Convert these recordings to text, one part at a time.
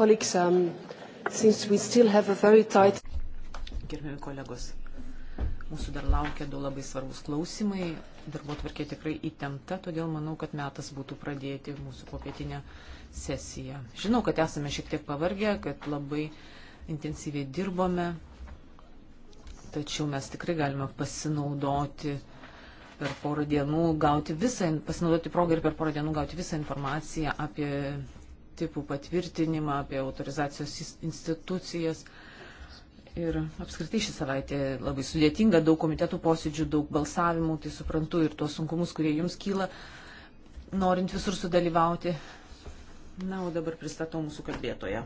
Colleagues, um, since we still have a very tight... Gerbiami kolegos, mūsų dar laukia du labai svarbus klausimai. Darbo tvarkė tikrai įtempta, todėl manau, kad metas būtų pradėti mūsų popietinę sesiją. Žinau, kad esame šiek tiek pavargę, kad labai intensyviai dirbome, tačiau mes tikrai galime pasinaudoti per porą dienų gauti visą, pasinaudoti progą ir per porą dienų gauti visą informaciją apie tipų patvirtinimą, apie autorizacijos institucijas. Ir apskritai šį savaitę labai sudėtinga, daug komitetų posėdžių, daug balsavimų, tai suprantu ir tuos sunkumus, kurie jums kyla, norint visur sudalyvauti. Na, o dabar pristatau mūsų kalbėtoją.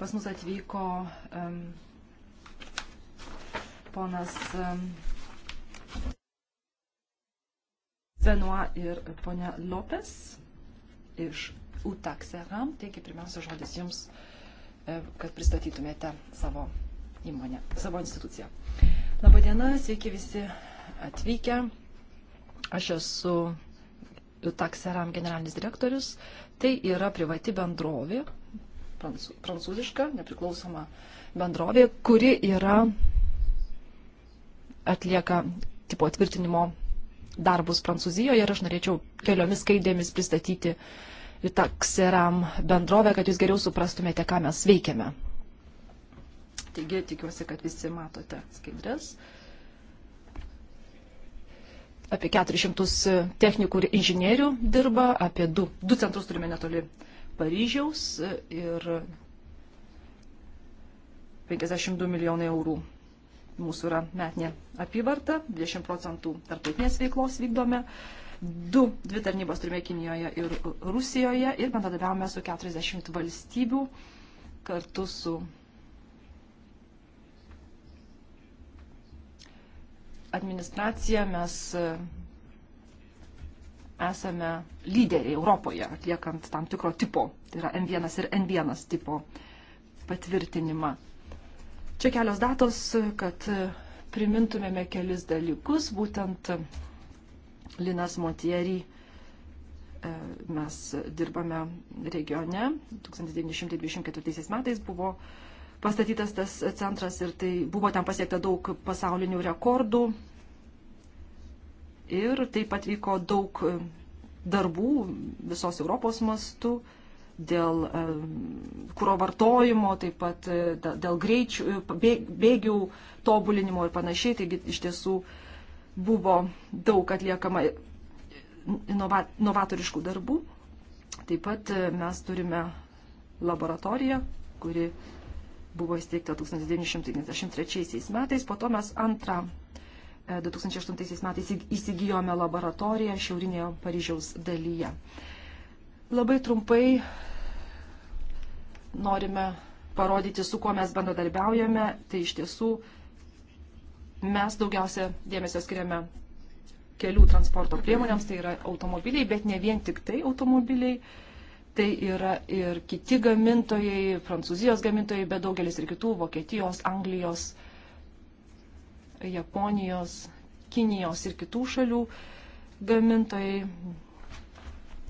Pas mus atvyko um, ponas um, Benua ir ponia Lopes iš Utakseram. Taigi, pirmiausia, žodis jums, e, kad pristatytumėte savo įmonę, savo instituciją. Labadiena, sveiki visi atvykę. Aš esu Utakseram generalinis direktorius. Tai yra privati bendrovė, prancūziška, nepriklausoma bendrovė, kuri yra atlieka tipo tvirtinimo darbus Prancūzijoje ir aš norėčiau keliomis skaidėmis pristatyti Vitakseram bendrovę, kad jūs geriau suprastumėte, ką mes veikiame. Taigi tikiuosi, kad visi matote skaidrės. Apie 400 technikų ir inžinierių dirba, apie du, du centrus turime netoli Paryžiaus ir 52 milijonai eurų mūsų yra metinė apyvarta, 20 procentų tarptautinės veiklos vykdome. Uh, du, dvi tarnybos turime Kinijoje ir Rusijoje ir bendradarbiavome su 40 valstybių kartu su administracija mes e, esame lyderiai Europoje atliekant tam tikro tipo, tai yra N1 ir N1 tipo patvirtinimą. Čia kelios datos, kad e, primintumėme kelis dalykus, būtent Linas Motieri. E, mes dirbame regione. 1924 metais buvo pastatytas tas centras ir tai buvo ten pasiekta daug pasaulinių rekordų. Ir taip pat vyko daug e, darbų visos Europos mastu dėl e, kūro vartojimo, taip pat dėl greičių, bėgių tobulinimo ir panašiai. Taigi iš tiesų buvo daug atliekama inova, novatoriškų darbų. Taip pat e, mes turime laboratoriją, kuri buvo įsteigta 1993 metais. Po to mes antrą 2008 e, metais įsigijome laboratoriją šiaurinėje Paryžiaus dalyje. Labai trumpai norime parodyti, su kuo mes bendradarbiaujame. Tai iš tiesų mes daugiausia dėmesio skiriame kelių transporto priemonėms, tai yra automobiliai, bet ne vien tik tai automobiliai, tai yra ir kiti gamintojai, prancūzijos gamintojai, bet daugelis ir kitų, Vokietijos, Anglijos, Japonijos, Kinijos ir kitų šalių gamintojai.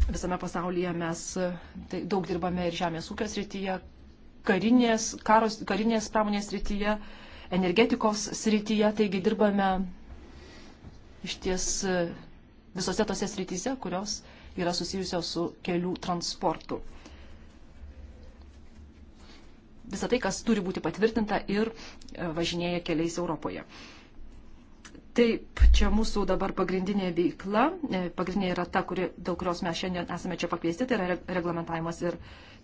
Visame pasaulyje mes tai daug dirbame ir žemės ūkio srityje, karinės, karos, karinės pramonės srityje. Uh, energetikos srityje, taigi dirbame iš ties visose tose srityse, kurios yra susijusios su kelių transportu. Visą tai, kas turi būti patvirtinta ir e, važinėja keliais Europoje. Taip, čia mūsų dabar pagrindinė veikla, e, pagrindinė yra ta, kuri, dėl kurios mes šiandien esame čia pakviesti, tai yra reglamentavimas ir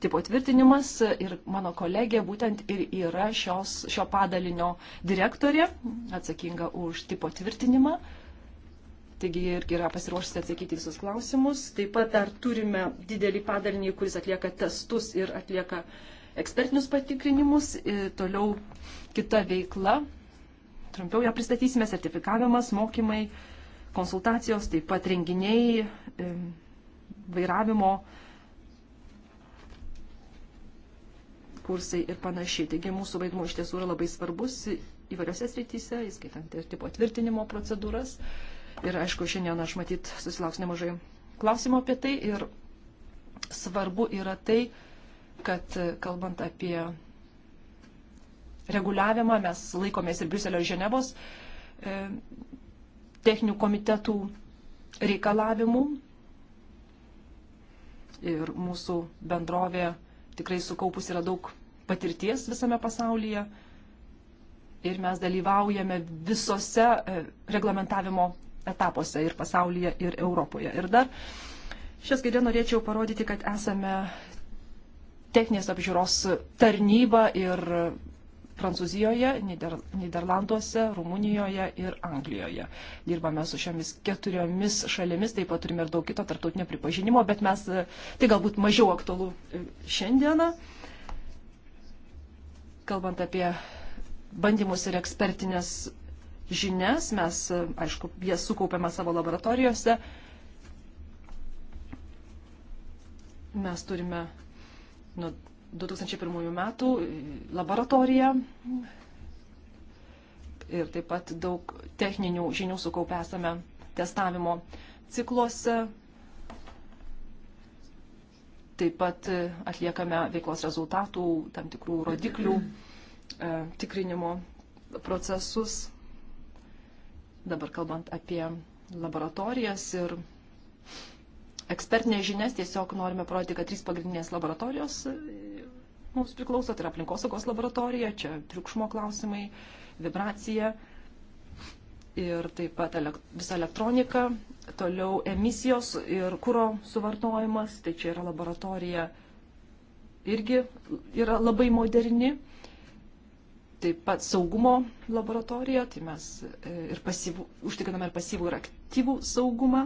tipo tvirtinimas. Ir mano kolegė būtent ir yra šios, šio padalinio direktorė, atsakinga už tipo tvirtinimą. Taigi irgi yra pasiruošusi atsakyti visus klausimus. Taip pat dar turime didelį padalinį, kuris atlieka testus ir atlieka ekspertinius patikrinimus. Ir e, toliau kita veikla trumpiau ją pristatysime, sertifikavimas, mokymai, konsultacijos, taip pat renginiai, e, vairavimo kursai ir panašiai. Taigi mūsų vaidmuo iš tiesų yra labai svarbus įvairiose srityse, įskaitant ir tipo tvirtinimo procedūras. Ir aišku, šiandien aš matyt susilauks nemažai klausimų apie tai. Ir svarbu yra tai, kad e, kalbant apie reguliavimą, mes laikomės ir Briuselio ir Ženevos e, techninių komitetų reikalavimų. Ir mūsų bendrovė tikrai sukaupus yra daug patirties visame pasaulyje. Ir mes dalyvaujame visose e, reglamentavimo etapuose ir pasaulyje, ir Europoje. Ir dar šią skaidrę norėčiau parodyti, kad esame techninės apžiūros tarnyba ir Prancūzijoje, Nider Niderlanduose, Rumunijoje ir Anglijoje. Dirbame su šiomis keturiomis šalimis, taip pat turime ir daug kito tarptautinio pripažinimo, bet mes e, tai galbūt mažiau aktualu e, šiandieną. Kalbant apie bandymus ir ekspertinės žinias, mes, e, aišku, jas sukaupėme savo laboratorijose. Mes turime nuo 2001 metų e, laboratoriją ir taip pat daug techninių žinių sukaupę esame testavimo cikluose. Taip pat e, atliekame veiklos rezultatų, tam tikrų rodiklių e, tikrinimo procesus. Dabar kalbant apie laboratorijas ir ekspertinės žinias, tiesiog norime parodyti, kad trys pagrindinės laboratorijos mums priklauso, tai yra aplinkosaugos laboratorija, čia triukšmo klausimai, vibracija ir taip pat elekt, visa elektronika, toliau emisijos ir kūro suvartojimas, tai čia yra laboratorija irgi yra labai moderni. Taip pat saugumo laboratorija, tai mes e, ir pasyvų, užtikriname ir pasyvų ir aktyvų saugumą.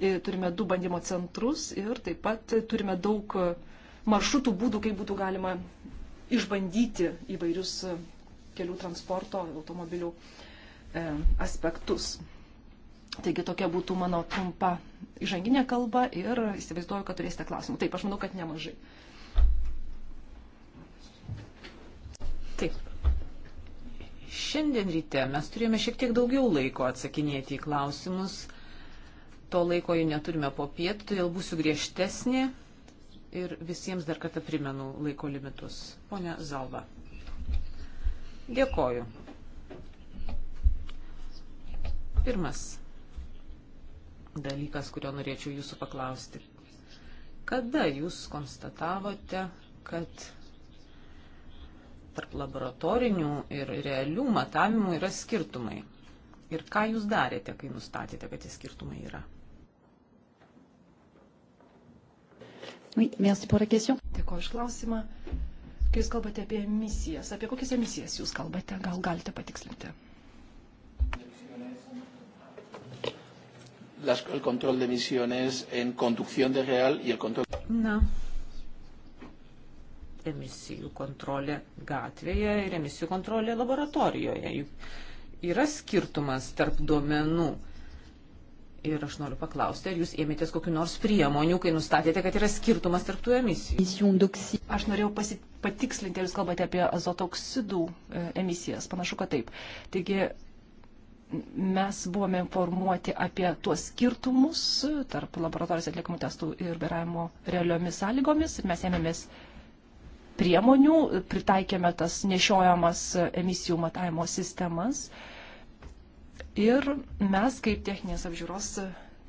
Ir e, turime du bandymo centrus ir taip pat turime daug uh, maršrutų būdų, kaip būtų galima išbandyti įvairius e, kelių transporto automobilių e, aspektus. Taigi tokia būtų mano trumpa įžanginė kalba ir įsivaizduoju, kad turėsite klausimų. Taip, aš manau, kad nemažai. Taip. Šiandien ryte mes turėjome šiek tiek daugiau laiko atsakinėti į klausimus. To laiko jau neturime po pietų, todėl būsiu griežtesnė ir visiems dar kartą primenu laiko limitus. Pone Zalba. Dėkoju. Pirmas dalykas, kurio norėčiau jūsų paklausti. Kada jūs konstatavote, kad tarp laboratorinių ir realių matavimų yra skirtumai? Ir ką jūs darėte, kai nustatėte, kad tie skirtumai yra? Oui, merci pour la question. Dėkuoju iš klausimą. Kai jūs kalbate apie misijas, apie kokias misijas jūs kalbate, gal galite patikslinti? Las, el control de emisiones en conducción de real y el control. Na. Emisijų kontrolė gatvėje ir emisijų kontrolė laboratorijoje. Juk yra skirtumas tarp duomenų. Ir aš noriu paklausti, ar jūs ėmėtės kokiu nors priemonių, kai nustatėte, kad yra skirtumas tarp tų emisijų? Aš norėjau pasi, patikslinti, ar jūs kalbate apie azotoksidų e, emisijas. Panašu, kad taip. Taigi mes buvome informuoti apie tuos skirtumus tarp laboratorijos atliekamų testų ir vairavimo realiomis sąlygomis. Ir mes ėmėmės priemonių, pritaikėme tas nešiojamas emisijų matavimo sistemas. Uh, Ir mes kaip techninės apžiūros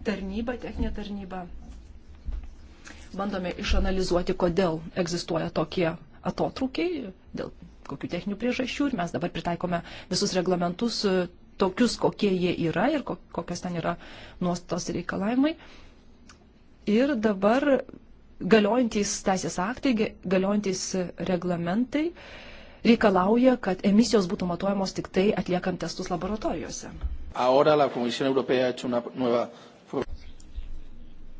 tarnyba, techninė tarnyba, bandome išanalizuoti, kodėl egzistuoja tokie atotrukiai, dėl kokių techninių priežasčių ir mes dabar pritaikome visus reglamentus e, tokius, kokie jie yra ir kokios ten yra nuostatos reikalavimai. Ir dabar galiojantys teisės aktai, galiojantys reglamentai reikalauja, kad emisijos būtų matuojamos tik tai atliekant testus laboratorijose. Ahora la Comisión Europea ha hecho una nueva.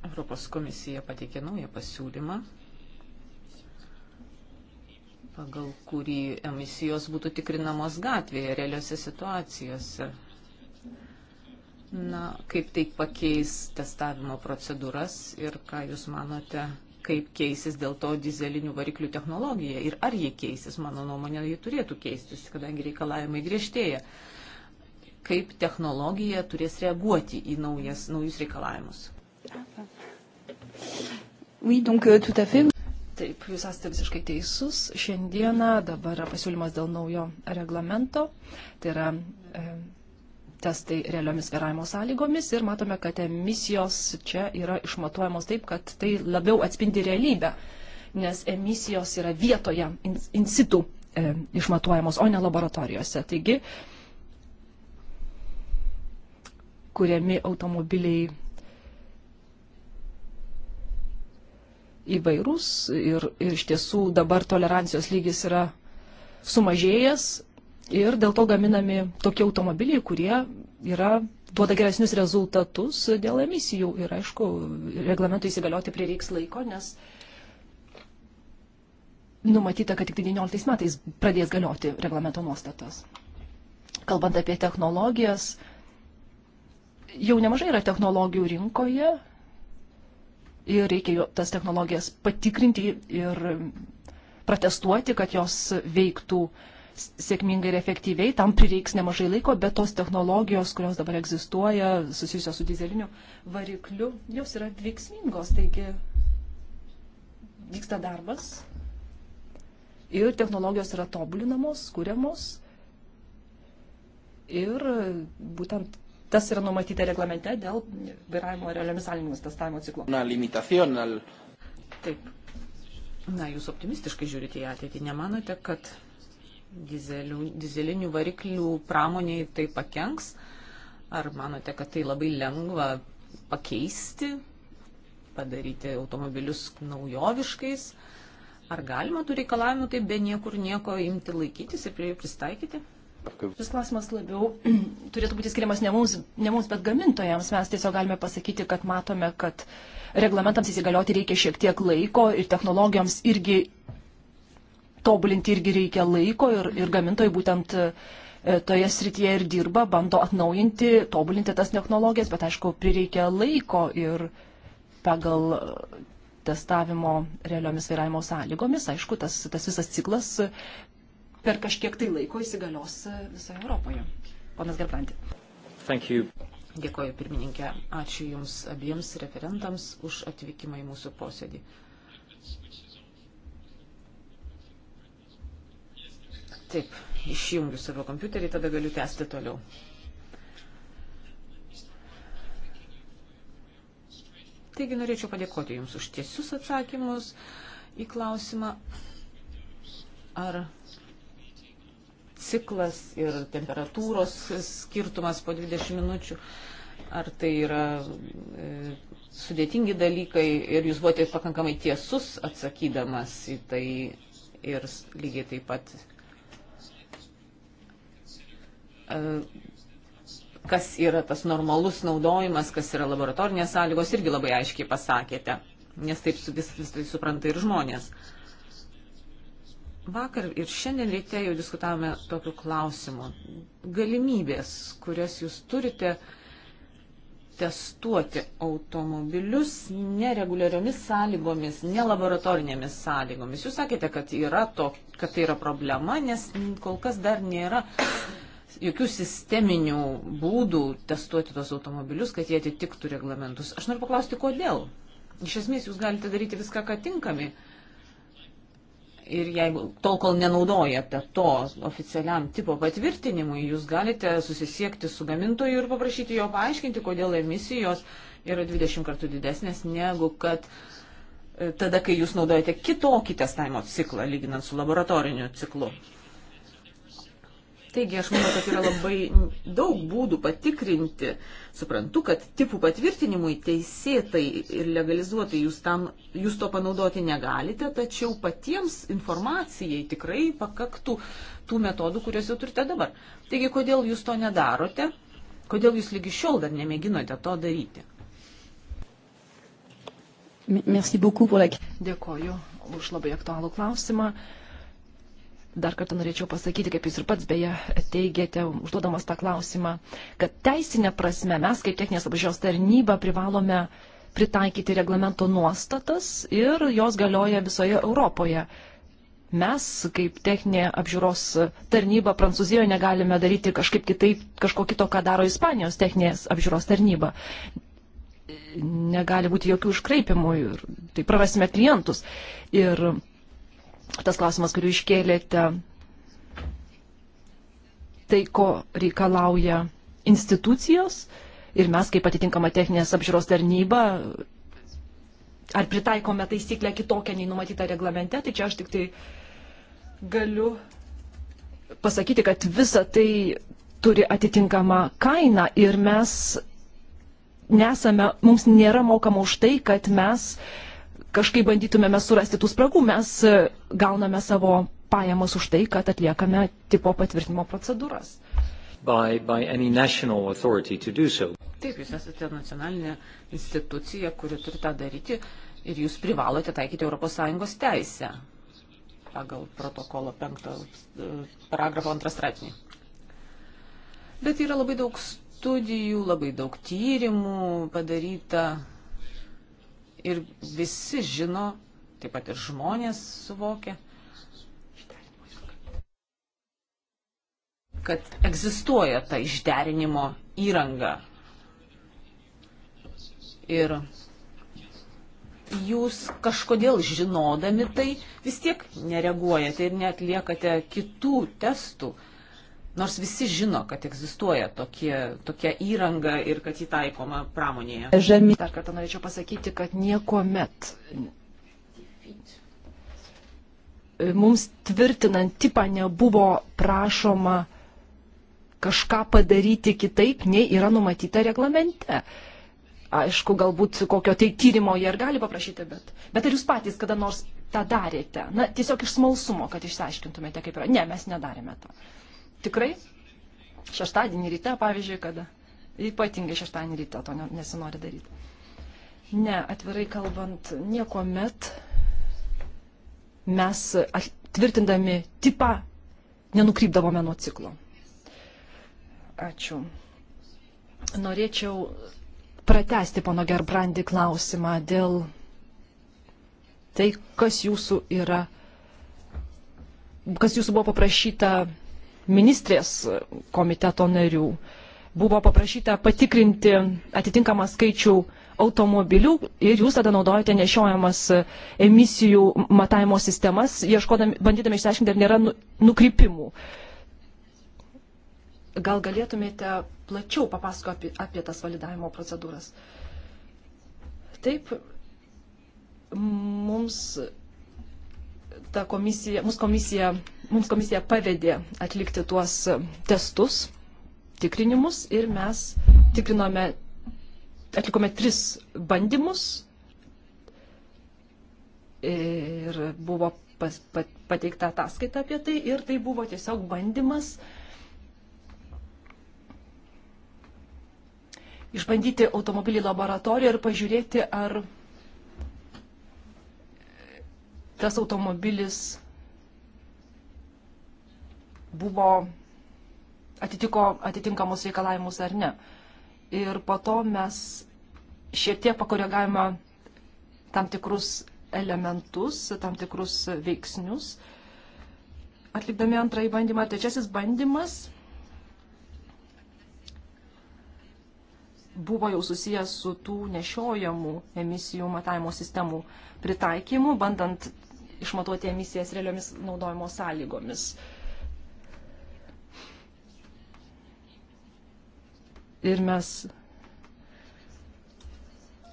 Europos komisija pateikė naują pasiūlymą, pagal kurį emisijos būtų tikrinamos gatvėje, realiuose situacijose. Na, kaip tai pakeis testavimo procedūras ir ką Jūs manote, kaip keisis dėl to dizelinių variklių technologija ir ar jie keisis, mano nuomonė, jie turėtų keistis, kadangi reikalavimai griežtėja kaip technologija turės reaguoti į naujas, naujus reikalavimus. Oui, donc, euh, tout à fait. Taip, jūs esate visiškai teisus. Šiandieną dabar yra pasiūlymas dėl naujo reglamento. Tai yra e, testai realiomis vairavimo sąlygomis ir matome, kad emisijos čia yra išmatuojamos taip, kad tai labiau atspindi realybę, nes emisijos yra vietoje, in, in situ e, išmatuojamos, o ne laboratorijose. Taigi, e, kuriami automobiliai įvairūs ir, ir iš tiesų dabar tolerancijos lygis yra sumažėjęs ir dėl to gaminami tokie automobiliai, kurie yra, duoda geresnius rezultatus dėl emisijų ir aišku, reglamentui įsigalioti prireiks laiko, nes numatyta, kad tik 19 metais pradės galioti reglamento nuostatas. Kalbant apie technologijas, jau nemažai yra technologijų rinkoje ir reikia tas technologijas patikrinti ir protestuoti, kad jos veiktų sėkmingai ir efektyviai. Tam prireiks nemažai laiko, bet tos technologijos, kurios dabar egzistuoja, susijusios su dizeliniu varikliu, jos yra veiksmingos. Taigi vyksta darbas ir technologijos yra tobulinamos, kuriamos. Ir būtent Tas yra numatyta reglamente dėl vairavimo realiomis sąlygomis testavimo ciklo. Na, limitacion al. Taip. Na, jūs optimistiškai žiūrite į ateitį. Nemanote, kad dizelių, dizelinių variklių pramoniai tai pakenks? Ar manote, kad tai labai lengva pakeisti, padaryti automobilius naujoviškais? Ar galima tų reikalavimų taip be niekur nieko imti laikytis ir prie jų pristaikyti? Šis klausimas labiau turėtų būti skiriamas ne mums, ne mums, bet gamintojams. Mes tiesiog galime pasakyti, kad matome, kad reglamentams įsigalioti reikia šiek tiek laiko ir technologijoms irgi tobulinti irgi reikia laiko ir, ir gamintojai būtent e, toje srityje ir dirba, bando atnaujinti, tobulinti tas technologijas, bet aišku, prireikia laiko ir pagal testavimo realiomis vairavimo sąlygomis, aišku, tas, tas visas ciklas per kažkiek tai laiko įsigalios e, visoje Europoje. Ponas Gerbrandi. Dėkoju pirmininkė. Ačiū Jums abiems referentams už atvykimą į mūsų posėdį. Taip, išjungiu savo kompiuterį, tada galiu tęsti toliau. Taigi norėčiau padėkoti Jums už tiesius atsakymus į klausimą, ar ciklas ir temperatūros skirtumas po 20 minučių, ar tai yra e, sudėtingi dalykai ir jūs buvote pakankamai tiesus atsakydamas į tai ir lygiai taip pat. E, kas yra tas normalus naudojimas, kas yra laboratorinės sąlygos, irgi labai aiškiai pasakėte, nes taip vis, vis tai supranta ir žmonės. Uh, Vakar ir šiandien ryte jau diskutavome tokiu klausimu. Galimybės, kurias jūs turite testuoti automobilius nereguliariomis sąlygomis, nelaboratorinėmis sąlygomis. Jūs sakėte, kad, to, kad tai yra problema, nes kol kas dar nėra jokių sisteminių būdų testuoti tos automobilius, kad jie atitiktų reglamentus. Aš noriu paklausti, kodėl? Iš esmės jūs galite daryti viską, ką tinkami. Uh, Ir jeigu tol, kol nenaudojate to oficialiam tipo patvirtinimui, jūs galite susisiekti su gamintoju ir paprašyti jo paaiškinti, kodėl emisijos yra 20 kartų didesnės negu kad e, tada, kai jūs naudojate kitokį testavimo ciklą, lyginant su laboratoriniu ciklu. Taigi aš manau, kad yra labai daug būdų patikrinti. Suprantu, kad tipų patvirtinimui teisėtai ir legalizuotai jūs, tam, jūs to panaudoti negalite, tačiau patiems informacijai tikrai pakaktų tų metodų, kuriuos jau turite dabar. Taigi kodėl jūs to nedarote? Kodėl jūs lygi šiol dar nemėginote to daryti? Dėkoju už labai aktualų klausimą dar kartą norėčiau pasakyti, kaip jūs ir pats beje teigiate, užduodamas tą klausimą, kad teisinė prasme mes kaip techninės apžiūros tarnyba privalome pritaikyti reglamento nuostatas ir jos galioja visoje Europoje. Mes kaip techninė apžiūros tarnyba Prancūzijoje negalime daryti kažkaip kitaip, kažko kito, ką daro Ispanijos techninės apžiūros tarnyba. Negali būti jokių iškraipimų ir tai prarasime klientus. Ir tas klausimas, kurį iškėlėte, tai ko reikalauja institucijos ir mes kaip atitinkama techninės apžiūros tarnyba, ar pritaikome taisyklę kitokią nei numatytą reglamente, tai čia aš tik tai galiu pasakyti, kad visa tai turi atitinkamą kainą ir mes nesame, mums nėra mokama už tai, kad mes kažkaip bandytumėme surasti tų spragų, mes e, gauname savo pajamas už tai, kad atliekame tipo patvirtinimo procedūras. By, by so. Taip, jūs esate nacionalinė institucija, kuri turi tą daryti ir jūs privalote taikyti ES teisę pagal protokolo 5 paragrafo 2 straipsnį. Bet yra labai daug studijų, labai daug tyrimų padaryta ir visi žino, taip pat ir žmonės suvokia, kad egzistuoja ta išderinimo įranga. Ir jūs kažkodėl žinodami tai vis tiek nereaguojate ir netliekate kitų testų, Nors visi žino, kad egzistuoja tokie, tokia įranga ir kad jį taikoma pramonėje. Žemė. Dar kartą norėčiau pasakyti, kad nieko met. Mums tvirtinant tipą nebuvo prašoma kažką padaryti kitaip, nei yra numatyta reglamente. Aišku, galbūt kokio tai tyrimo jie ir gali paprašyti, bet, bet ar jūs patys kada nors tą darėte? Na, tiesiog iš smalsumo, kad išsiaiškintumėte, kaip yra. Ne, mes nedarėme to tikrai šeštadienį ryte, pavyzdžiui, kada. Ypatingai šeštadienį ryte to nesinori daryti. Ne, atvirai kalbant, nieko met mes tvirtindami tipą nenukrypdavome nuo ciklo. Ačiū. Norėčiau pratesti pono Gerbrandi klausimą dėl tai, kas jūsų yra, kas jūsų buvo paprašyta ministrės komiteto narių. Buvo paprašyta patikrinti atitinkamą skaičių automobilių ir jūs tada naudojate nešiojamas emisijų matavimo sistemas, bandydami išsiaiškinti, ar nėra nu, nukrypimų. Gal galėtumėte plačiau papasakoti apie, apie tas validavimo procedūras? Taip, mums ta komisija, mūsų komisija mums komisija pavedė atlikti tuos testus, tikrinimus ir mes tikrinome, atlikome tris bandymus ir buvo pas, pat, pateikta ataskaita apie tai ir tai buvo tiesiog bandymas išbandyti automobilį laboratoriją ir pažiūrėti, ar tas automobilis buvo atitiko atitinkamus reikalavimus ar ne. Ir po to mes šiek tiek pakoregavome tam tikrus elementus, tam tikrus veiksnius. Atlikdami antrąjį bandymą, trečiasis bandymas buvo jau susijęs su tų nešiojamų emisijų matavimo sistemų pritaikymu, bandant išmatuoti emisijas realiomis naudojimo sąlygomis. Uh, ir mes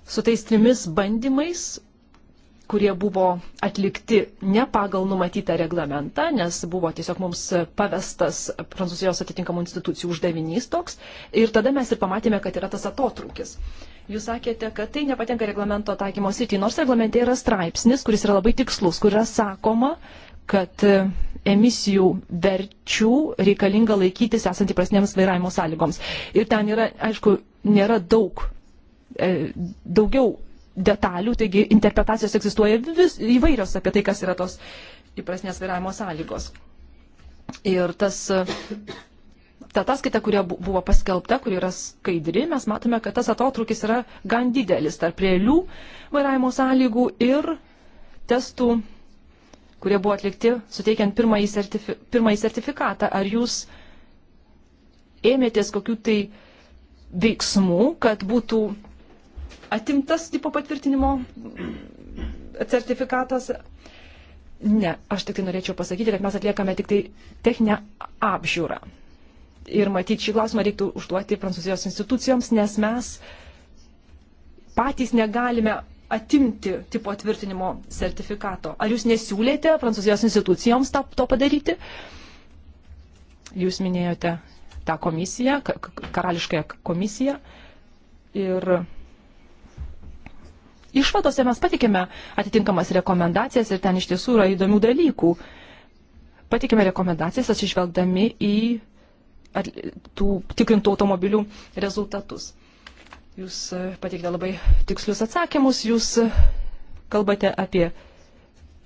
su tais trimis bandymais, kurie buvo atlikti ne pagal numatytą reglamentą, nes buvo tiesiog mums pavestas Prancūzijos atitinkamų institucijų uždavinys toks. Ir tada mes ir pamatėme, kad yra tas atotrukis. Jūs sakėte, kad tai nepatenka reglamento taikymo srityje, nors reglamente yra straipsnis, kuris yra labai tikslus, kur yra sakoma, kad e, emisijų verčių reikalinga laikytis esant įprasnėms vairavimo sąlygoms. Ir ten yra, aišku, nėra daug, e, daugiau detalių, taigi interpretacijos egzistuoja vis, įvairios apie tai, kas yra tos įprasnės vairavimo sąlygos. Ir tas, e, ta ataskaita, kuri buvo paskelbta, kuri yra skaidri, mes matome, kad tas atotrukis yra gan didelis tarp realių vairavimo sąlygų ir testų kurie buvo atlikti suteikiant pirmąjį, sertifi pirmąjį sertifikatą. Ar jūs ėmėtės kokių tai veiksmų, kad būtų atimtas tipo patvirtinimo sertifikatas? Ne, aš tik tai norėčiau pasakyti, kad mes atliekame tik tai techninę apžiūrą. Ir matyti šį klausimą reiktų užduoti prancūzijos institucijoms, nes mes patys negalime atimti tipo tvirtinimo sertifikato. Ar jūs nesiūlėte prancūzijos institucijoms tą, to padaryti? Jūs minėjote tą komisiją, karališkąją komisiją. Ir išvadose mes patikėme atitinkamas rekomendacijas ir ten iš tiesų yra įdomių dalykų. Patikėme rekomendacijas atsižvelgdami į tų tikrintų automobilių rezultatus. Jūs e, pateikite labai tikslius atsakymus, jūs e, kalbate apie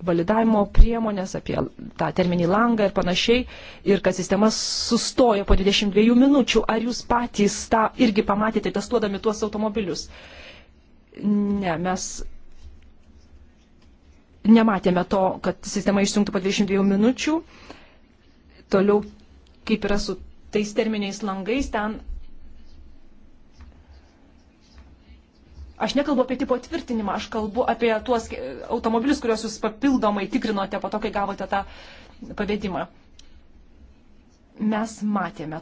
validavimo priemonės, apie tą terminį langą ir panašiai, ir kad sistema sustojo po 22 minučių, ar jūs patys tą irgi pamatėte, testuodami tuos automobilius? Ne, mes nematėme to, kad sistema išsijungtų po 22 minučių. Toliau, kaip yra su tais terminiais langais, ten Aš nekalbu apie tipo tvirtinimą, aš kalbu apie tuos automobilius, kuriuos jūs papildomai tikrinote po to, kai gavote tą pavedimą. Mes matėme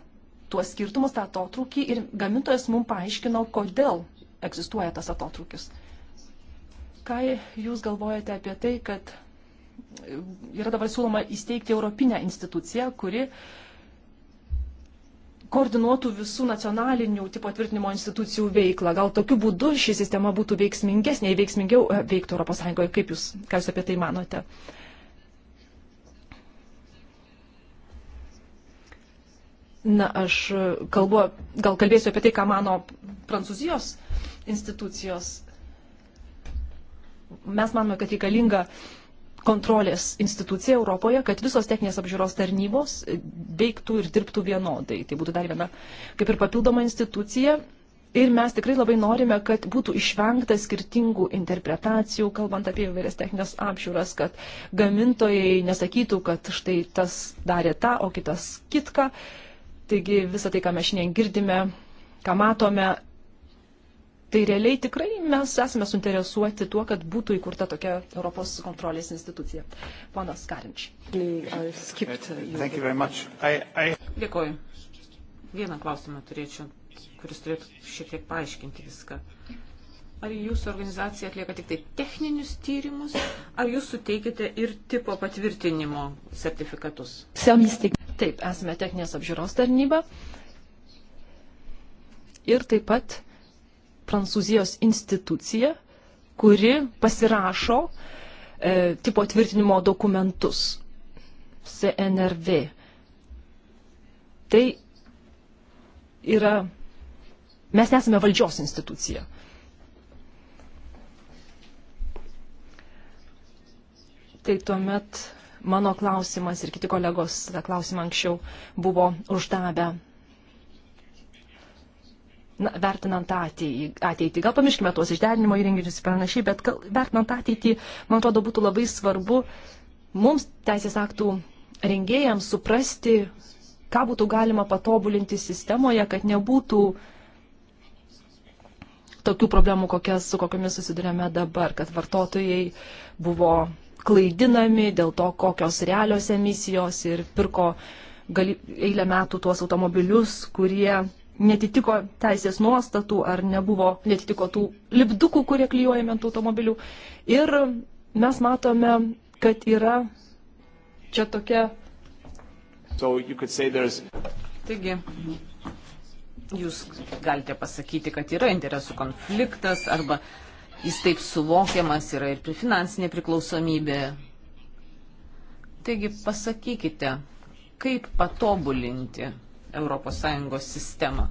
tuos skirtumus, tą atotrukį ir gamintojas mums paaiškino, kodėl egzistuoja tas atotrukis. Ką jūs galvojate apie tai, kad yra dabar siūloma įsteigti Europinę instituciją, kuri uh, koordinuotų visų nacionalinių tipo tvirtinimo institucijų veiklą. Gal tokiu būdu ši sistema būtų veiksmingesnė, veiksmingiau e, veiktų ES. Kaip jūs, ką jūs apie tai manote? Na, aš e, kalbu, gal kalbėsiu apie tai, ką mano prancūzijos institucijos. Mes manome, kad reikalinga uh, kontrolės institucija Europoje, kad visos techninės apžiūros tarnybos e, veiktų ir dirbtų vienodai. Tai būtų dar viena kaip ir papildoma institucija. Ir mes tikrai labai norime, kad būtų išvengta skirtingų interpretacijų, kalbant apie įvairias techninės apžiūras, kad gamintojai nesakytų, kad štai tas darė tą, o kitas kitką. Taigi visą tai, ką mes šiandien girdime, ką matome, Tai realiai tikrai mes esame suinteresuoti tuo, kad būtų įkurta tokia Europos kontrolės institucija. Ponas Karinč. Dėkuoju. Vieną klausimą turėčiau, kuris turėtų šiek tiek paaiškinti viską. Ar jūsų organizacija atlieka tik tai techninius tyrimus, ar jūs suteikite ir tipo patvirtinimo sertifikatus? Taip, esame techninės apžiūros tarnyba. Ir taip pat Prancūzijos institucija, kuri pasirašo e, tipo tvirtinimo dokumentus CNRV. Tai yra, mes nesame valdžios institucija. Tai tuomet mano klausimas ir kiti kolegos tą klausimą anksčiau buvo uždavę na, vertinant ateitį. Gal pamirškime tuos išderinimo įrenginius ir panašiai, bet gal, vertinant ateitį, man atrodo, būtų labai svarbu mums teisės aktų rengėjams suprasti, ką būtų galima patobulinti sistemoje, kad nebūtų tokių problemų, kokias, su kokiamis susidurėme dabar, kad vartotojai buvo klaidinami dėl to, kokios realios emisijos ir pirko gali, eilę metų tuos automobilius, kurie netitiko teisės nuostatų ar nebuvo, netitiko tų lipdukų, kurie klyjuojami ant automobilių. Ir mes matome, kad yra čia tokia. So Taigi, jūs galite pasakyti, kad yra interesų konfliktas arba jis taip suvokiamas yra ir finansinė priklausomybė. Taigi pasakykite, kaip patobulinti ES sistemą.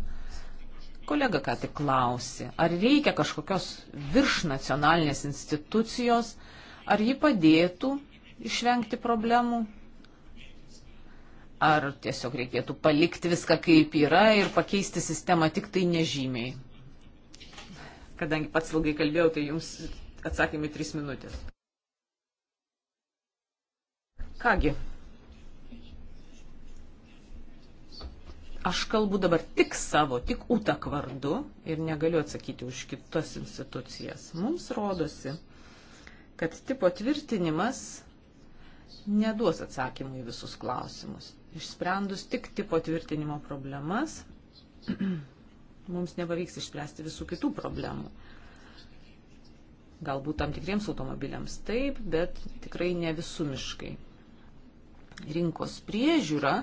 Kolega ką tik klausė, ar reikia kažkokios viršnacionalinės institucijos, ar ji padėtų išvengti problemų, ar tiesiog reikėtų palikti viską kaip yra ir pakeisti sistemą tik tai nežymiai. Kadangi pats ilgai kalbėjau, tai jums atsakymai trys minutės. Kągi, Aš kalbu dabar tik savo, tik UTAK vardu ir negaliu atsakyti už kitas institucijas. Mums rodosi, kad tipo tvirtinimas neduos atsakymų į visus klausimus. Išsprendus tik tipo tvirtinimo problemas, mums nepavyks išspręsti visų kitų problemų. Galbūt tam tikriems automobiliams taip, bet tikrai ne visumiškai. Rinkos priežiūra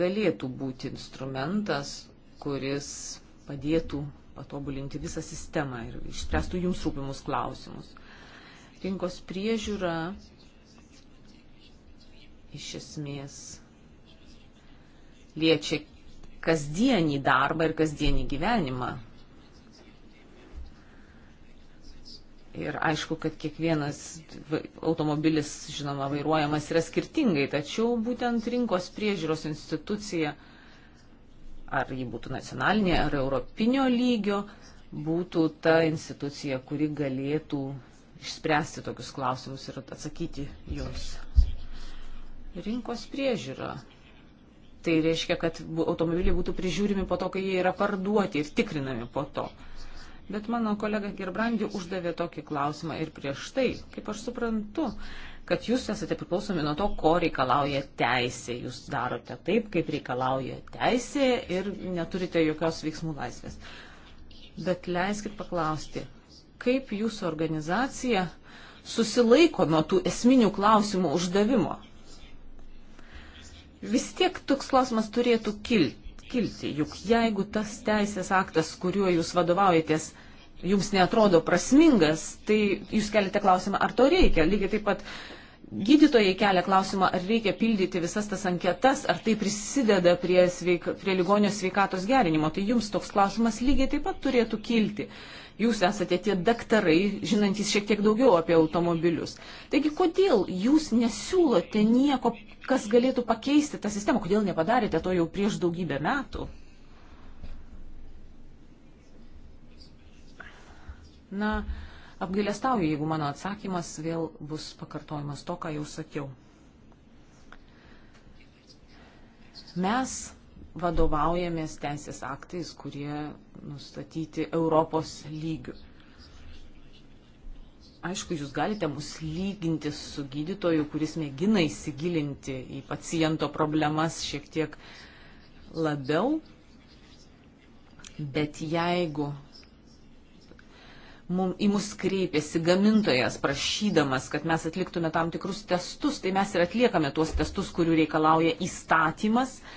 galėtų būti instrumentas, kuris padėtų patobulinti visą sistemą ir išspręstų jums rūpimus klausimus. Rinkos priežiūra iš esmės liečia kasdienį darbą ir kasdienį gyvenimą Ir aišku, kad kiekvienas automobilis, žinoma, vairuojamas yra skirtingai, tačiau būtent rinkos priežiūros institucija, ar ji būtų nacionalinė, ar europinio lygio, būtų ta institucija, kuri galėtų išspręsti tokius klausimus ir atsakyti jums. Rinkos priežiūra. Tai reiškia, kad automobiliai būtų prižiūrimi po to, kai jie yra parduoti ir tikrinami po to. Bet mano kolega Gerbrandi uždavė tokį klausimą ir prieš tai, kaip aš suprantu, kad jūs esate priklausomi nuo to, ko reikalauja teisė. Jūs darote taip, kaip reikalauja teisė ir neturite jokios veiksmų laisvės. Bet leiskit paklausti, kaip jūsų organizacija susilaiko nuo tų esminių klausimų uždavimo? Vis tiek toks klausimas turėtų kilti kilti. Juk jeigu tas teisės aktas, kuriuo jūs vadovaujatės, jums neatrodo prasmingas, tai jūs keliate klausimą, ar to reikia. Lygiai taip pat gydytojai kelia klausimą, ar reikia pildyti visas tas anketas, ar tai prisideda prie, sveik, prie ligonio sveikatos gerinimo. Tai jums toks klausimas lygiai taip pat turėtų kilti. Jūs esate tie daktarai, žinantis šiek tiek daugiau apie automobilius. Taigi, kodėl jūs nesiūlote nieko kas galėtų pakeisti tą sistemą, kodėl nepadarėte to jau prieš daugybę metų. Na, apgailestauju, jeigu mano atsakymas vėl bus pakartojimas to, ką jau sakiau. Mes vadovaujamės teisės aktais, kurie nustatyti Europos lygių. Aišku, jūs galite mus lyginti su gydytoju, kuris mėgina įsigilinti į paciento problemas šiek tiek labiau, bet jeigu mum, į mus kreipiasi gamintojas prašydamas, kad mes atliktume tam tikrus testus, tai mes ir atliekame tuos testus, kurių reikalauja įstatymas, uh,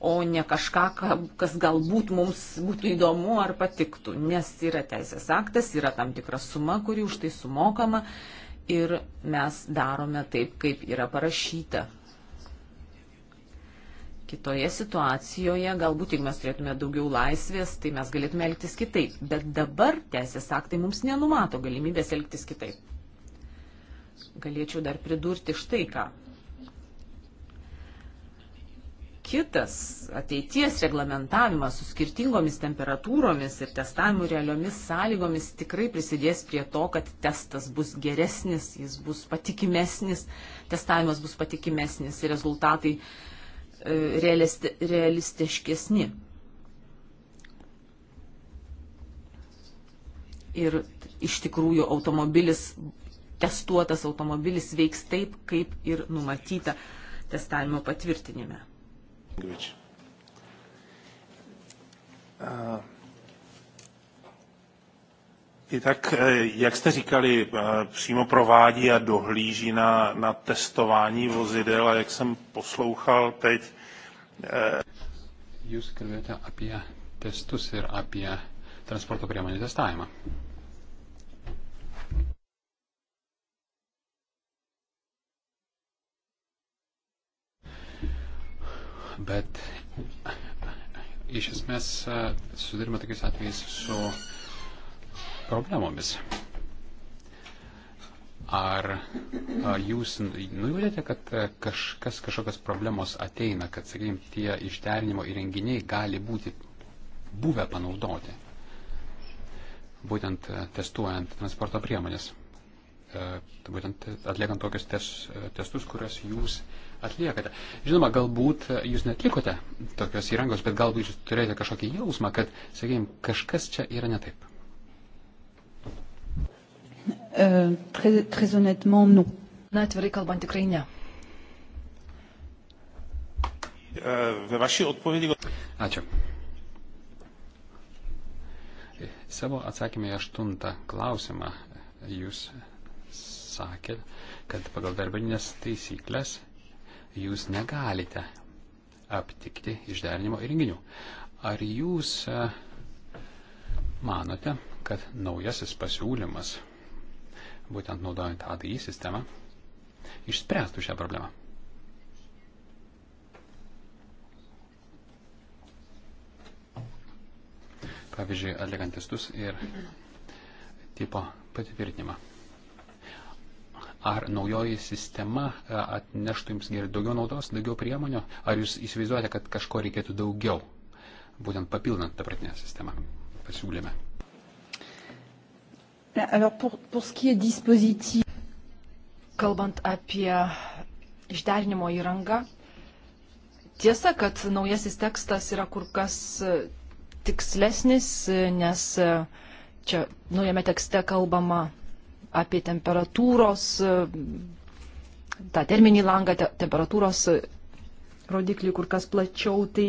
o ne kažką, kas galbūt mums būtų įdomu ar patiktų, nes yra teisės aktas, yra tam tikra suma, kuri už tai sumokama ir mes darome taip, kaip yra parašyta. Kitoje situacijoje, galbūt jeigu mes turėtume daugiau laisvės, tai mes galėtume elgtis kitaip, bet dabar teisės aktai mums nenumato galimybės elgtis kitaip. Galėčiau dar pridurti štai ką kitas ateities reglamentavimas su skirtingomis temperatūromis ir testavimu realiomis sąlygomis tikrai prisidės prie to, kad testas bus geresnis, jis bus patikimesnis, testavimas bus patikimesnis ir rezultatai e, realisti, realistiškesni. Ir iš tikrųjų automobilis, testuotas automobilis veiks taip, kaip ir numatyta testavimo patvirtinime language. Uh, I tak, eh, jak jste říkali, eh, přímo provádí a dohlíží na, na testování vozidel a jak jsem poslouchal teď. Eh, Jūs kalbėjote apie testus ir apie transporto priemonių testavimą. iš esmės e, susidurime tokiais atvejais su problemomis. Ar jūs nujautėte, kad e, kažkas, kažkokios problemos ateina, kad, sakykime, tie išderinimo įrenginiai gali būti buvę panaudoti, būtent e, testuojant transporto priemonės? E, būtent atliekant tokius tes, e, testus, kuriuos jūs atliekate. Žinoma, galbūt e, jūs netlikote tokios įrangos, bet galbūt jūs turėjote kažkokį jausmą, kad, sakykime, kažkas čia yra netaip. Uh, très, très honnêtement, non. Na, atvirai kalbant, tikrai ne. Ačiū. Savo atsakymę į aštuntą klausimą jūs sakė, kad pagal darbinės taisyklės jūs negalite aptikti išderinimo įrenginių. Ar jūs e, manote, kad naujasis pasiūlymas, būtent naudojant ADI sistemą, išspręstų šią problemą? Pavyzdžiui, atliekant testus ir tipo patvirtinimą. Ar naujoji sistema e, atneštų jums daugiau naudos, daugiau priemonių, ar jūs įsivaizduojate, kad kažko reikėtų daugiau, būtent papildant dabartinę sistemą pasiūlyme? Alors pour, pour ce qui est dispositif. Kalbant apie išderinimo įrangą, tiesa, kad naujasis tekstas yra kur kas e, tikslesnis, e, nes čia naujame tekste kalbama apie temperatūros, tą terminį langą, te, temperatūros rodiklį kur kas plačiau, tai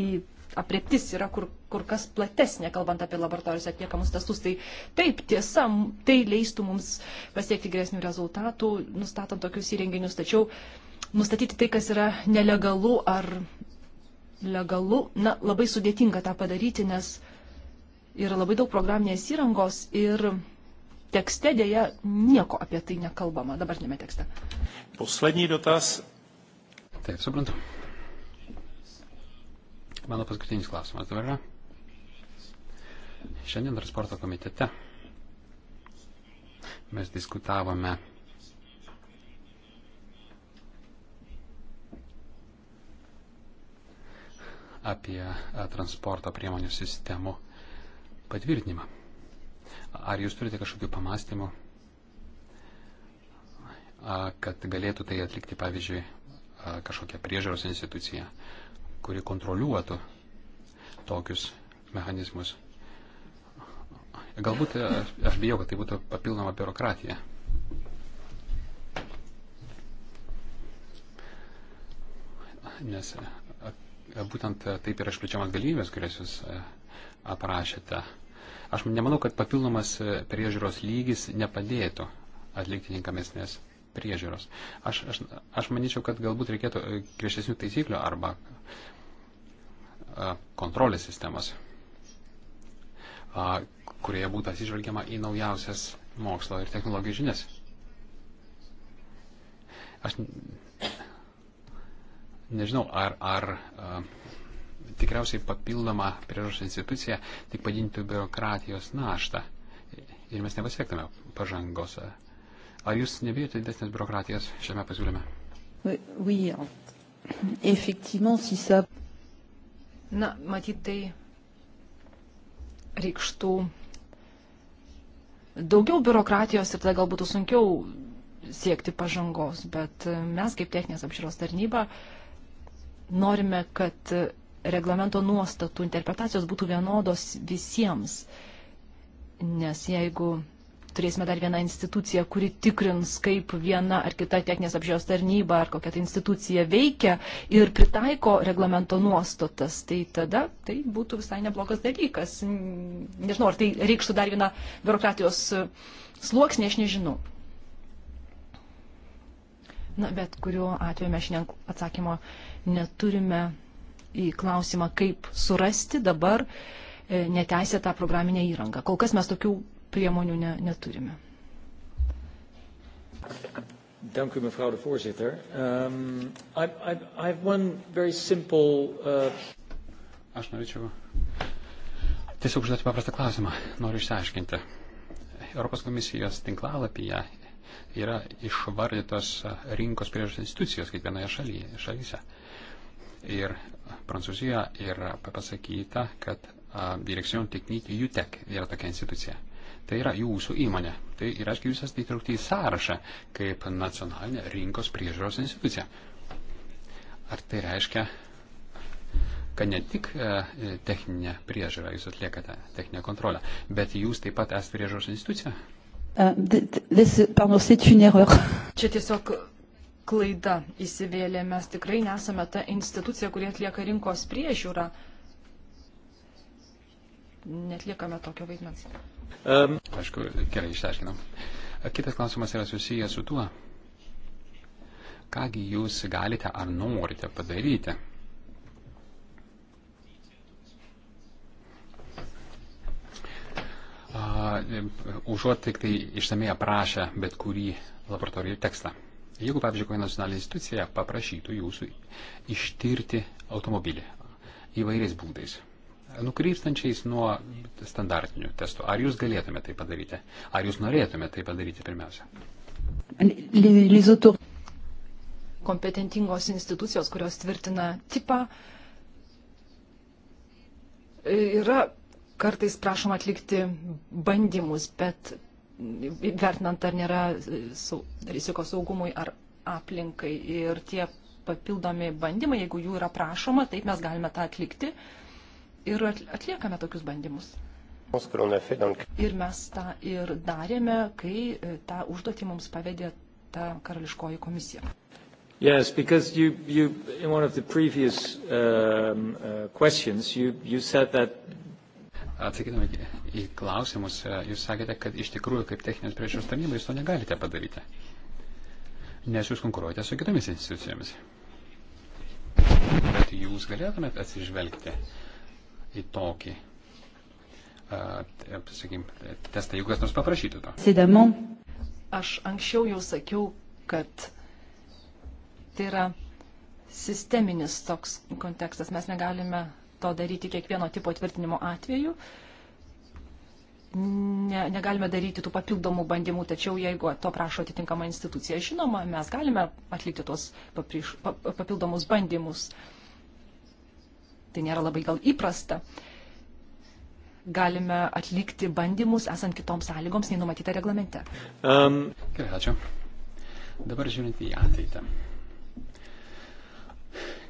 apreptis yra kur, kur kas platesnė, kalbant apie laboratorijos atliekamus testus. Tai taip, tiesa, tai leistų mums pasiekti geresnių rezultatų, nustatant tokius įrenginius, tačiau nustatyti tai, kas yra nelegalu ar legalu, na, labai sudėtinga tą padaryti, nes yra labai daug programinės įrangos ir tekste dėja nieko apie tai nekalbama, dabartinėme tekste. Poslednį dotas. Taip, suprantu. Mano paskutinis klausimas dabar yra. Šiandien transporto komitete mes diskutavome apie e, transporto priemonių sistemų patvirtinimą. Ar jūs turite kažkokių pamastymų, kad galėtų tai atlikti, pavyzdžiui, kažkokia priežaros institucija, kuri kontroliuotų tokius mechanizmus? Galbūt aš bijau, kad tai būtų papildoma biurokratija. Nes būtent taip yra išplečiamas galimybės, kurias jūs aprašėte. Aš nemanau, kad papildomas e, priežiūros lygis nepadėtų atlikti tinkamesnės priežiūros. Aš, aš, aš manyčiau, kad galbūt reikėtų e, griežtesnių taisyklių arba e, kontrolės sistemas, kurioje būtų atsižvelgiama į naujausias mokslo ir technologijų žinias. Aš nežinau, ar, ar tikriausiai papildoma priežos institucija tik padintų biurokratijos naštą ir mes nepasiektume pažangos. Ar jūs nebijote didesnės biurokratijos šiame pasiūlyme? Oui, effectivement, si ça... Na, matyt, tai reikštų daugiau biurokratijos ir tada gal būtų sunkiau siekti pažangos, bet mes kaip techninės apžiūros tarnyba norime, kad reglamento nuostatų interpretacijos būtų vienodos visiems. Nes jeigu turėsime dar vieną instituciją, kuri tikrins, kaip viena ar kita techninės apžiūros tarnyba ar kokia tai institucija veikia ir pritaiko reglamento nuostatas, tai tada tai būtų visai neblogas dalykas. Nežinau, ar tai reikštų dar vieną biurokratijos sluoksnį, aš nežinau. Na, bet kuriuo atveju mes šiandien atsakymo neturime į klausimą, kaip surasti dabar e, neteisėtą programinę įrangą. Kol kas mes tokių priemonių ne, neturime. Dank u mevrouw de voorzitter. Um, I, I, I have one very simple... Uh... Aš norėčiau tiesiog užduoti paprastą klausimą. Noriu išsiaiškinti. Europos komisijos tinklalapyje yra išvardytos eh, rinkos priežastis institucijos kiekvienoje šalyje, šalyse. Uh, ir Prancūzija yra pasakyta, kad Direkcijon Technique UTEC yra tokia institucija. Tai yra jūsų įmonė. Tai yra, aišku, jūs esate įtraukti į sąrašą kaip nacionalinė rinkos priežiūros institucija. Ar tai reiškia, kad ne tik e, techninę priežiūrą jūs atliekate, techninę kontrolę, bet jūs taip pat esate priežiūros institucija? Uh, this, pardon, Čia tiesiog klaida įsivėlė. Mes tikrai nesame ta institucija, kurie atlieka rinkos priežiūrą. Netliekame tokio vaidmens. Um. Aišku, gerai išaiškinam. Kitas klausimas yra susijęs su tuo, kągi jūs galite ar norite padaryti. Uh, užuot tik tai išsamei aprašę bet kurį laboratorijų tekstą. Jeigu, pavyzdžiui, kokia nacionalinė institucija paprašytų jūsų ištirti automobilį įvairiais būdais, nukrypstančiais nuo standartinių testų, ar jūs galėtume tai padaryti? Ar jūs norėtume tai padaryti pirmiausia? Kompetentingos institucijos, kurios tvirtina tipą, yra kartais prašoma atlikti bandymus, bet vertinant, ar nėra rizikos saugumui ar aplinkai. Ir tie papildomi bandymai, jeigu jų yra prašoma, taip mes galime tą atlikti ir atliekame tokius bandymus. Ir mes tą ir darėme, kai e, tą užduotį mums pavedė ta karališkoji komisija. Yes, because you, you, in one of the previous um, uh, questions, you, you said that Atsakydami į klausimus, e, jūs sakėte, kad iš tikrųjų kaip techninės priešios tarnyba jūs to negalite padaryti, nes jūs konkuruojate su kitomis institucijomis. Bet jūs galėtumėt atsižvelgti į tokį, e, sakykim, testą, jeigu kas nors paprašytų to. Sėdamu. Aš anksčiau jau sakiau, kad tai yra sisteminis toks kontekstas. Mes negalime to daryti kiekvieno tipo tvirtinimo atveju. Ne, negalime daryti tų papildomų bandymų, tačiau jeigu to prašo atitinkama institucija, žinoma, mes galime atlikti tos papriš, papildomus bandymus. Tai nėra labai gal įprasta. Galime atlikti bandymus esant kitoms sąlygoms, nei numatyta reglamente. Um, Gerai, ačiū. Dabar žiūrint į ateitį.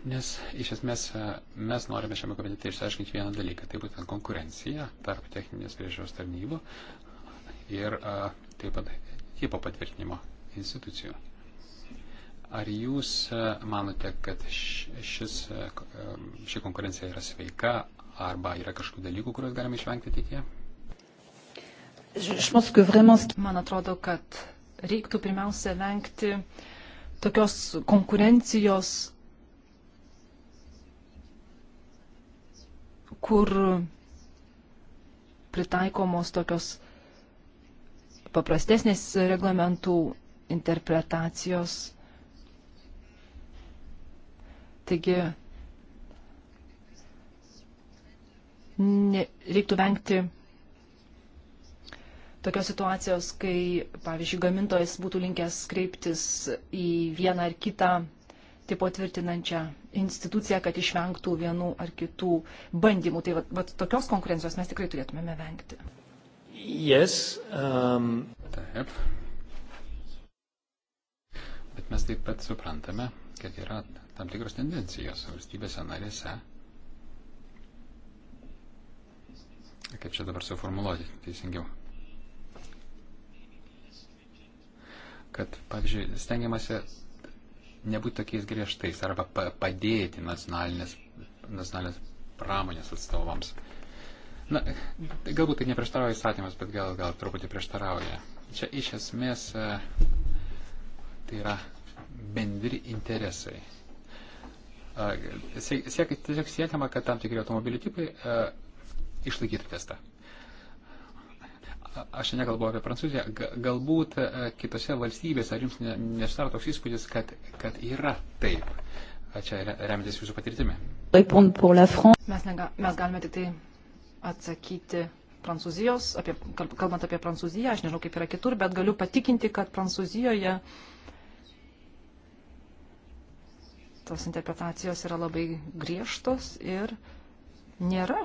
Nes iš esmės e, mes norime šiame komitete išsiaiškinti vieną dalyką, tai būtent konkurencija tarp techninės priežiūros tarnybų ir a, e, taip pat tipo patvirtinimo institucijų. Ar jūs e, manote, kad šis, ši konkurencija yra sveika arba yra kažkokių dalykų, kuriuos galime išvengti ateityje? Man atrodo, kad reiktų pirmiausia vengti tokios konkurencijos kur pritaikomos tokios paprastesnės reglamentų interpretacijos. Taigi ne, reiktų vengti tokios situacijos, kai, pavyzdžiui, gamintojas būtų linkęs kreiptis į vieną ar kitą tipo tvirtinančią instituciją, kad išvengtų vienų ar kitų bandymų. Tai vat, vat, tokios konkurencijos mes tikrai turėtumėme vengti. Yes, um... Taip. Bet mes taip pat suprantame, kad yra tam tikros tendencijos valstybėse narėse. Kaip čia dabar suformuluoti teisingiau? Kad, pavyzdžiui, stengiamasi nebūti tokiais griežtais arba padėti nacionalinės, nacionalinės pramonės atstovams. Na, galbūt tai neprieštarauja įstatymas, bet gal, gal truputį prieštarauja. Čia iš esmės e, tai yra bendri interesai. E, siek, siek, tiesiog siekiama, kad tam tikri automobilių tipai e, išlaikytų testą. Aš nekalbu apie Prancūziją. Galbūt e, kitose valstybėse, ar jums nesidaro toks įspūdis, kad, kad yra taip? Čia remiantis jūsų patirtimi. Mes, nega, mes galime tik tai atsakyti Prancūzijos, apie, kalbant apie Prancūziją, aš nežinau kaip yra kitur, bet galiu patikinti, kad Prancūzijoje tos interpretacijos yra labai griežtos ir nėra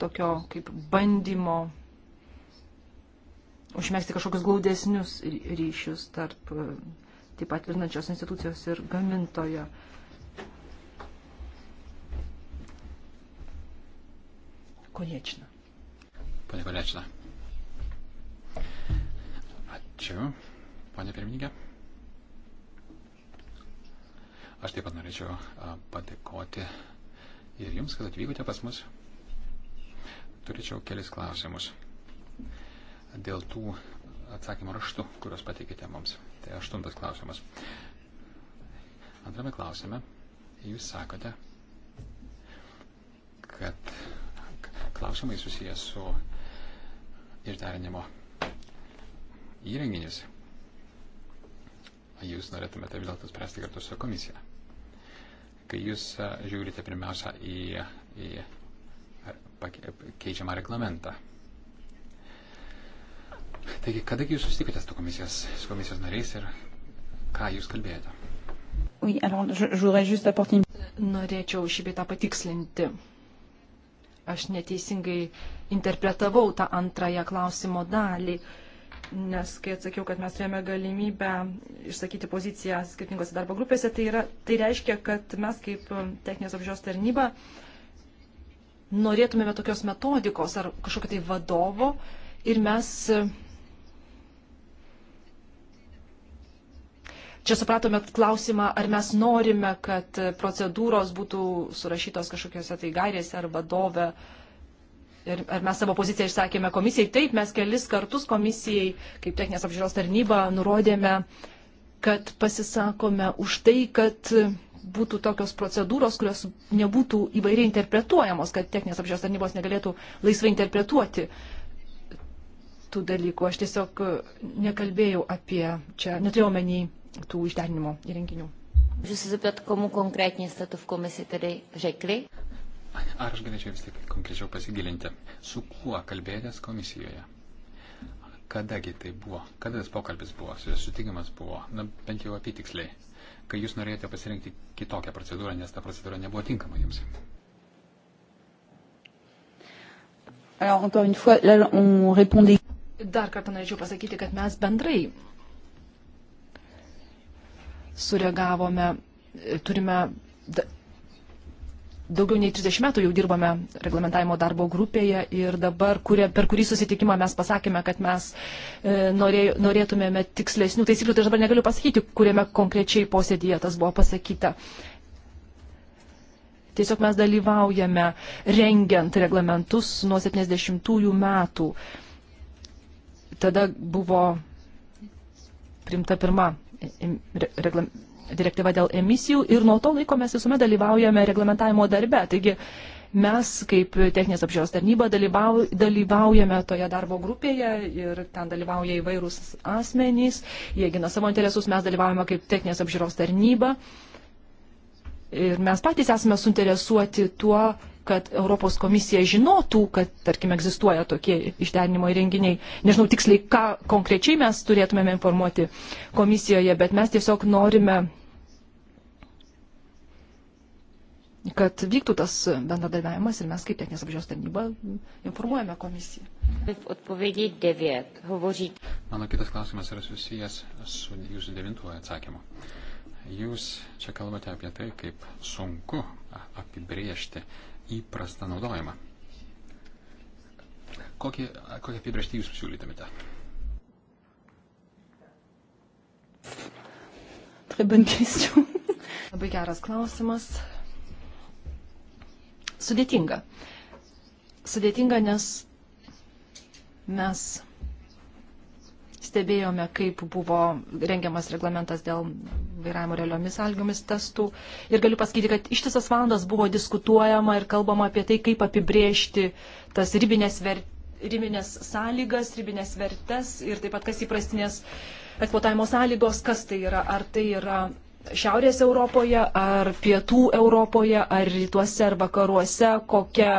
tokio kaip bandymo užmėgsti kažkokius glaudesnius ryšius tarp e, taip pat virnančios institucijos ir gamintojo. Konečna. Pane Konečna. Ačiū, pane pirmininkė. Aš taip pat norėčiau padėkoti ir jums, kad atvykote pas mus. Turėčiau kelis klausimus dėl tų atsakymų raštų, kuriuos pateikite mums. Tai aštuntas klausimas. Antrame klausime jūs sakote, kad klausimai susijęs su išderinimo įrenginis. Jūs norėtumėte vis dėlto spręsti kartu su komisija. Kai jūs žiūrite pirmiausia į, į keičiamą reglamentą. Taigi, kada jūs susitikėte su komisijos, su komisijos nariais ir ką jūs kalbėjote? Oui, alors, je, je apporter... Norėčiau šį bitą patikslinti. Aš neteisingai interpretavau tą antrąją klausimo dalį nes kai atsakiau, kad mes turėjome galimybę išsakyti poziciją skirtingose darbo grupėse, tai, yra, tai reiškia, kad mes kaip techninės apžiūros tarnyba norėtumėme tokios metodikos ar kažkokio tai vadovo ir mes čia supratome klausimą, ar mes norime, kad procedūros būtų surašytos kažkokiuose tai gairėse ar vadove. Ir ar mes savo poziciją išsakėme komisijai? Taip, mes kelis kartus komisijai, kaip techninės apžiūros tarnyba, nurodėme, kad pasisakome už tai, kad būtų tokios procedūros, kurios nebūtų įvairiai interpretuojamos, kad techninės apžiūros tarnybos negalėtų laisvai interpretuoti tų dalykų. Aš tiesiog e, nekalbėjau apie čia, neturėjau menį tų išdenimo įrenginių. Můžu se zeptat, komu konkrétně jste to v komisi tedy řekli? Ar aš galėčiau vis tik konkrečiau pasigilinti, su kuo kalbėjotės komisijoje? Kadagi tai buvo? Kada tas pokalbis buvo? Susitikimas buvo? Na, bent jau apytiksliai kai jūs norėjote pasirinkti kitokią procedūrą, nes ta procedūra nebuvo tinkama jums? Alors, encore une fois, là, on répondait. Dar kartą norėčiau pasakyti, kad mes bendrai sureagavome, turime daugiau nei 30 metų jau dirbame reglamentavimo darbo grupėje ir dabar, kurie, per kurį susitikimą mes pasakėme, kad mes e, norė, norėtumėme tikslesnių taisyklių, tai aš dabar negaliu pasakyti, kuriame konkrečiai posėdėje tas buvo pasakyta. Tiesiog mes dalyvaujame rengiant reglamentus nuo 70-ųjų metų. Tada buvo primta pirma reglamentavimas direktyva dėl emisijų ir nuo to laiko mes visuomet dalyvaujame reglamentavimo darbe. Taigi mes kaip techninės apžiūros tarnyba dalyvau, dalyvaujame toje darbo grupėje ir ten dalyvauja įvairūs asmenys, jie gina savo interesus, mes dalyvaujame kaip techninės apžiūros tarnyba. Ir mes patys esame suinteresuoti tuo, kad Europos komisija žinotų, kad, tarkim, egzistuoja tokie išderinimo įrenginiai. Nežinau tiksliai, ką konkrečiai mes turėtumėme informuoti komisijoje, bet mes tiesiog norime kad vyktų tas bendradarbiavimas ir mes kaip techninės apžiūros tarnyba informuojame komisiją. Mano kitas klausimas yra susijęs su jūsų devintuoju atsakymu. Jūs čia kalbate apie tai, kaip sunku apibriežti įprastą naudojimą. Kokį, kokį apibriežtį jūs siūlytumėte? Labai geras klausimas sudėtinga. Sudėtinga, nes mes stebėjome, kaip buvo rengiamas reglamentas dėl vairavimo realiomis algiomis testų. Ir galiu pasakyti, kad ištisas valandas buvo diskutuojama ir kalbama apie tai, kaip apibriežti tas ribinės, ver... ribinės sąlygas, ribinės vertes ir taip pat kas įprastinės eksploatavimo sąlygos, kas tai yra, ar tai yra Šiaurės Europoje, ar Pietų Europoje, ar rytuose, ar vakaruose, kokia,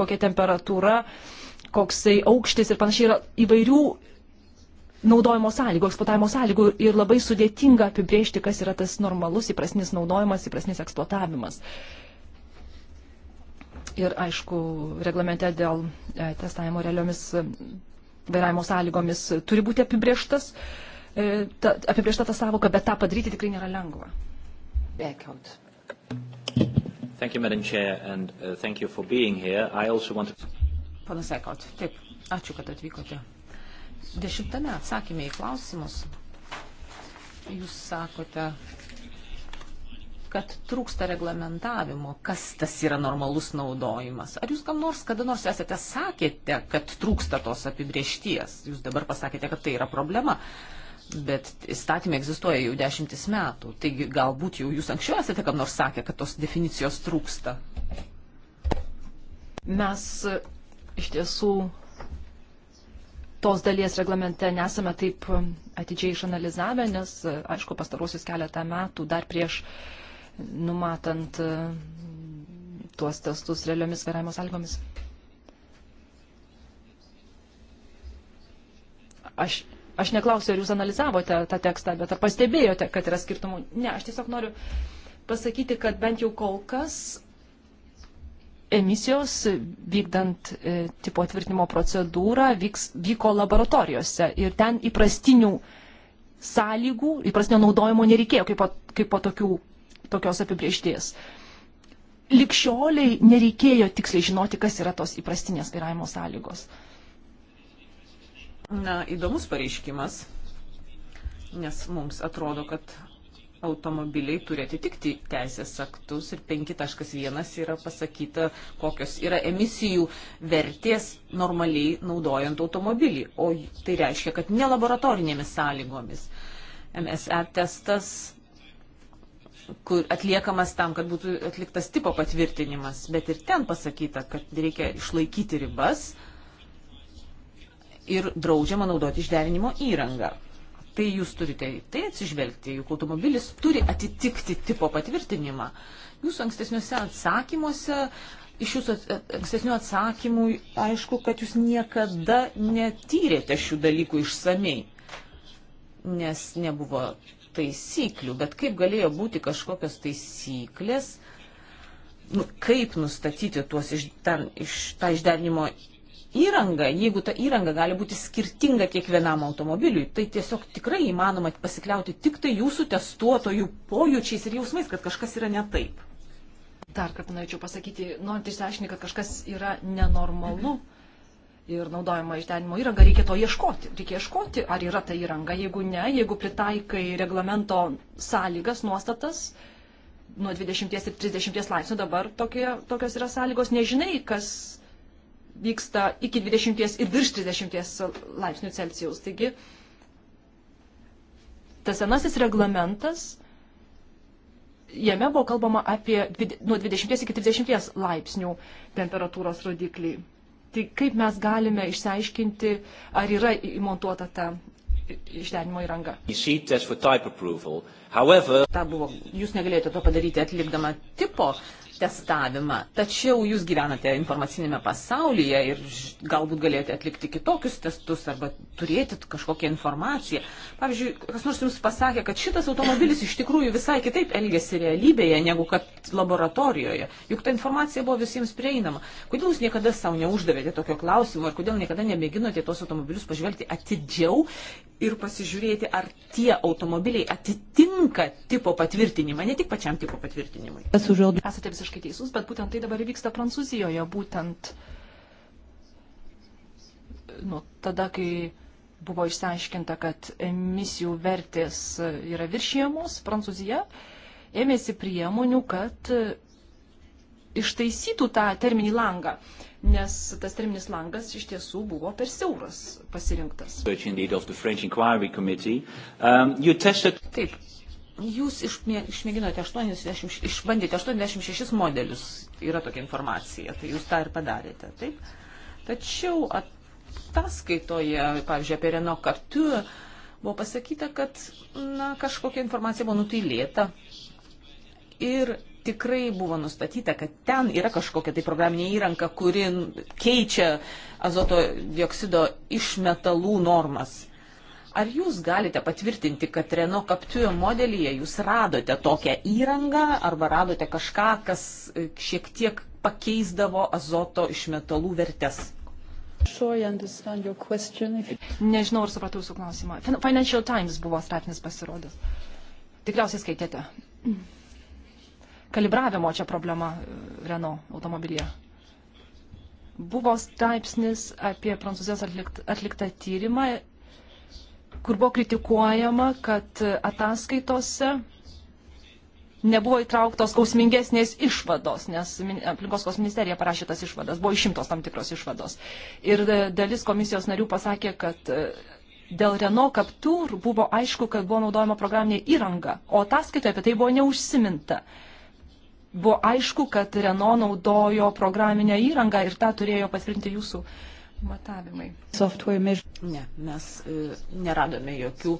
kokia temperatūra, koksai aukštis ir panašiai yra įvairių naudojimo sąlygų, eksploatavimo sąlygų ir labai sudėtinga apibriežti, kas yra tas normalus įprasnis naudojimas, įprasnis eksploatavimas. Ir aišku, reglamente dėl e, testavimo realiomis e, vairavimo sąlygomis turi būti apibrieštas. Uh, E, ta, apibriešta ta savoka, bet tą padaryti tikrai nėra lengva. Bėkiant. Thank you, Madam Chair, and uh, thank you for being here. I also want to... Panas Ekot, taip, ačiū, kad atvykote. Dešimtame atsakymė į klausimus. Jūs sakote, kad trūksta reglamentavimo, kas tas yra normalus naudojimas. Ar jūs kam nors kada nors esate sakėte, kad trūksta tos apibriešties? Jūs dabar pasakėte, kad tai yra problema. Uh, bet įstatymai egzistuoja jau dešimtis metų. Taigi galbūt jau jūs anksčiau esate kam nors sakę, kad tos definicijos trūksta. Mes iš tiesų tos dalies reglamente nesame taip atidžiai išanalizavę, nes, aišku, pastarosius keletą metų dar prieš numatant mm, tuos testus realiomis vairavimo sąlygomis. Aš Aš neklausiu, ar jūs analizavote tą tekstą, bet ar pastebėjote, kad yra skirtumų. Ne, aš tiesiog noriu pasakyti, kad bent jau kol kas emisijos vykdant e, tipo tvirtinimo procedūrą vyks, vyko laboratorijose ir ten įprastinių sąlygų, įprastinio naudojimo nereikėjo kaip po, kaip po tokių, tokios apibriešties. Likščioliai nereikėjo tiksliai žinoti, kas yra tos įprastinės vairavimo sąlygos. E, Na, įdomus pareiškimas, nes mums atrodo, kad automobiliai turi atitikti teisės aktus ir 5.1 yra pasakyta, kokios yra emisijų vertės normaliai naudojant automobilį. O tai reiškia, kad ne laboratorinėmis sąlygomis. MSE testas kur atliekamas tam, kad būtų atliktas tipo patvirtinimas, bet ir ten pasakyta, kad reikia išlaikyti ribas, uh, ir draudžiama naudoti išderinimo įrangą. Tai jūs turite į tai atsižvelgti, juk automobilis turi atitikti tipo patvirtinimą. Jūsų ankstesniuose atsakymuose, iš jūsų ankstesnių atsakymų aišku, kad jūs niekada netyrėte šių dalykų išsamei, nes nebuvo taisyklių, bet kaip galėjo būti kažkokios taisyklės, nu, kaip nustatyti tuos iš, ten, iš, tą išderinimo įrangą, jeigu ta įranga gali būti skirtinga kiekvienam automobiliui, tai tiesiog tikrai įmanoma pasikliauti tik tai jūsų testuotojų pojūčiais ir jausmais, kad kažkas yra ne taip. Dar kartą norėčiau pasakyti, norint išsiaiškinti, kad kažkas yra nenormalu ir naudojama išdenimo įranga, reikia to ieškoti. Reikia ieškoti, ar yra ta įranga. Jeigu ne, jeigu pritaikai reglamento sąlygas, nuostatas, nuo 20 ir 30 laipsnių dabar tokie, tokios yra sąlygos, nežinai, kas vyksta iki 20 ir virš 30 laipsnių Celsijaus. Taigi, tas senasis reglamentas, jame buvo kalbama apie nuo 20 iki 30 laipsnių temperatūros rodiklį. Tai kaip mes galime išsiaiškinti, ar yra įmontuota ta išdenimo įranga. However... Ta buvo, jūs negalėjote to padaryti atlikdama tipo testavimą. Tačiau jūs gyvenate informacinėme pasaulyje ir galbūt galėjote atlikti kitokius testus arba turėti kažkokią informaciją. Pavyzdžiui, kas nors jums pasakė, kad šitas automobilis iš tikrųjų visai kitaip elgesi realybėje negu kad laboratorijoje. Juk ta informacija buvo visiems prieinama. Kodėl jūs niekada savo neuždavėte tokio klausimo ir kodėl niekada nemėginote tuos automobilius pažvelgti atidžiau ir pasižiūrėti, ar tie automobiliai atitinka tipo patvirtinimą, ne tik pačiam tipo patvirtinimui. Esate visiškai visiškai teisus, bet būtent tai dabar vyksta Prancūzijoje, būtent nu, tada, kai buvo išsiaiškinta, kad emisijų vertės yra viršėjamos, Prancūzija ėmėsi priemonių, kad ištaisytų tą terminį langą, nes tas terminis langas iš tiesų buvo per siauras pasirinktas. Um, Taip, Jūs išmėginote 80, išbandėte 86 modelius, yra tokia informacija, tai jūs tą ir padarėte, taip? Tačiau ataskaitoje, pavyzdžiui, apie Renault kartu buvo pasakyta, kad na, kažkokia informacija buvo nutylėta ir tikrai buvo nustatyta, kad ten yra kažkokia tai programinė įranka, kuri keičia azoto dioksido išmetalų normas. Ar jūs galite patvirtinti, kad Renault Captur modelyje jūs radote tokią įrangą arba radote kažką, kas e, šiek tiek pakeisdavo azoto iš metalų vertes? Nežinau, ar supratau jūsų klausimą. Financial Times buvo straipsnis pasirodęs. Tikriausiai skaitėte. Kalibravimo čia problema e, Renault automobilyje. Buvo straipsnis apie Prancūzijos atliktą tyrimą kur buvo kritikuojama, kad ataskaitose nebuvo įtrauktos skausmingesnės išvados, nes aplinkos ministerija parašė tas išvadas, buvo išimtos tam tikros išvados. Ir e, dalis komisijos narių pasakė, kad e, dėl Renault Captur buvo aišku, kad buvo naudojama programinė įranga, o ataskaitoje apie tai buvo neužsiminta. Buvo aišku, kad Renault naudojo programinę įrangą ir tą turėjo patvirtinti jūsų uh, matavimai? Ne, mes e, neradome jokių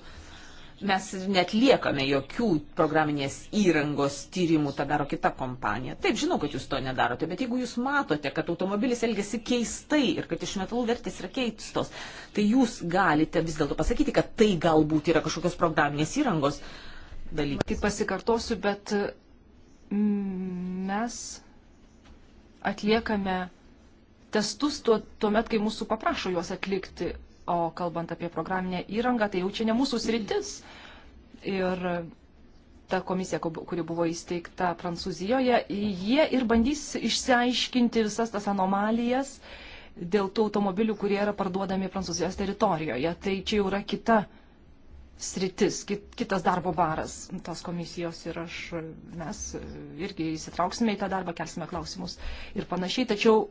mes netliekame jokių programinės įrangos tyrimų, tą daro kita kompanija. Taip, žinau, kad jūs to nedarote, bet jeigu jūs matote, kad automobilis elgesi keistai ir kad iš metalų vertės yra keistos, tai jūs galite vis dėlto pasakyti, kad tai galbūt yra kažkokios programinės įrangos dalykas. Taip pasikartosiu, bet mm, mes atliekame testus tuo, tuo met, kai mūsų paprašo juos atlikti. O kalbant apie programinę įrangą, tai jau čia ne mūsų sritis. Ir ta komisija, kuri buvo įsteigta Prancūzijoje, jie ir bandys išsiaiškinti visas tas anomalijas dėl tų automobilių, kurie yra parduodami Prancūzijos teritorijoje. Tai čia jau yra kita sritis, kit, kitas darbo baras tos komisijos ir aš, mes irgi įsitrauksime į tą darbą, kelsime klausimus ir panašiai. Tačiau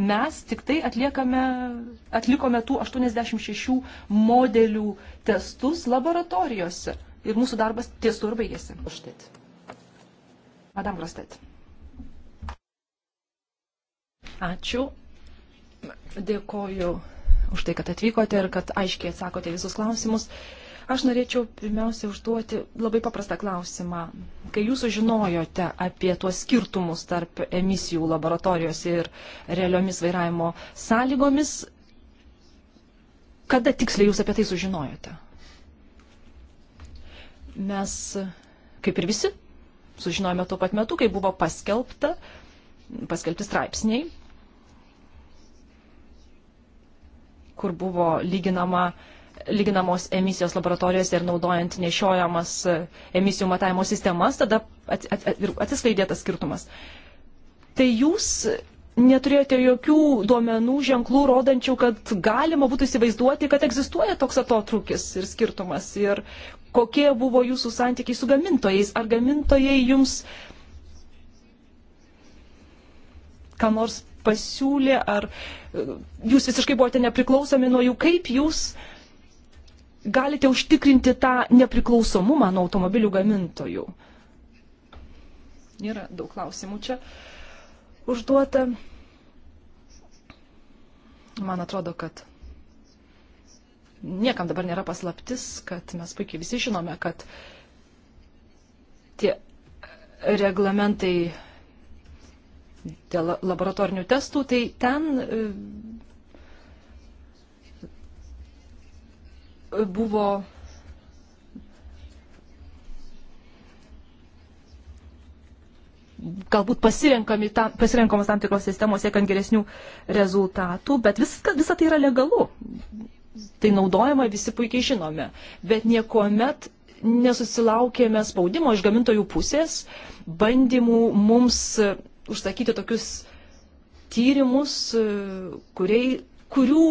Mes tik tai atliekame, atlikome tų 86 modelių testus laboratorijose. Ir mūsų darbas ties tur baigėsi. Štit. Madam Grostet. Ačiū. Dėkoju už tai, kad atvykote ir kad aiškiai atsakote visus klausimus. Uh, Aš norėčiau pirmiausia užduoti labai paprastą klausimą. Kai jūs sužinojote apie tuos skirtumus tarp emisijų laboratorijos ir realiomis vairavimo sąlygomis, kada tiksliai jūs apie tai sužinojote? Mes, kaip ir visi, sužinojome tuo pat metu, kai buvo paskelbta, paskelbti straipsniai, kur buvo lyginama uh, lyginamos emisijos laboratorijose ir naudojant nešiojamas e, emisijų matavimo sistemas, tada atsiskleidė tas skirtumas. Tai jūs neturėjote jokių duomenų ženklų rodančių, kad galima būtų įsivaizduoti, kad egzistuoja toks atotrukis ir skirtumas. Ir kokie buvo jūsų santykiai su gamintojais? Ar gamintojai jums ką nors pasiūlė, ar e, jūs visiškai buvote nepriklausomi nuo jų, kaip jūs uh, galite užtikrinti tą nepriklausomumą nuo automobilių gamintojų? Yra daug klausimų čia užduota. Man atrodo, kad niekam dabar nėra paslaptis, kad mes puikiai visi žinome, kad tie reglamentai dėl laboratorinių testų, tai ten buvo galbūt tam, pasirenkamos tam tikros sistemos siekiant geresnių rezultatų, bet viskas, visa tai yra legalu. Tai naudojama visi puikiai žinome, bet niekuomet nesusilaukėme spaudimo iš gamintojų pusės, bandymų mums užsakyti tokius tyrimus, kuriai, kurių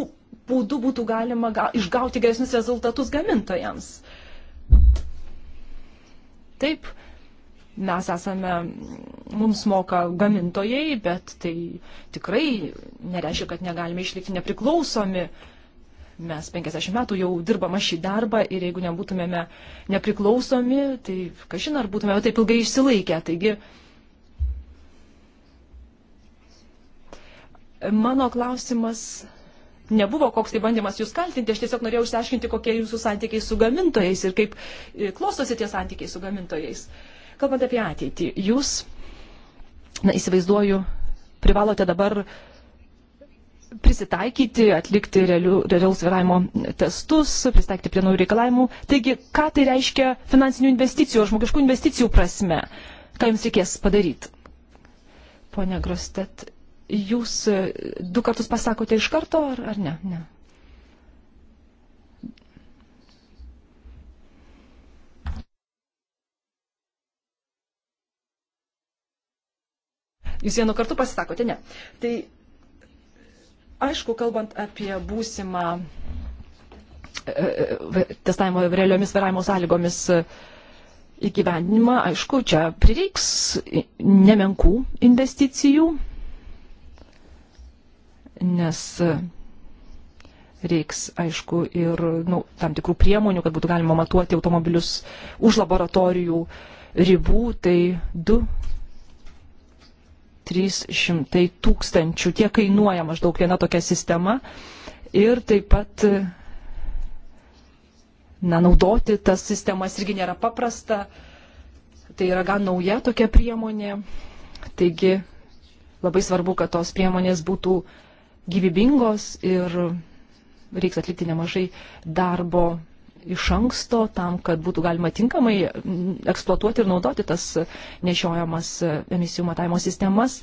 būdu būtų galima išgauti geresnius rezultatus gamintojams. Taip, mes esame, mums moka gamintojai, bet tai tikrai nereiškia, kad negalime išlikti nepriklausomi. Mes 50 metų jau dirbama šį darbą ir jeigu nebūtumėme nepriklausomi, tai kažin ar būtumėme taip ilgai išsilaikę. Taigi, mano klausimas nebuvo koks tai bandymas jūs kaltinti, aš tiesiog norėjau išsiaiškinti, kokie jūsų santykiai su gamintojais ir kaip e, klostosi tie santykiai su gamintojais. Kalbant apie ateitį, jūs, na, įsivaizduoju, privalote dabar prisitaikyti, atlikti realių, realiaus viravimo testus, prisitaikyti prie naujų reikalavimų. Taigi, ką tai reiškia finansinių investicijų, žmogiškų investicijų prasme? Ką jums reikės padaryti? Pone Grostet, jūs e, du kartus pasakote iš karto, ar, ar ne? Ne. Jūs vienu kartu pasisakote, ne. Tai aišku, kalbant apie būsimą e, e, testavimo realiomis vairavimo sąlygomis įgyvendinimą, aišku, čia prireiks nemenkų investicijų nes reiks, aišku, ir nu, tam tikrų priemonių, kad būtų galima matuoti automobilius už laboratorijų ribų, tai 2 300 tūkstančių. Tie kainuoja maždaug viena tokia sistema. Ir taip pat, na, naudoti tas sistemas irgi nėra paprasta. Tai yra gan nauja tokia priemonė. Taigi labai svarbu, kad tos priemonės būtų uh, gyvybingos ir reiks atlikti nemažai darbo iš anksto tam, kad būtų galima tinkamai eksploatuoti ir naudoti tas nešiojamas emisijų matavimo sistemas.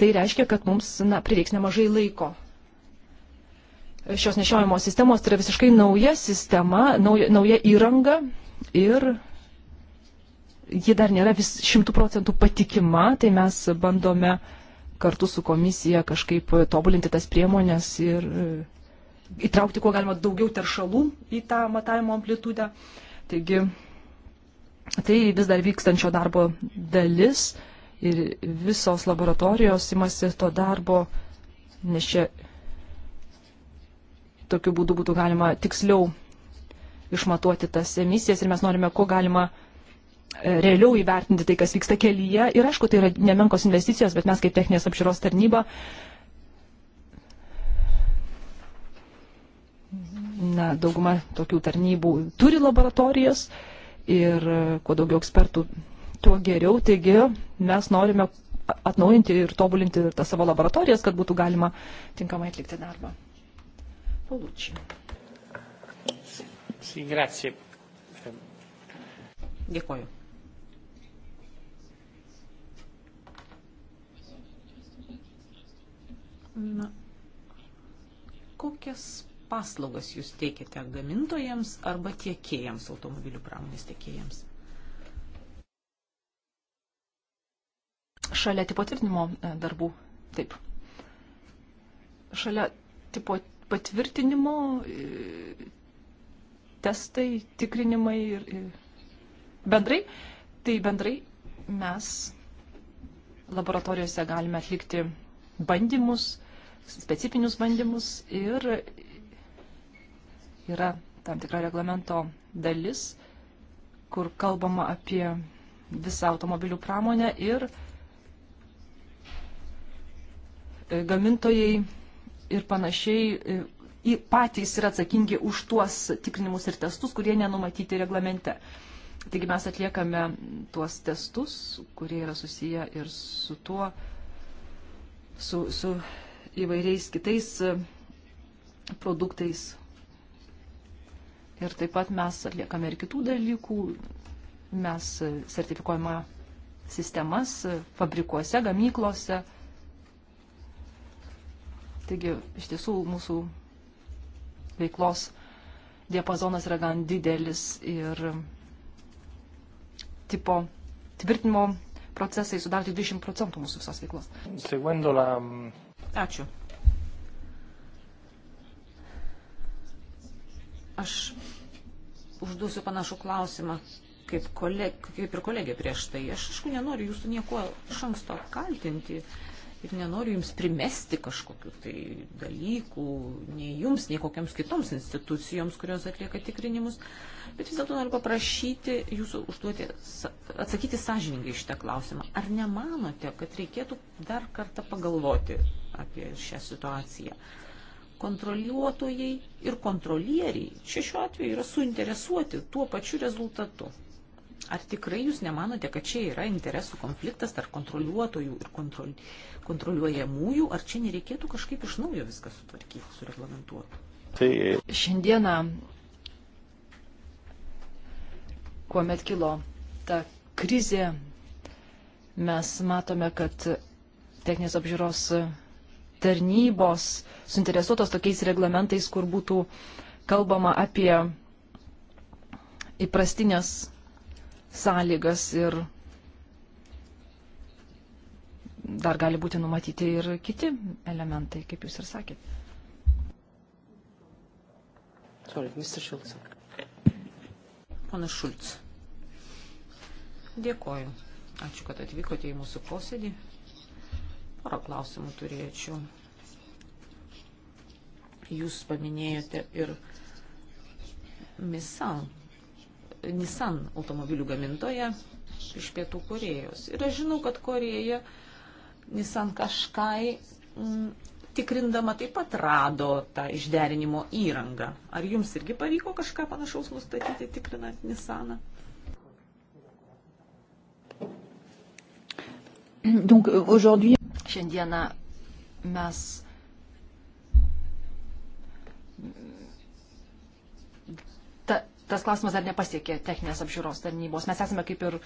Tai reiškia, kad mums na, prireiks nemažai laiko. Šios nešiojimo sistemos tai yra visiškai nauja sistema, nauja, nauja įranga ir ji dar nėra šimtų procentų patikima, tai mes bandome uh, kartu su komisija kažkaip e, tobulinti tas priemonės ir e, įtraukti kuo galima daugiau teršalų į tą matavimo amplitudę. Taigi tai vis dar vykstančio darbo dalis ir visos laboratorijos imasi to darbo, nes čia tokiu būdu būtų galima tiksliau išmatuoti tas emisijas ir mes norime kuo galima uh, realiau įvertinti tai, kas vyksta kelyje. Ir aišku, tai yra nemenkos investicijos, bet mes kaip techninės apžiūros tarnyba. Na, dauguma tokių tarnybų turi laboratorijas ir e, kuo daugiau ekspertų, tuo geriau. Taigi mes norime atnaujinti ir tobulinti tas savo laboratorijas, kad būtų galima tinkamai atlikti darbą. Palučiai. Sì, grazie. Dėkoju. Na, kokias paslaugas jūs teikiate gamintojams arba tiekėjams, automobilių pramonės tiekėjams? Šalia tipo tvirtinimo e, darbų, taip. Šalia tipo patvirtinimo e, testai, tikrinimai ir, ir e, bendrai, tai bendrai mes laboratorijose galime atlikti bandymus, specifinius bandymus ir yra tam tikra reglamento dalis, kur kalbama apie visą automobilių pramonę ir e, gamintojai ir panašiai e, patys yra atsakingi už tuos tikrinimus ir testus, kurie nenumatyti reglamente. Taigi mes atliekame tuos testus, kurie yra susiję ir su tuo, su, su įvairiais kitais e, produktais. Ir taip pat mes atliekame ir kitų dalykų. Mes e, sertifikuojame sistemas e, fabrikuose, gamyklose. Taigi iš tiesų mūsų veiklos diapazonas yra gan didelis ir tipo tvirtinimo procesai sudaro tik 20 procentų mūsų visos veiklos. Seguendo la mm, Ačiū. Aš užduosiu panašų klausimą, kaip, koleg, kaip ir kolegė prieš tai. Aš, aišku, nenoriu jūsų nieko iš anksto kaltinti ir nenoriu jums primesti kažkokiu tai dalykų, nei jums, nei kokiams kitoms institucijoms, kurios atlieka tikrinimus, bet vis dėlto noriu paprašyti jūsų užduoti, atsakyti sąžiningai šitą klausimą. Ar nemanote, kad reikėtų dar kartą pagalvoti apie šią situaciją. Kontroliuotojai ir kontrolieriai čia šiuo atveju yra suinteresuoti tuo pačiu rezultatu. Ar tikrai jūs nemanote, kad čia yra interesų konfliktas tarp kontroliuotojų ir kontrol... kontroliuojamųjų, ar čia nereikėtų kažkaip iš naujo viską sutvarkyti, sureglamentuoti? Tai... Šiandieną, kuomet kilo ta krizė, mes matome, kad techninės apžiūros tarnybos suinteresuotos tokiais reglamentais, kur būtų kalbama apie įprastinės sąlygas ir dar gali būti numatyti ir kiti elementai, kaip jūs ir sakėt. Sorry, Mr. Schulz. Pana Šulc. Dėkoju. Ačiū, kad atvykote į mūsų posėdį. Porą klausimų turėčiau. Jūs paminėjote ir Nissan, Nissan automobilių gamintoje iš pietų Korejos. Ir aš žinau, kad Koreja Nissan kažkai m, mm, tikrindama taip pat rado tą išderinimo įrangą. Ar jums irgi pavyko kažką panašaus nustatyti tikrinant Nissaną? Donc aujourd'hui Šiandieną mes ta, tas klausimas dar nepasiekė techninės apžiūros tarnybos. Mes esame kaip ir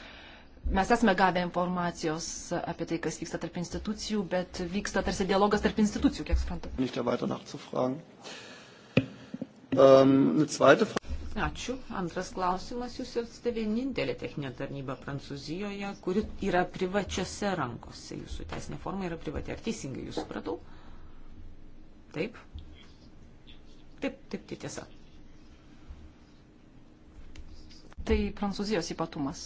mes esame gavę informacijos apie tai, kas vyksta tarp institucijų, bet vyksta tarsi dialogas tarp institucijų, kiek suprantu. Um, Ačiū. Antras klausimas. Jūs esate vienintelė techninė tarnyba Prancūzijoje, kuri yra privačiose rankose. Jūsų teisinė forma yra privati. Ar teisingai jūs supratau? Taip. Taip, taip, tai tiesa. Tai Prancūzijos ypatumas.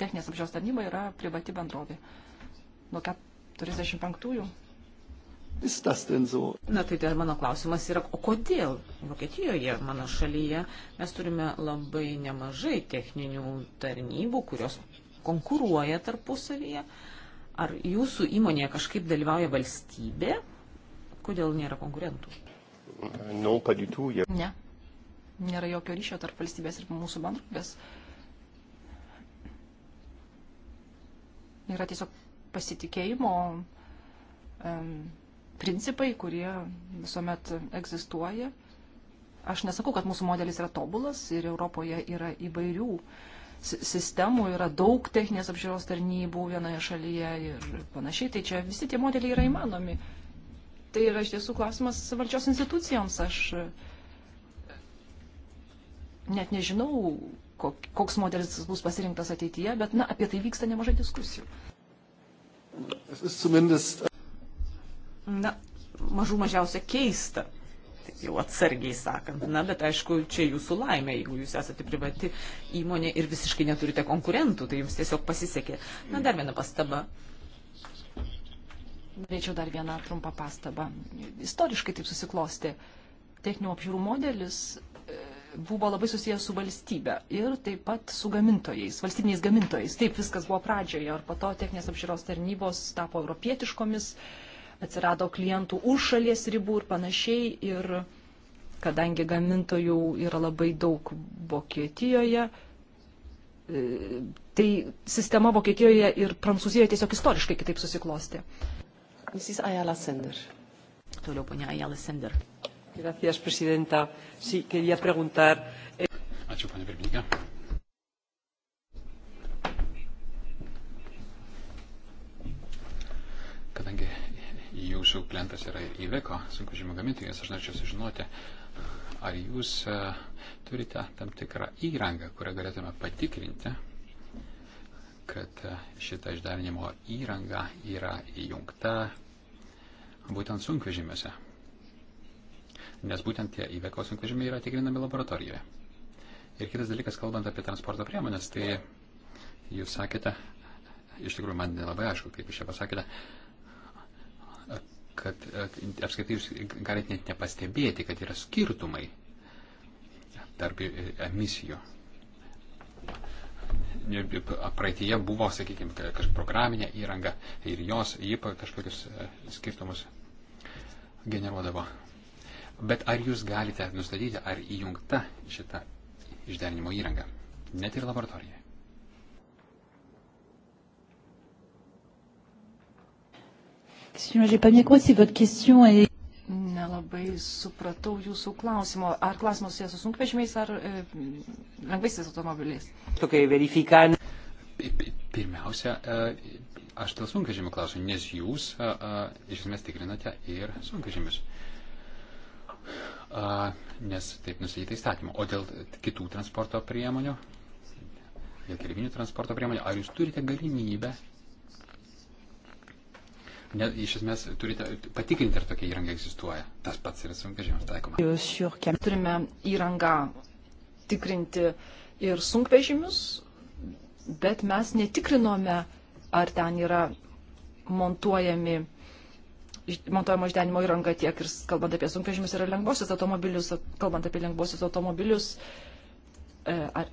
Techninės apžiūros tarnyba yra privati bendrovė. Nuo 45-ųjų Na tai, tai mano klausimas yra, o kodėl Vokietijoje, mano šalyje, mes turime labai nemažai techninių tarnybų, kurios konkuruoja tarpusavyje. Ar jūsų įmonėje kažkaip dalyvauja valstybė? Kodėl nėra konkurentų? No, paditų, jie. Ne. Nėra jokio ryšio tarp valstybės ir mūsų bendrovės. Yra tiesiog pasitikėjimo um, principai, kurie visuomet egzistuoja. Aš nesakau, kad mūsų modelis yra tobulas ir Europoje yra įvairių sistemų, yra daug techninės apžiūros tarnybų vienoje šalyje ir panašiai. Tai čia visi tie modeliai yra įmanomi. Tai yra iš tiesų klausimas valdžios institucijoms. Aš e, net nežinau, koks modelis bus pasirinktas ateityje, bet na, apie tai vyksta nemažai diskusijų na, mažų mažiausia keista. Taip jau atsargiai sakant. Na, bet aišku, čia jūsų laimė, jeigu jūs esate privati įmonė ir visiškai neturite konkurentų, tai jums tiesiog pasisekė. Na, dar viena pastaba. Norėčiau dar vieną trumpą pastabą. Istoriškai taip susiklosti. Techninių apžiūrų modelis e, buvo labai susijęs su valstybe ir taip pat su gamintojais, valstybiniais gamintojais. Taip viskas buvo pradžioje, ar po to techninės apžiūros tarnybos tapo europietiškomis. Uh, atsirado klientų už šalies ribų ir panašiai. Ir kadangi gamintojų yra labai daug Vokietijoje, e, tai sistema Vokietijoje ir Prancūzijoje tiesiog istoriškai kitaip susiklosti. Mrs. Ayala Sender. Toliau, ponia Ayala Sender. Gracias, presidenta. Sí, quería preguntar. Eh, Ačiū, ponia pirmininkė. Kadangi jūsų klientas yra įveko sunkvežimio gamintojas, aš norėčiau sužinoti, ar jūs e, turite tam tikrą įrangą, kurią galėtume patikrinti, kad e, šita išdarinimo įranga yra įjungta būtent sunkvežimiuose. Nes būtent tie įveko sunkvežimiai yra tikrinami laboratorijoje. Ir kitas dalykas, kalbant apie transporto priemonės, tai jūs sakėte, iš tikrųjų man nelabai aišku, kaip jūs čia pasakėte, kad apskaitai jūs galite net nepastebėti, kad yra skirtumai tarp e, e, emisijų. Praeitie buvo, sakykime, kažkokia programinė įranga ir jos jį kažkokius e, skirtumus generuodavo. Bet ar jūs galite nustatyti, ar įjungta šita išderinimo įranga, net ir laboratorijoje? Nelabai supratau jūsų klausimo. Ar klausimas susijęs su sunkvežimiais ar e, lengvaisiais automobiliais? Pirmiausia, e, aš dėl sunkvežimių klausiu, nes jūs e, e, iš esmės tikrinate ir sunkvežimius. Nes taip nusityta įstatymą. O dėl kitų transporto priemonių, dėl keliavinių transporto priemonių, ar jūs turite galimybę ne, iš esmės turite patikrinti, ar tokia įranga egzistuoja. Tas pats yra sunkvežimams taikoma. Turime įrangą tikrinti ir sunkvežimius, bet mes netikrinome, ar ten yra montuojami, montuojama išdenimo įranga tiek ir kalbant apie sunkvežimius yra lengvosius automobilius, kalbant apie lengvosius automobilius, e, ar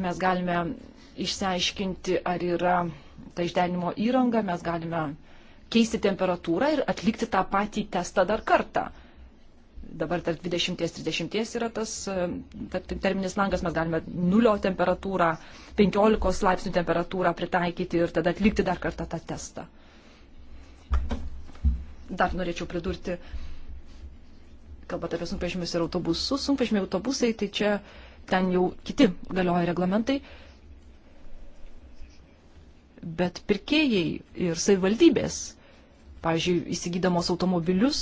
mes galime išsiaiškinti, ar yra ta išdenimo įranga, mes galime keisti temperatūrą ir atlikti tą patį testą dar kartą. Dabar tarp 20-30 yra tas e, terminis langas, mes galime nulio temperatūrą, 15 laipsnių temperatūrą pritaikyti ir tada atlikti dar kartą tą testą. Dar norėčiau pridurti, kalbant apie sunkvežimius ir autobusus, sunkvežimiai autobusai, tai čia ten jau kiti galioja reglamentai, bet pirkėjai ir savivaldybės pavyzdžiui, įsigydamos automobilius.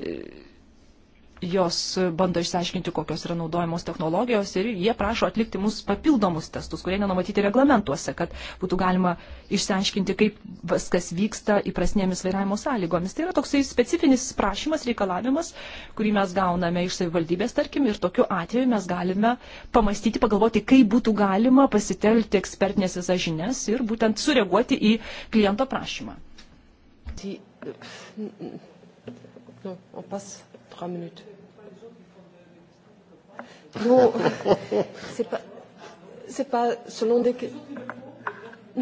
E, jos bando išsiaiškinti, kokios yra naudojamos technologijos ir jie prašo atlikti mus papildomus testus, kurie nenumatyti reglamentuose, kad būtų galima išsiaiškinti, kaip viskas vyksta įprasnėmis vairavimo sąlygomis. Tai yra toksai specifinis prašymas, reikalavimas, kurį mes gauname iš savivaldybės, tarkim, ir tokiu atveju mes galime pamastyti, pagalvoti, kaip būtų galima pasitelti ekspertinės visas žinias ir būtent sureaguoti į kliento prašymą. Tai... Non, on passe trois minutes. Non, c'est pas, c'est pas selon des.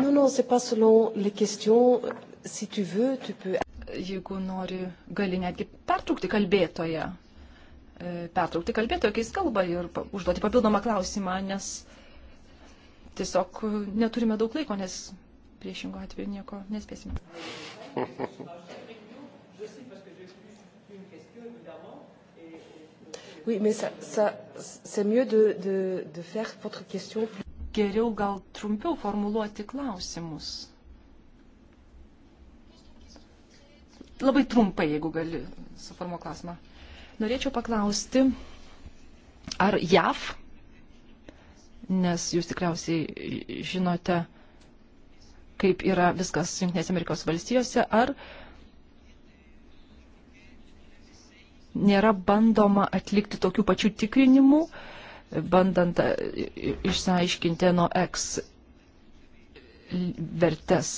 Non, non, c'est pas selon les questions. Si tu veux, tu peux. Jeigu nori, gali netgi pertraukti kalbėtoją. E, pertraukti kalbėtoją, kai jis kalba ir užduoti papildomą klausimą, nes tiesiog neturime daug laiko, nes priešingų atveju nieko nespėsime. Oui, mais ça, ça, c'est mieux de, de, de faire votre question. Geriau gal trumpiau formuluoti klausimus. Labai trumpai, jeigu gali, suformuo klausimą. Norėčiau paklausti, ar JAV, nes jūs tikriausiai žinote, kaip yra viskas Junktinės Amerikos valstijose, ar uh, nėra bandoma atlikti tokių pačių tikrinimų, bandant e, išsiaiškinti NOX vertes.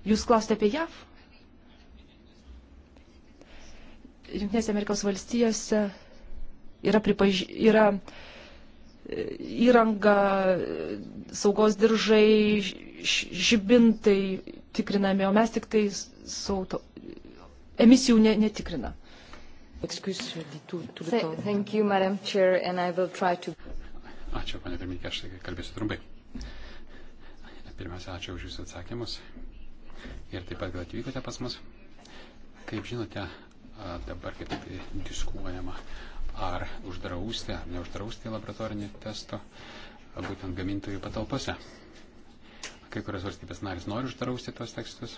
Jūs klausite apie JAV? Junktinėse Amerikos valstijose yra, pripaž... yra uh, įranga, saugos diržai, žibintai tikrinami, o mes tik tai sauto, emisijų ne, netikrina. Ačiū, panė Pirmininkė, aš kalbėsiu trumpai. Pirmiausia, ačiū už Jūsų atsakymus ir taip pat, kad atvykote pas mus. Kaip žinote, dabar kaip tik diskuojama ar uždrausti ar neuždrausti laboratorinį testą būtent gamintojų patalpose. Kai kurios valstybės narys nori uždrausti tos tekstus.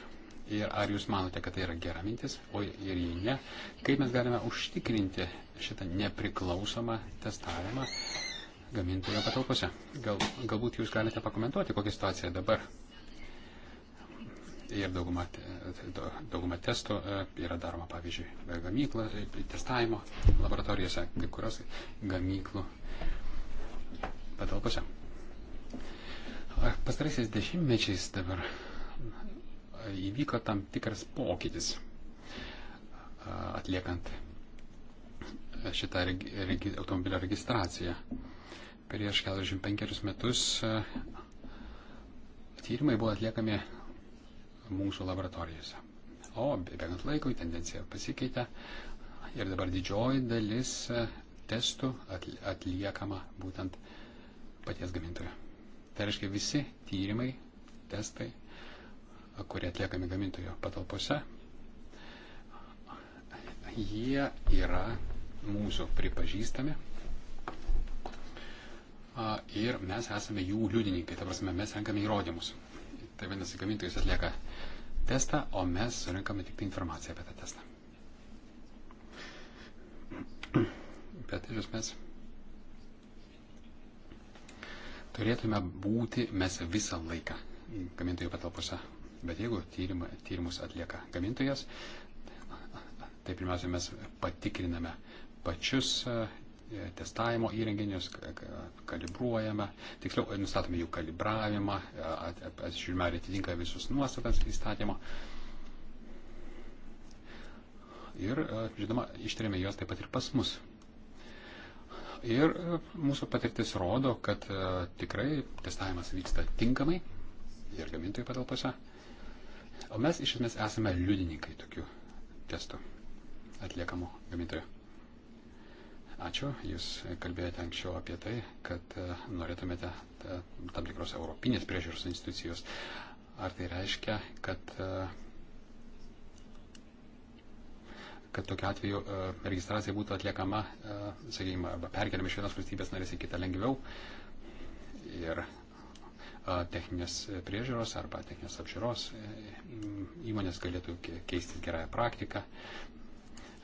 Ir ar jūs manote, kad tai yra gera mintis, o ir jei ne, kaip mes galime užtikrinti šitą nepriklausomą testavimą gamintojo patalpose? Gal, galbūt jūs galite pakomentuoti, kokia situacija dabar ir dauguma, dauguma testų e, yra daroma, pavyzdžiui, gamyklą, testavimo laboratorijose, kai kurios gamyklų patalpose. Pastaraisiais dešimtmečiais dabar įvyko tam tikras pokytis atliekant šitą regi, automobilio registraciją. Prieš 45 metus e, tyrimai buvo atliekami mūsų laboratorijose. O bėgant laikui tendencija pasikeitė ir dabar didžioji dalis e, testų atliekama būtent paties gamintojo. Tai reiškia visi tyrimai, testai, kurie atliekami gamintojo patalpose, jie yra mūsų pripažįstami ir mes esame jų liudininkai, ta prasme mes renkame įrodymus. Tai vadinasi, gamintojas atlieka testą, o mes surinkame tik tai informaciją apie tą testą. Bet iš esmės turėtume būti mes visą laiką gamintojų patalpose. Bet jeigu tyrimą, tyrimus atlieka gamintojas, tai pirmiausia mes patikriname pačius testavimo įrenginius, kalibruojame, tiksliau nustatome jų kalibravimą, atžiūrime, ar atitinka visus nuostatas įstatymo. Ir, žinoma, ištyrėme juos taip pat ir pas mus. Ir mūsų patirtis rodo, kad tikrai testavimas vyksta tinkamai ir gamintojų patalpose. O mes iš esmės esame liudininkai tokių testų atliekamų gamintojų. Ačiū. Jūs kalbėjote anksčiau apie tai, kad e, norėtumėte e, tam tikros europinės priežiūros institucijos. Ar tai reiškia, kad, e, kad tokiu atveju registracija būtų atliekama, sakykime, arba perkeliama iš vienos valstybės narės į kitą lengviau ir techninės priežiūros arba techninės apžiūros įmonės galėtų keistis gerąją praktiką,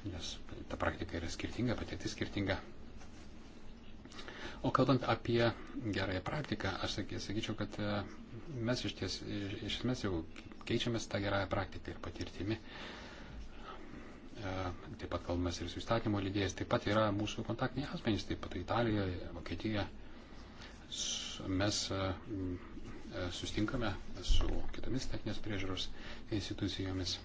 nes ta praktika yra skirtinga, patirtis skirtinga. O kalbant apie gerąją praktiką, aš sakyčiau, kad e, mes iš ties, iš esmės jau keičiamės tą gerąją praktiką ir patirtimi. E, taip pat kalbamės ir su įstatymo lydėjais, taip pat yra mūsų kontaktiniai asmenys, taip pat Italijoje, Vokietijoje. Mes e, sustinkame su kitomis techninės priežiūros institucijomis.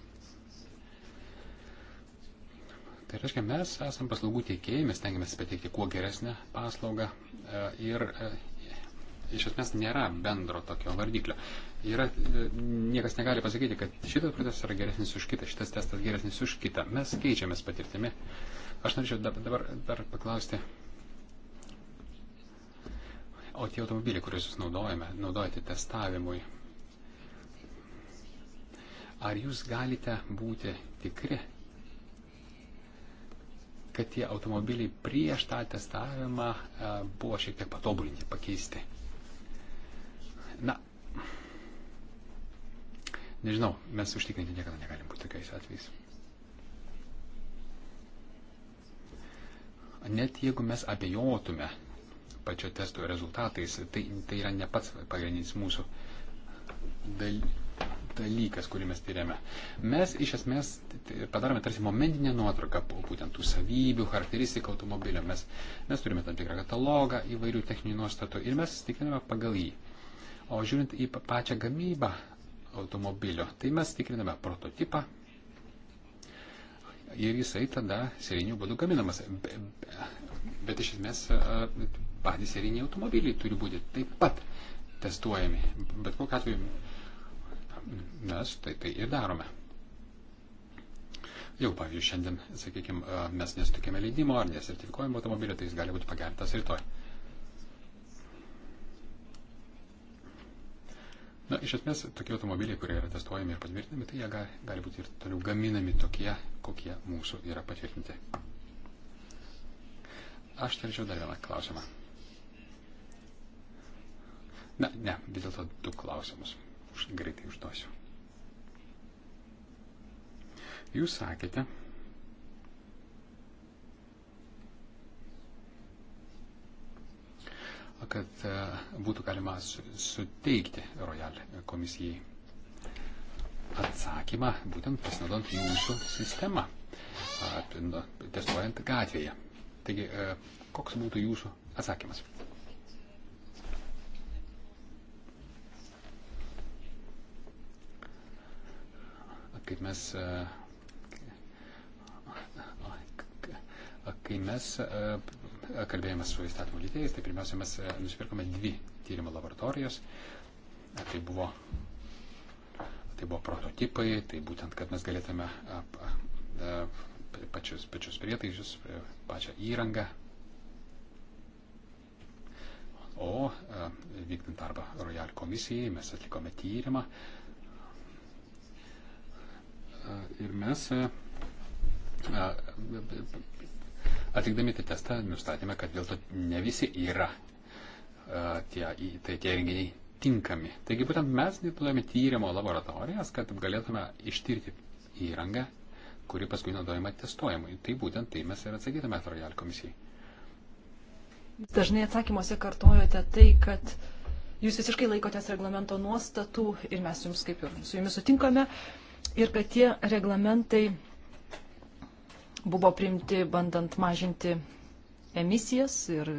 Tai reiškia, mes esame paslaugų teikėjai, mes tengiamės pateikti kuo geresnę paslaugą e, ir e, iš esmės nėra bendro tokio vardiklio. Yra, e, niekas negali pasakyti, kad šitas procesas yra geresnis už kitą, šitas testas geresnis už kitą. Mes keičiamės patirtimi. Aš norėčiau dabar dar paklausti. O tie automobiliai, kuriuos jūs naudojame, naudojate testavimui, ar jūs galite būti tikri, kad tie automobiliai prieš tą testavimą e, buvo šiek tiek patobulinti, pakeisti. Na, nežinau, mes užtikrinti niekada negalim būti tokiais atvejais. Net jeigu mes abejotume pačio testo rezultatais, tai, tai yra ne pats pagrindinis mūsų dalykas dalykas, kurį mes tyrėme. Mes iš esmės padarome tarsi momentinę nuotrauką būtent tų savybių, charakteristikų automobilio. Mes, mes turime tam tikrą katalogą įvairių techninių nuostatų ir mes tikriname pagal jį. O žiūrint į pačią gamybą automobilio, tai mes tikriname prototipą. Ir jisai tada serinių būdų gaminamas. Be, be, bet iš esmės patys seriniai automobiliai turi būti taip pat testuojami. Bet kokiu atveju mes tai, tai ir darome. Jau, pavyzdžiui, šiandien, sakykime, mes nesutikėme leidimo ar nesertifikuojame automobilio, tai jis gali būti pagerintas rytoj. Na, iš esmės, tokie automobiliai, kurie yra testuojami ir patvirtinami, tai jie gali, gali būti ir toliau gaminami tokie, kokie mūsų yra patvirtinti. Aš turėčiau dar vieną klausimą. Na, ne, vis dėlto du klausimus už, greitai užduosiu. Jūs sakėte, kad e, būtų galima suteikti Royal komisijai atsakymą, būtent pasinaudant jūsų sistemą, testuojant gatvėje. Taigi, e, koks būtų jūsų atsakymas? kaip mes, e, kai mes e, kalbėjome su įstatymų lydėjais, tai pirmiausia, mes e, nusipirkome dvi tyrimo laboratorijos. Tai buvo, tai buvo prototipai, tai būtent, kad mes galėtume pačius, pačius prietaisus, pačią įrangą. O vykdant darbą Royal komisijai mes atlikome tyrimą, E, ir mes e, e, atlikdami tą testą nustatėme, kad dėl to ne visi yra tie, tai tie renginiai tinkami. Taigi būtent mes naudojame tyrimo laboratorijas, kad galėtume ištirti įrangą, kuri paskui naudojama testuojamui. Tai būtent tai mes ir atsakytume Royal komisijai. Dažnai atsakymuose kartojate tai, kad jūs visiškai laikotės reglamento nuostatų ir mes jums kaip ir su jumis sutinkame. Uh, ir kad tie reglamentai buvo priimti bandant mažinti emisijas ir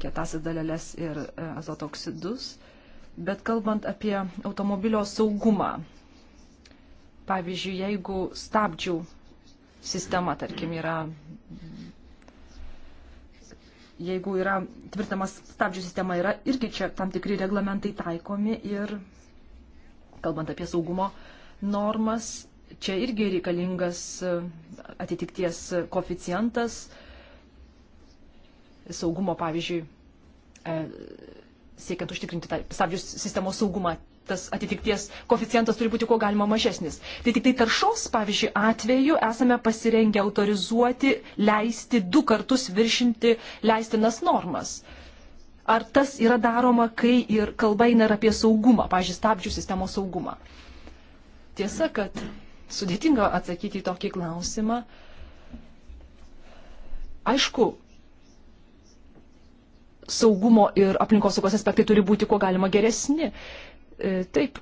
kietasis dalelės ir e, azoto oksidus. Bet kalbant apie automobilio saugumą, pavyzdžiui, jeigu stabdžių sistema, tarkim, yra, jeigu yra tvirtamas stabdžių sistema, yra irgi čia tam tikri reglamentai taikomi ir, kalbant apie saugumo normas. Čia irgi reikalingas e, atitikties koficijantas saugumo, pavyzdžiui, e, siekiant užtikrinti tą stabdžių sistemos saugumą, tas atitikties koficijantas turi būti kuo galima mažesnis. Tai tik tai taršos, pavyzdžiui, atveju esame pasirengę autorizuoti, leisti du kartus viršinti leistinas normas. Ar tas yra daroma, kai ir kalba eina ir apie saugumą, pavyzdžiui, stabdžių sistemos saugumą? Tiesa, kad sudėtinga atsakyti į tokį klausimą. Aišku, saugumo ir aplinkosaugos aspektai turi būti kuo galima geresni. E, taip,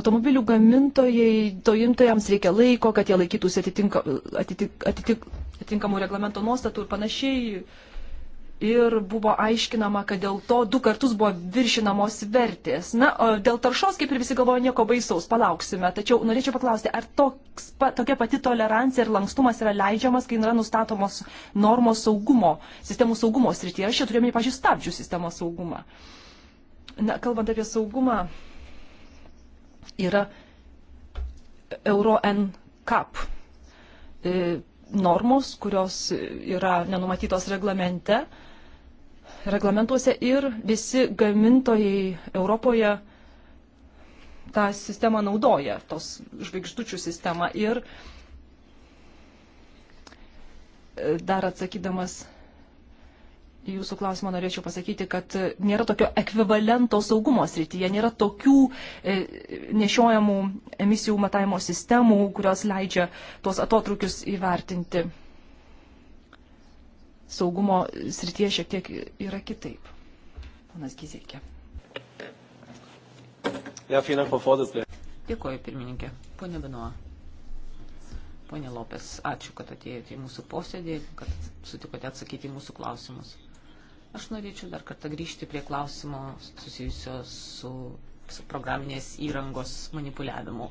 automobilių gamintojai, dojimtojams reikia laiko, kad jie laikytųsi atitinka, atitik, atitik, atitinkamų reglamento nuostatų ir panašiai ir buvo aiškinama, kad dėl to du kartus buvo viršinamos vertės. Na, dėl taršos, kaip ir visi galvoja, nieko baisaus, palauksime. Tačiau norėčiau paklausti, ar toks, pa, tokia pati tolerancija ir lankstumas yra leidžiamas, kai yra nustatomos normos saugumo, sistemų saugumo srityje. Aš čia turėjome, pažiūrėjau, stabdžių sistemos saugumą. Na, kalbant apie saugumą, yra Euro NCAP e, normos, kurios yra nenumatytos reglamente reglamentuose ir visi gamintojai Europoje tą sistemą naudoja, tos žvaigždučių sistemą. Ir e, dar atsakydamas jūsų klausimą norėčiau pasakyti, kad nėra tokio ekvivalento saugumo srityje, nėra tokių e, nešiojamų emisijų matavimo sistemų, kurios leidžia tuos atotrukius įvertinti saugumo srityje šiek tiek yra kitaip. Panas Gizėkė. Dėkuoju, pirmininkė. Pone Benoa. Pone Lopes, ačiū, kad atėjote į mūsų posėdį, kad sutikote atsakyti į mūsų klausimus. Aš norėčiau dar kartą grįžti prie klausimo susijusio su, su programinės įrangos manipuliavimu.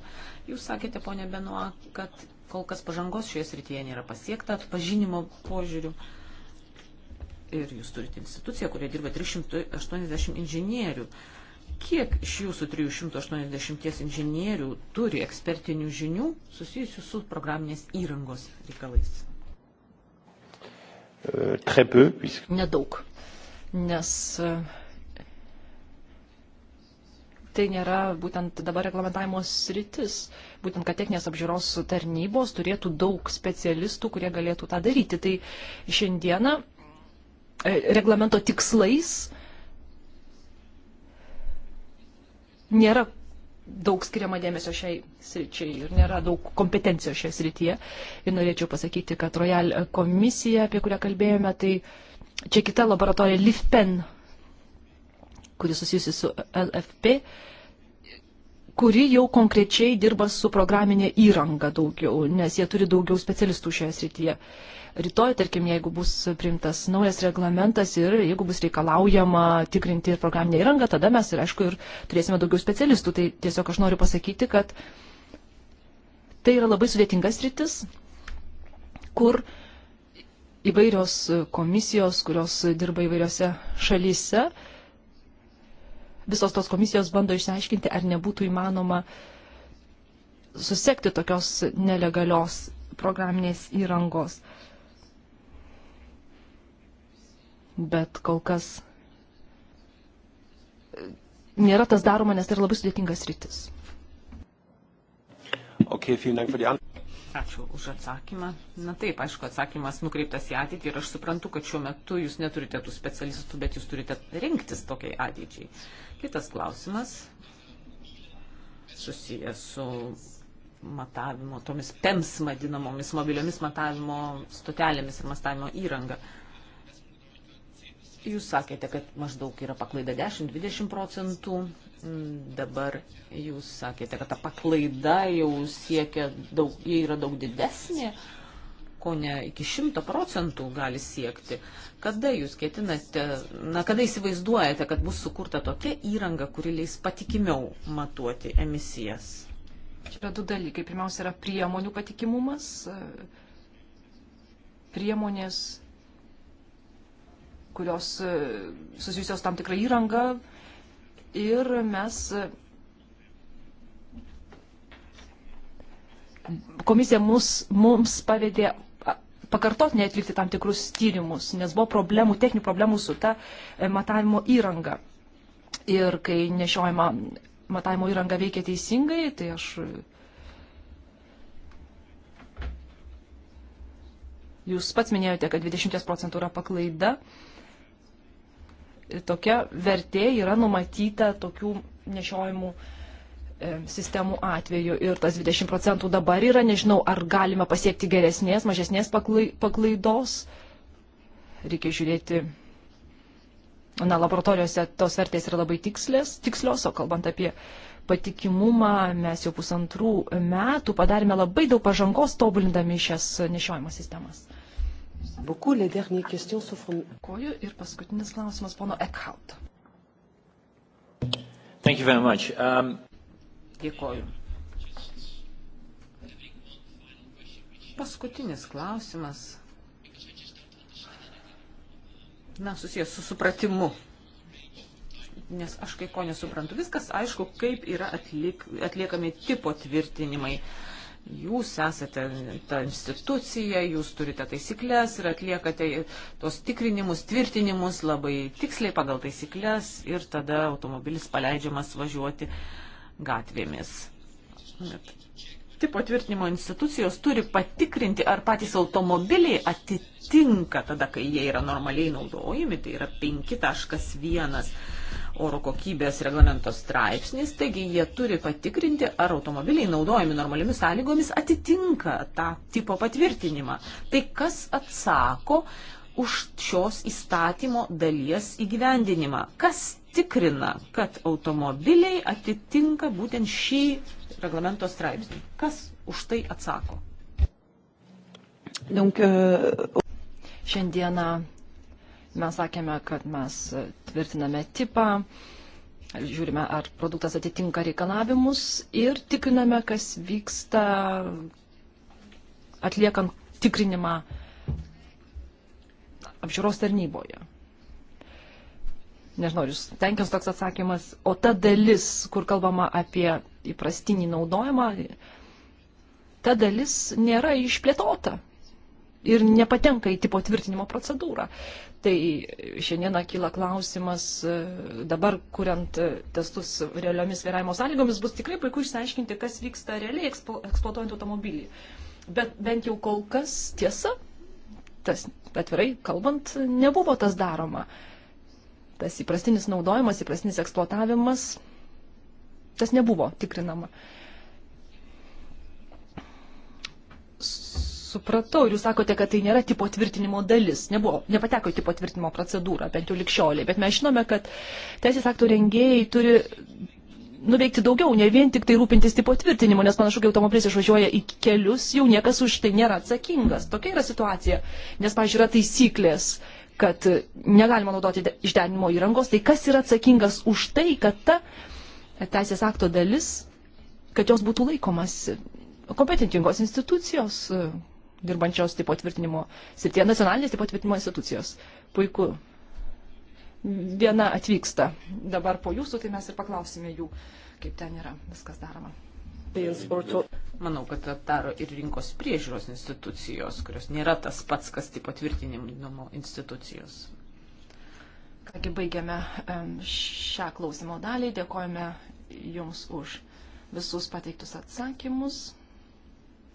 Jūs sakėte, ponė Benoa, kad kol kas pažangos šioje srityje nėra pasiekta, atpažinimo požiūrių. Uh, ir jūs turite instituciją, kurioje dirba 380 inžinierių. Kiek iš jūsų 380 inžinierių turi ekspertinių žinių susijusių su programinės įrangos reikalais? Euh, Nedaug, nes e, tai nėra būtent dabar reglamentavimo sritis, būtent kad techninės apžiūros tarnybos turėtų daug specialistų, kurie galėtų tą daryti. Tai šiandieną E, reglamento tikslais nėra daug skiriama dėmesio šiai sričiai ir nėra daug kompetencijos šioje srityje. Ir norėčiau pasakyti, kad Royal komisija, apie kurią kalbėjome, tai čia kita laboratorija LIFPEN, kuri susijusi su LFP, kuri jau konkrečiai dirba su programinė įranga daugiau, nes jie turi daugiau specialistų šioje srityje. Rytoj, tarkim, jeigu bus priimtas naujas reglamentas ir jeigu bus reikalaujama tikrinti ir programinę įrangą, tada mes ir, aišku, ir turėsime daugiau specialistų. Tai tiesiog aš noriu pasakyti, kad tai yra labai sudėtingas rytis, kur įvairios komisijos, kurios dirba įvairiose šalyse, uh, visos tos komisijos bando išsiaiškinti, ar nebūtų įmanoma susekti tokios nelegalios programinės įrangos. Bet kol kas nėra tas daroma, nes tai yra labai sudėtingas rytis. Okay, Ačiū už atsakymą. Na taip, aišku, atsakymas nukreiptas į ateitį ir aš suprantu, kad šiuo metu jūs neturite tų specialistų, bet jūs turite rinktis tokiai ateičiai. Kitas klausimas susijęs su matavimo, tomis PEMS vadinamomis mobiliomis matavimo stotelėmis ir matavimo įranga. Jūs sakėte, kad maždaug yra paklaida 10-20 procentų Dabar jūs sakėte, kad ta paklaida jau siekia daug, jie yra daug didesnė, ko ne iki šimto procentų gali siekti. Kada jūs ketinate, na, kada įsivaizduojate, kad bus sukurta tokia įranga, kuri leis patikimiau matuoti emisijas? Čia yra du dalykai. Pirmiausia yra priemonių patikimumas. Priemonės kurios e, susijusios tam tikrą įrangą, ir mes komisija mus, mums pavedė pakartotinai atlikti tam tikrus tyrimus, nes buvo problemų, techninių problemų su ta e, matavimo įranga. Ir kai nešiojama matavimo įranga veikia teisingai, tai aš Jūs pats minėjote, kad 20 procentų yra paklaida tokia vertė yra numatyta tokių nešiojimų e, sistemų atveju ir tas 20 procentų dabar yra, nežinau, ar galime pasiekti geresnės, mažesnės paklaidos. Reikia žiūrėti, na, laboratorijose tos vertės yra labai tikslės, tikslios, o kalbant apie patikimumą, mes jau pusantrų metų padarėme labai daug pažangos tobulindami šias nešiojimo sistemas. Koju ir paskutinis klausimas pono Eckhout. Um... Dėkoju. Paskutinis klausimas. Na, susijęs su supratimu nes aš kai ko nesuprantu. Viskas aišku, kaip yra atlik, atliekami tipo tvirtinimai. Jūs esate ta institucija, jūs turite taisyklės ir atliekate tos tikrinimus, tvirtinimus labai tiksliai pagal taisyklės ir tada automobilis paleidžiamas važiuoti gatvėmis. Bet tipo tvirtinimo institucijos turi patikrinti, ar patys automobiliai atitinka tada, kai jie yra normaliai naudojami, tai yra 5.1 oro kokybės reglamento straipsnis, taigi jie turi patikrinti, ar automobiliai naudojami normaliomis sąlygomis atitinka tą tipo patvirtinimą. Tai kas atsako už šios įstatymo dalies įgyvendinimą? Kas tikrina, kad automobiliai atitinka būtent šį reglamento straipsnį? Kas už tai atsako? Donc, euh... Šiandieną Mes sakėme, kad mes tvirtiname tipą, žiūrime, ar produktas atitinka reikalavimus ir tikriname, kas vyksta atliekant tikrinimą apžiūros tarnyboje. Nežinau, jūs tenkins toks atsakymas, o ta dalis, kur kalbama apie įprastinį naudojimą, ta dalis nėra išplėtota ir nepatenka į tipo tvirtinimo procedūrą. Tai šiandieną kyla klausimas, e, dabar kuriant e, testus realiomis vairavimo sąlygomis, bus tikrai puiku išsiaiškinti, kas vyksta realiai ekspo, eksploatuojant automobilį. Bet bent jau kol kas tiesa, tas atvirai kalbant, nebuvo tas daroma. Tas įprastinis naudojimas, įprastinis eksploatavimas, tas nebuvo tikrinama. Uh, supratau. Ir jūs sakote, kad tai nėra tipo tvirtinimo dalis. Nebuvo, nepateko į tipo tvirtinimo procedūrą, bent jau likščioliai. Bet mes žinome, kad teisės aktų rengėjai turi nuveikti daugiau, ne vien tik tai rūpintis tipo tvirtinimu, nes panašu, kai automobilis išvažiuoja į kelius, jau niekas už tai nėra atsakingas. Tokia yra situacija. Nes, pažiūrėjau, yra taisyklės, kad negalima naudoti išdenimo įrangos, tai kas yra atsakingas už tai, kad ta teisės akto dalis, kad jos būtų laikomasi kompetentingos institucijos, dirbančios tipo tvirtinimo srityje, nacionalinės tipo tvirtinimo institucijos. Puiku. Viena atvyksta dabar po jūsų, tai mes ir paklausime jų, kaip ten yra viskas daroma. Manau, kad tą daro ir rinkos priežiūros institucijos, kurios nėra tas pats, kas tipo tvirtinimo institucijos. Kągi baigiame šią klausimo dalį, dėkojame Jums už visus pateiktus atsakymus.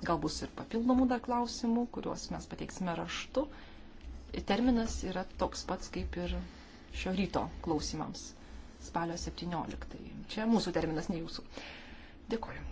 Gal bus ir papildomų dar klausimų, kuriuos mes pateiksime raštu. Terminas yra toks pats kaip ir šio ryto klausimams - spalio 17. Čia mūsų terminas, ne jūsų. Dėkuoju.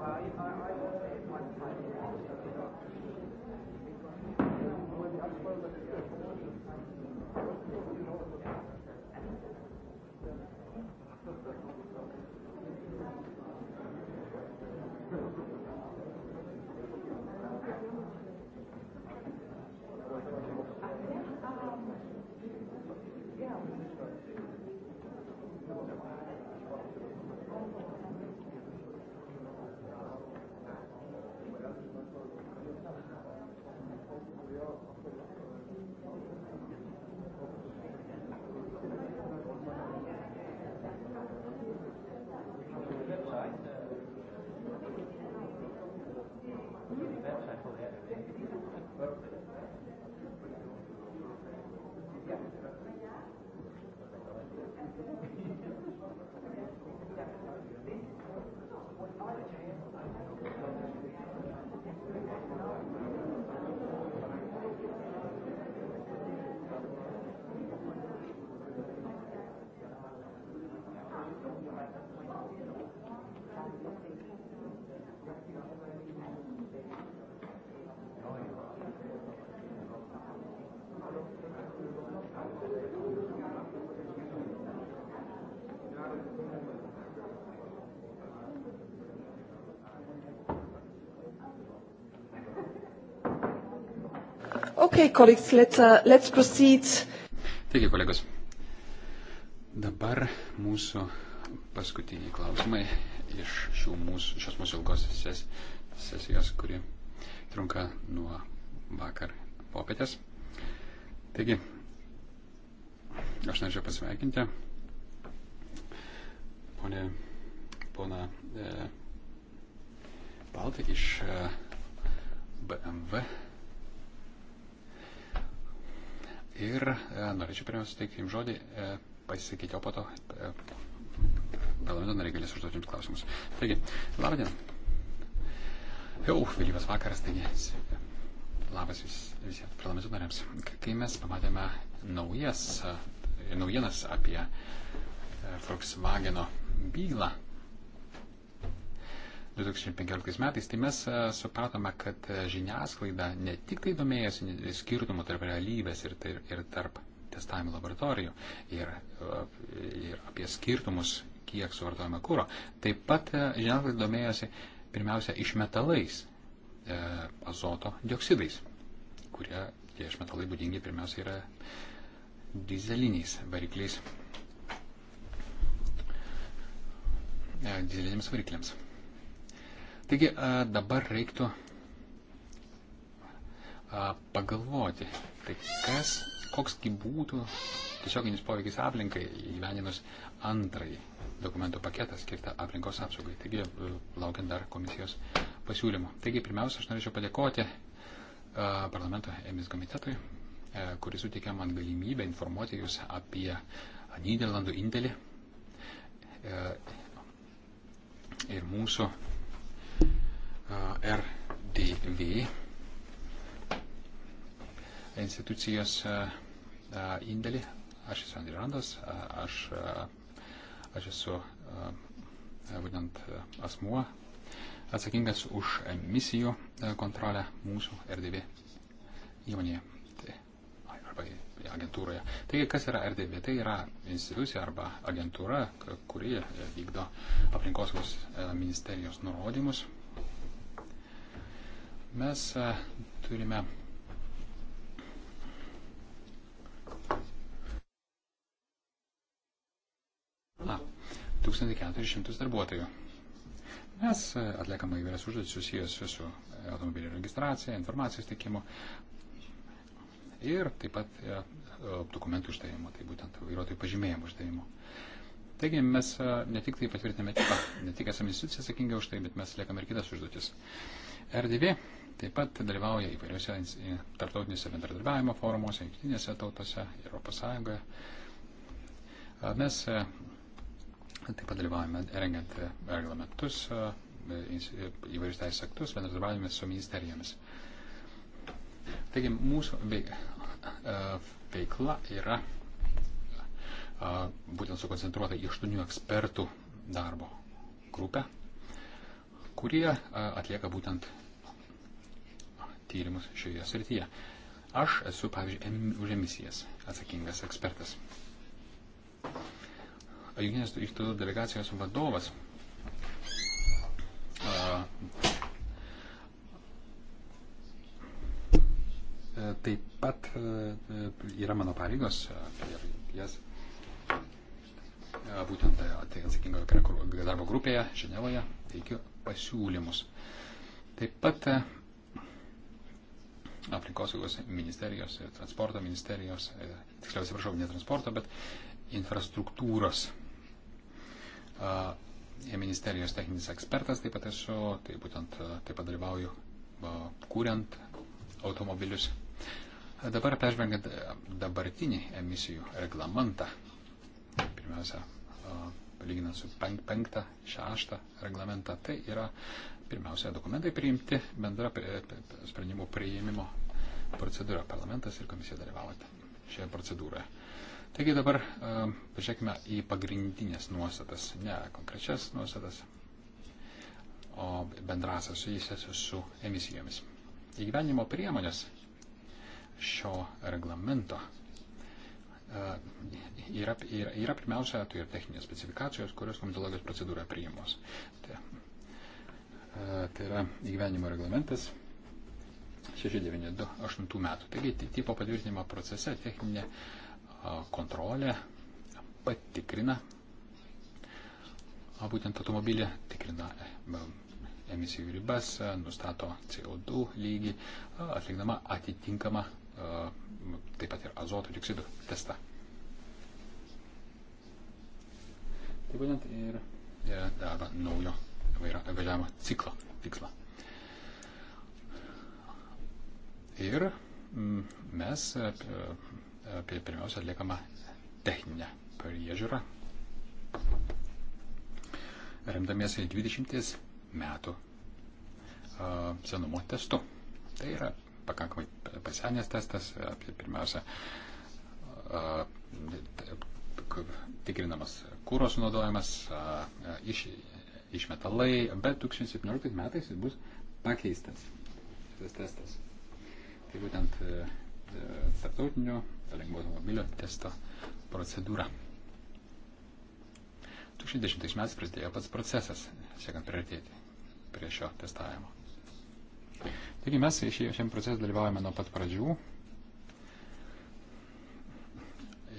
I, I, I will say one time. Okay, colleagues, let's, uh, let's proceed. Taigi, kolegos, dabar mūsų paskutiniai klausimai iš šių mūsų, šios mūsų ilgos ses, sesijos, kuri trunka nuo vakar popietės. Taigi, aš norėčiau pasveikinti ponę, poną e, Baltą iš e, BMW Ir e, norėčiau pirmiausia suteikti jums žodį, e, pasisakyti, o po to e, parlamento nariai galės užduoti jums klausimus. Taigi, labą dieną. Jau vėlyvas vakaras, taigi labas vis, visiems parlamento nariams. Kai mes pamatėme naujas, naujienas apie Volkswageno bylą, 2015 metais, tai mes e, supratome, kad e, žiniasklaida ne tik tai domėjasi skirtumų tarp realybės ir, tai, ir tarp testavimo laboratorijų ir, e, ir apie skirtumus, kiek suvartojame kūro, taip pat žiniasklaida domėjosi pirmiausia išmetalais, azoto dioksidais, kurie tie išmetalai būdingi pirmiausia yra dizeliniais varikliais, dizeliniams varikliams. Taigi dabar reiktų pagalvoti, tai kas, koksgi būtų tiesioginis poveikis aplinkai įgyveninus antrąjį dokumentų paketą skirtą aplinkos apsaugai. Taigi, laukiant dar komisijos pasiūlymo. Taigi, pirmiausia, aš norėčiau padėkoti parlamento emis komitetui, kuris suteikė man galimybę informuoti jūs apie Niderlandų indėlį ir mūsų RDV institucijos indėlį. Aš esu Andrirandas, aš, aš esu būtent asmuo atsakingas už emisijų kontrolę mūsų RDV įmonėje tai, arba agentūroje. Taigi, kas yra RDV? Tai yra institucija arba agentūra, kuri e, vykdo aplinkosaugos e, ministerijos nurodymus Mes e, turime A, 1400 darbuotojų. Mes e, atliekame įvairias užduotis susijusius su automobilio registracija, informacijos teikimu ir taip pat e, dokumentų išdavimu, tai būtent vairuotojų pažymėjimų išdavimu. Taigi mes ne tik tai patvirtiname tipą, ne tik esame institucija atsakinga už tai, bet mes atliekame ir kitas užduotis. RDV taip pat dalyvauja įvairiuose tarptautinėse bendradarbiavimo forumuose, jungtinėse tautose, Europos Sąjungoje. Mes e, taip pat dalyvaujame rengiant e, reglamentus, e, įvairius teisės aktus, bendradarbiavime su ministerijomis. Taigi mūsų veikla yra būtent sukoncentruota į aštuonių ekspertų darbo grupę kurie atlieka būtent tyrimus šioje srityje. Aš esu, pavyzdžiui, už emisijas atsakingas ekspertas. Jungtinės tautų delegacijos vadovas a, taip pat yra mano pareigos ir jas būtent tai atsakingoje darbo grupėje Ženevoje teikia pasiūlymus. Taip pat e, aplinkosaugos ministerijos ir e, transporto ministerijos, e, tiksliau atsiprašau, ne transporto, bet infrastruktūros ministerijos techninis ekspertas taip pat esu, tai būtent taip pat dalyvauju kūriant automobilius. Dabar peržvengiant dabartinį emisijų reglamentą, pirmiausia, palyginant su penk, penktą, šeštą reglamentą, tai yra pirmiausia dokumentai priimti bendra prie, sprendimų prieimimo procedūra. Parlamentas ir komisija dalyvavote šioje procedūroje. Taigi dabar um, pažiūrėkime į pagrindinės nuostatas, ne konkrečias nuostatas, o bendrasias susijusias su emisijomis. Įgyvenimo priemonės šio reglamento yra, yra, yra pirmiausia, tai yra techninės specifikacijos, kurios komitologijos procedūra priimos. Tai, tai yra įgyvenimo reglamentas 6928 metų. Taigi, tipo patvirtinimo procese techninė kontrolė patikrina būtent automobilį, tikrina e, emisijų ribas, e, nustato CO2 lygį, atlikdama atitinkamą taip pat ir azoto dioksido testą. Tai būtent ir, ir deda naujo važiavimo ciklo tikslą. Ir mm, mes e, apie pirmiausia atliekama techninę priežiūrą, remdamiesi 20 metų senumo testu. Tai yra pakankamai pasenęs testas, pirmiausia, tikrinamas kūros naudojimas, iš, išmetalai, bet 2017 metais jis bus pakeistas tas testas. Tai būtent e, e, tarptautinio lengvo automobilio testo procedūra. 2010 metais prasidėjo pats procesas, siekiant prieartėti prie šio testavimo. Taigi mes šiame procese dalyvaujame nuo pat pradžių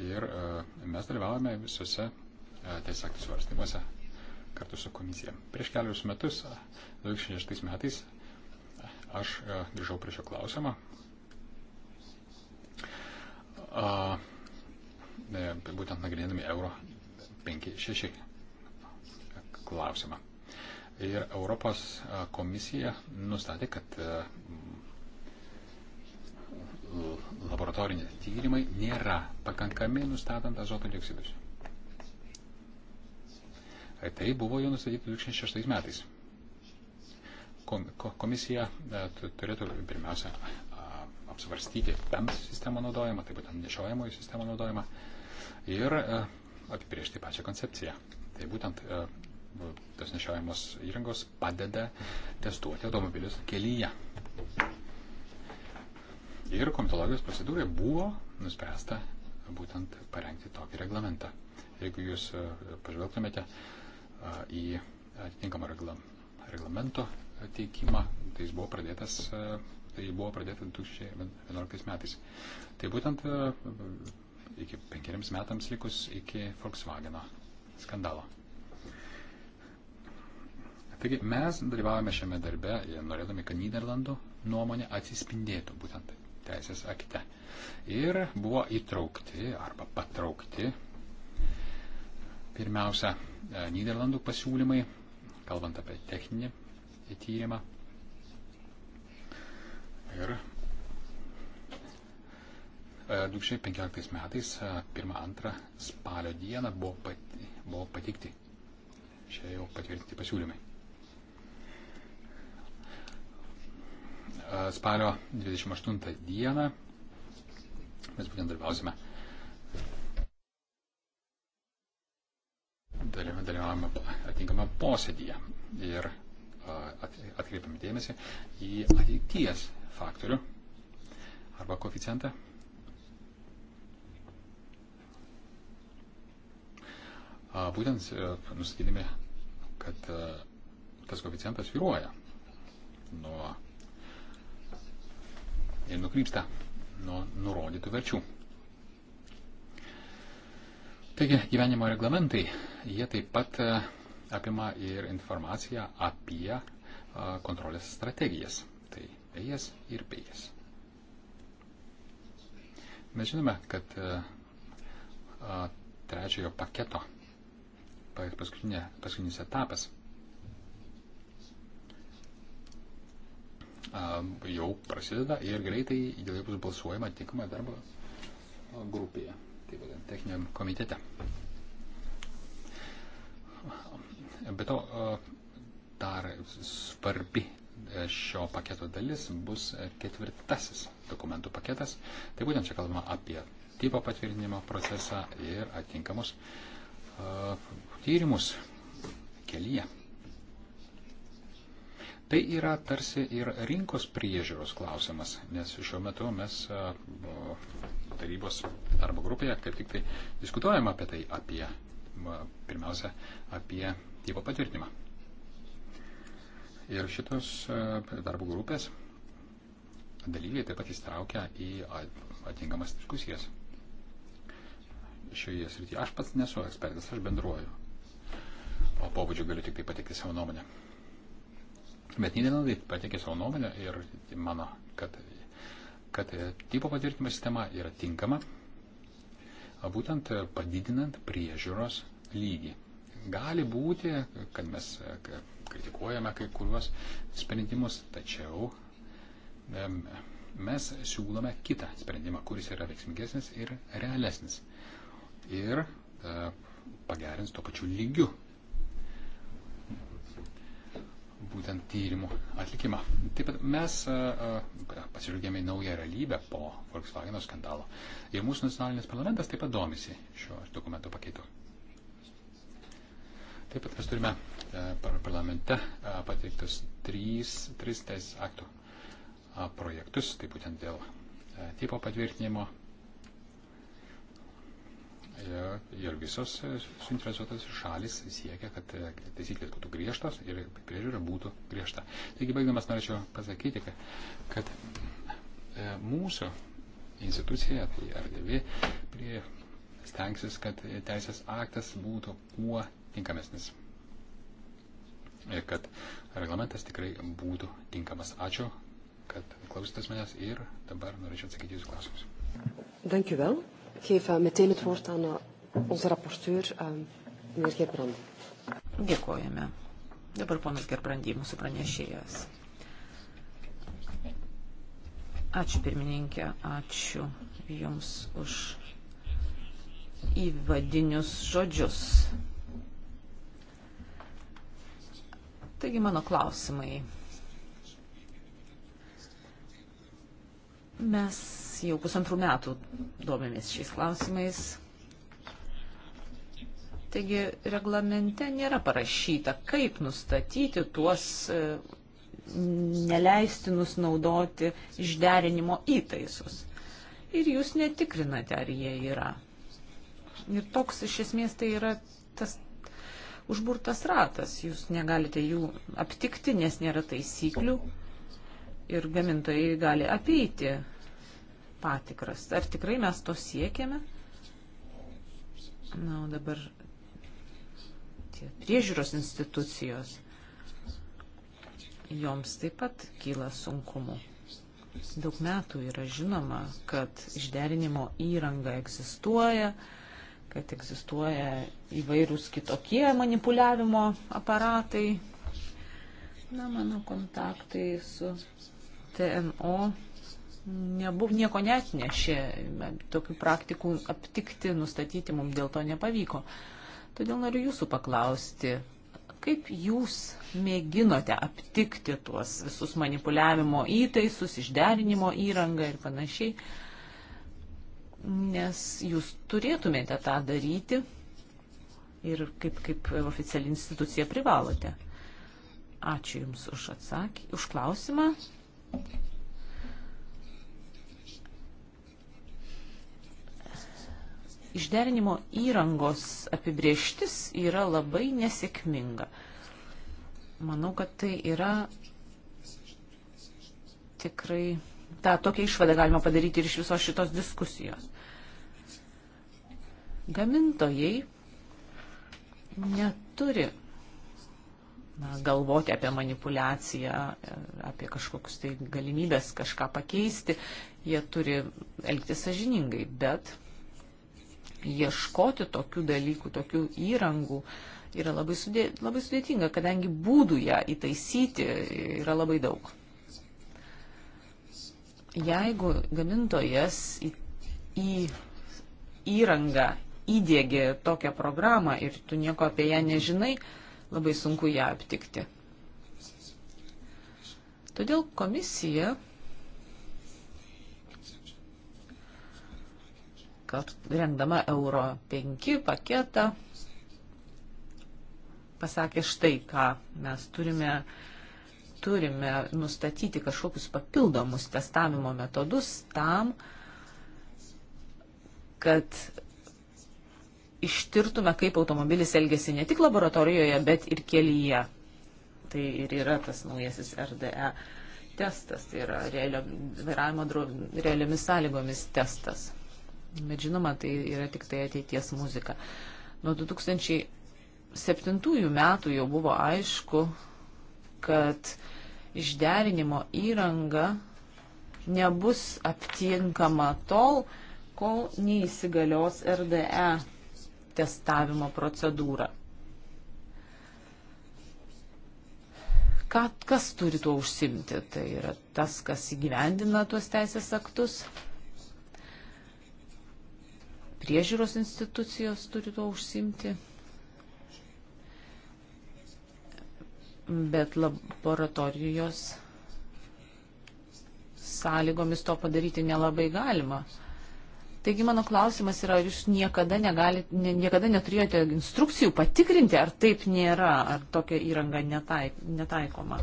ir e, mes dalyvaujame visose e, teisės aktų svarstymuose kartu su komisija. Prieš kelius metus, 2006 e, metais, aš grįžau prie šio klausimą. Būtent nagrinėdami euro 5-6 klausimą. Ir Europos komisija nustatė, kad laboratoriniai tyrimai nėra pakankami nustatant azoto dioksidus. Tai buvo jau nustatyta 2006 metais. Komisija turėtų pirmiausia apsvarstyti PEMS sistemą naudojimą, taip pat nešiojamųjų sistemą naudojimą ir apibriežti pačią koncepciją. Tai būtent tas nešiojamos įrangos padeda testuoti automobilius kelyje. Ir komitologijos procedūrai buvo nuspręsta būtent parengti tokį reglamentą. Jeigu jūs e, pažvelgtumėte e, į atitinkamą reglamento teikimą, tai jis buvo pradėtas, e, tai buvo pradėta 2011 metais. Tai būtent iki penkeriams metams likus iki Volkswageno skandalo. Taigi mes dalyvavome šiame darbe ir norėdami, kad Niderlandų nuomonė atsispindėtų būtent teisės akte. Ir buvo įtraukti arba patraukti pirmiausia e, Niderlandų pasiūlymai, kalbant apie techninį tyrimą. Ir 2015 e, metais, 1-2 e, spalio dieną buvo, pat, buvo patikti šie jau patvirtinti pasiūlymai. spalio 28 dieną mes būtent dalyvausime. Dalyvavome atinkame posėdyje ir atkreipiame dėmesį į ateities faktorių arba koeficientą. Būtent e, nustatydami, kad e, tas koeficientas vyruoja nuo nukrypsta nuo nurodytų verčių. Taigi gyvenimo reglamentai, jie taip pat e, apima ir informaciją apie e, kontrolės strategijas. Tai EIS ir PEIS. Mes žinome, kad e, trečiojo paketo paskutinis etapas jau prasideda ir greitai dėl jų bus balsuojama tinkamoje darbo grupėje, taip vadinam, techniniam komitete. Be to, dar svarbi e, šio paketo dalis bus ketvirtasis dokumentų paketas. Tai būtent čia kalbama apie tipo patvirtinimo procesą ir atinkamus tyrimus kelyje. Tai yra tarsi ir rinkos priežiūros klausimas, nes šiuo metu mes tarybos darbo grupėje kaip tik tai diskutuojam apie tai, apie pirmiausia, apie tipo patvirtinimą. Ir šitos darbo grupės dalyviai taip pat įstraukia į atinkamas diskusijas šioje srityje. Aš pats nesu ekspertas, aš bendruoju. O pobūdžiu galiu tik tai patikti savo nuomonę. Bet Niderlandai patikė savo nuomonę ir mano, kad, kad tipo patvirtinimo sistema yra tinkama, būtent padidinant priežiūros lygį. Gali būti, kad mes kritikuojame kai kuriuos sprendimus, tačiau mes siūlome kitą sprendimą, kuris yra veiksmingesnis ir realesnis. Ir e, pagerins to pačiu lygiu būtent tyrimų atlikimą. Taip pat mes pasižiūrėjome į naują realybę po Volkswagen skandalo. Ir mūsų nacionalinis parlamentas taip pat domisi šiuo dokumentu pakeitu. Taip pat mes turime parlamente pateiktus trys, trys teisės aktų projektus, tai būtent dėl tipo patvirtinimo, ir visos e, suinteresuotas šalis siekia, kad e, taisyklės būtų griežtos ir priežiūra būtų griežta. Taigi, baigdamas, norėčiau pasakyti, kad, kad e, mūsų institucija, tai RDV, prie stengsis, kad teisės aktas būtų kuo tinkamesnis. Ir kad reglamentas tikrai būtų tinkamas. Ačiū, kad klausytės manęs ir dabar norėčiau atsakyti jūsų klausimus. Dankjewel geef uh, meteen het woord aan uh, onze rapporteur, uh, meneer Gerbrandi. Dėkojame. Dabar ponas Gerbrandy, mūsų pranešėjas. Ačiū pirmininkė, ačiū Jums už įvadinius žodžius. Taigi mano klausimai. Mes jau pusantrų metų domėmės šiais klausimais. Taigi reglamente nėra parašyta, kaip nustatyti tuos e, neleistinus naudoti išderinimo įtaisus. Ir jūs netikrinate, ar jie yra. Ir toks iš esmės tai yra tas užburtas ratas. Jūs negalite jų aptikti, nes nėra taisyklių. Ir gamintojai gali apeiti patikras. Ar tikrai mes to siekiame? Na, o dabar tie priežiūros institucijos, joms taip pat kyla sunkumų. Daug metų yra žinoma, kad išderinimo įranga egzistuoja, kad egzistuoja įvairūs kitokie manipuliavimo aparatai. Na, mano kontaktai su TNO nebuv, nieko netnešė, tokių praktikų aptikti, nustatyti mums dėl to nepavyko. Todėl noriu jūsų paklausti, kaip jūs mėginote aptikti tuos visus manipuliavimo įtaisus, išderinimo įrangą ir panašiai, nes jūs turėtumėte tą daryti ir kaip, kaip oficiali institucija privalote. Ačiū Jums už atsakymą, už klausimą. išderinimo įrangos apibrieštis yra labai nesėkminga. Manau, kad tai yra tikrai tą tokią išvadą galima padaryti ir iš visos šitos diskusijos. Gamintojai neturi na, galvoti apie manipulaciją, apie kažkokius tai galimybės kažką pakeisti. Jie turi elgtis sažiningai, bet ieškoti tokių dalykų, tokių įrangų yra labai, sudė, labai sudėtinga, kadangi būdų ją įtaisyti yra labai daug. Jeigu gamintojas į, į įrangą įdėgi tokią programą ir tu nieko apie ją nežinai, labai sunku ją aptikti. Todėl komisija kad rengdama Euro 5 paketą pasakė štai ką. Mes turime, turime nustatyti kažkokius papildomus testavimo metodus tam, kad ištirtume, kaip automobilis elgesi ne tik laboratorijoje, bet ir kelyje. Tai ir yra tas naujasis RDE testas, tai yra realio, vairavimo realiomis sąlygomis testas bet žinoma, tai yra tik tai ateities muzika. Nuo 2007 metų jau buvo aišku, kad išderinimo įranga nebus aptinkama tol, kol neįsigalios RDE testavimo procedūra. Ką, kas turi tuo užsimti? Tai yra tas, kas įgyvendina tuos teisės aktus, priežiūros institucijos turi tuo užsimti. Bet laboratorijos sąlygomis to padaryti nelabai galima. Taigi mano klausimas yra, ar jūs niekada, negalit, ne, niekada neturėjote instrukcijų patikrinti, ar taip nėra, ar tokia įranga netaik, netaikoma?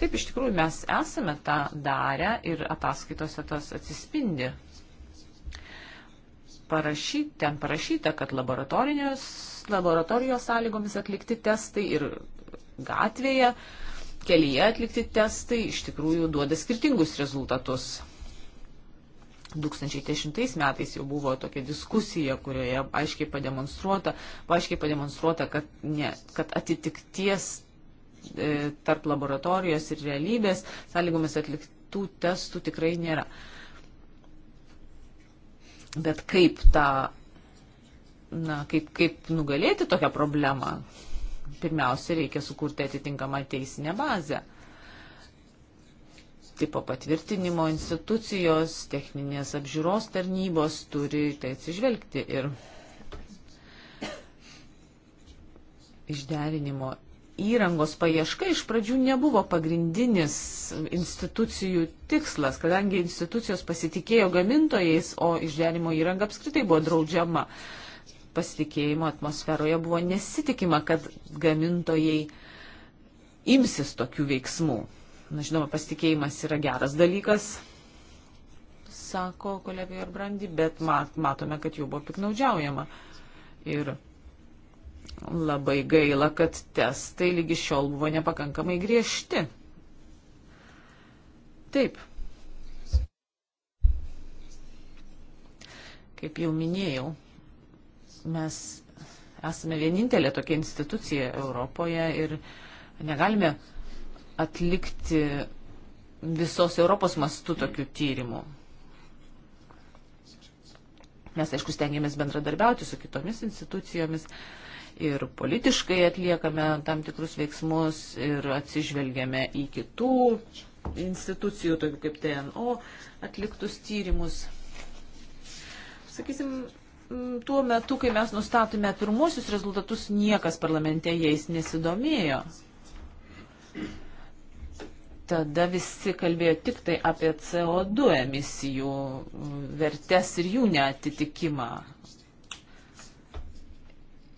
Taip, iš tikrųjų mes esame tą darę ir ataskaitose tas atsispindi parašy, ten parašyta, kad laboratorijos sąlygomis atlikti testai ir gatvėje, kelyje atlikti testai iš tikrųjų duoda skirtingus rezultatus. 2010 metais jau buvo tokia diskusija, kurioje aiškiai pademonstruota, aiškiai pademonstruota kad, ne, kad atitikties e, tarp laboratorijos ir realybės sąlygomis atliktų testų tikrai nėra. E, Bet kaip tą, na, kaip, kaip nugalėti tokią problemą? Pirmiausia, reikia sukurti atitinkamą teisinę bazę. Tipo patvirtinimo institucijos, techninės apžiūros tarnybos turi tai atsižvelgti ir išderinimo įrangos paieška iš pradžių nebuvo pagrindinis institucijų tikslas, kadangi institucijos pasitikėjo gamintojais, o išderimo įranga apskritai buvo draudžiama. Pasitikėjimo atmosferoje buvo nesitikima, kad gamintojai imsis tokių veiksmų. Na, žinoma, pasitikėjimas yra geras dalykas, sako kolegai Arbrandi, bet matome, kad jau buvo piknaudžiaujama. Ir Labai gaila, kad testai lygi šiol buvo nepakankamai griežti. Taip. Kaip jau minėjau, mes esame vienintelė tokia institucija Europoje ir negalime atlikti visos Europos mastų tokių tyrimų. Mes, aišku, stengiamės bendradarbiauti su kitomis institucijomis, ir politiškai atliekame tam tikrus veiksmus ir atsižvelgiame į kitų institucijų, tokių kaip TNO, atliktus tyrimus. Sakysim, tuo metu, kai mes nustatome pirmosius rezultatus, niekas parlamente jais nesidomėjo. Tada visi kalbėjo tik tai apie CO2 emisijų vertes ir jų netitikimą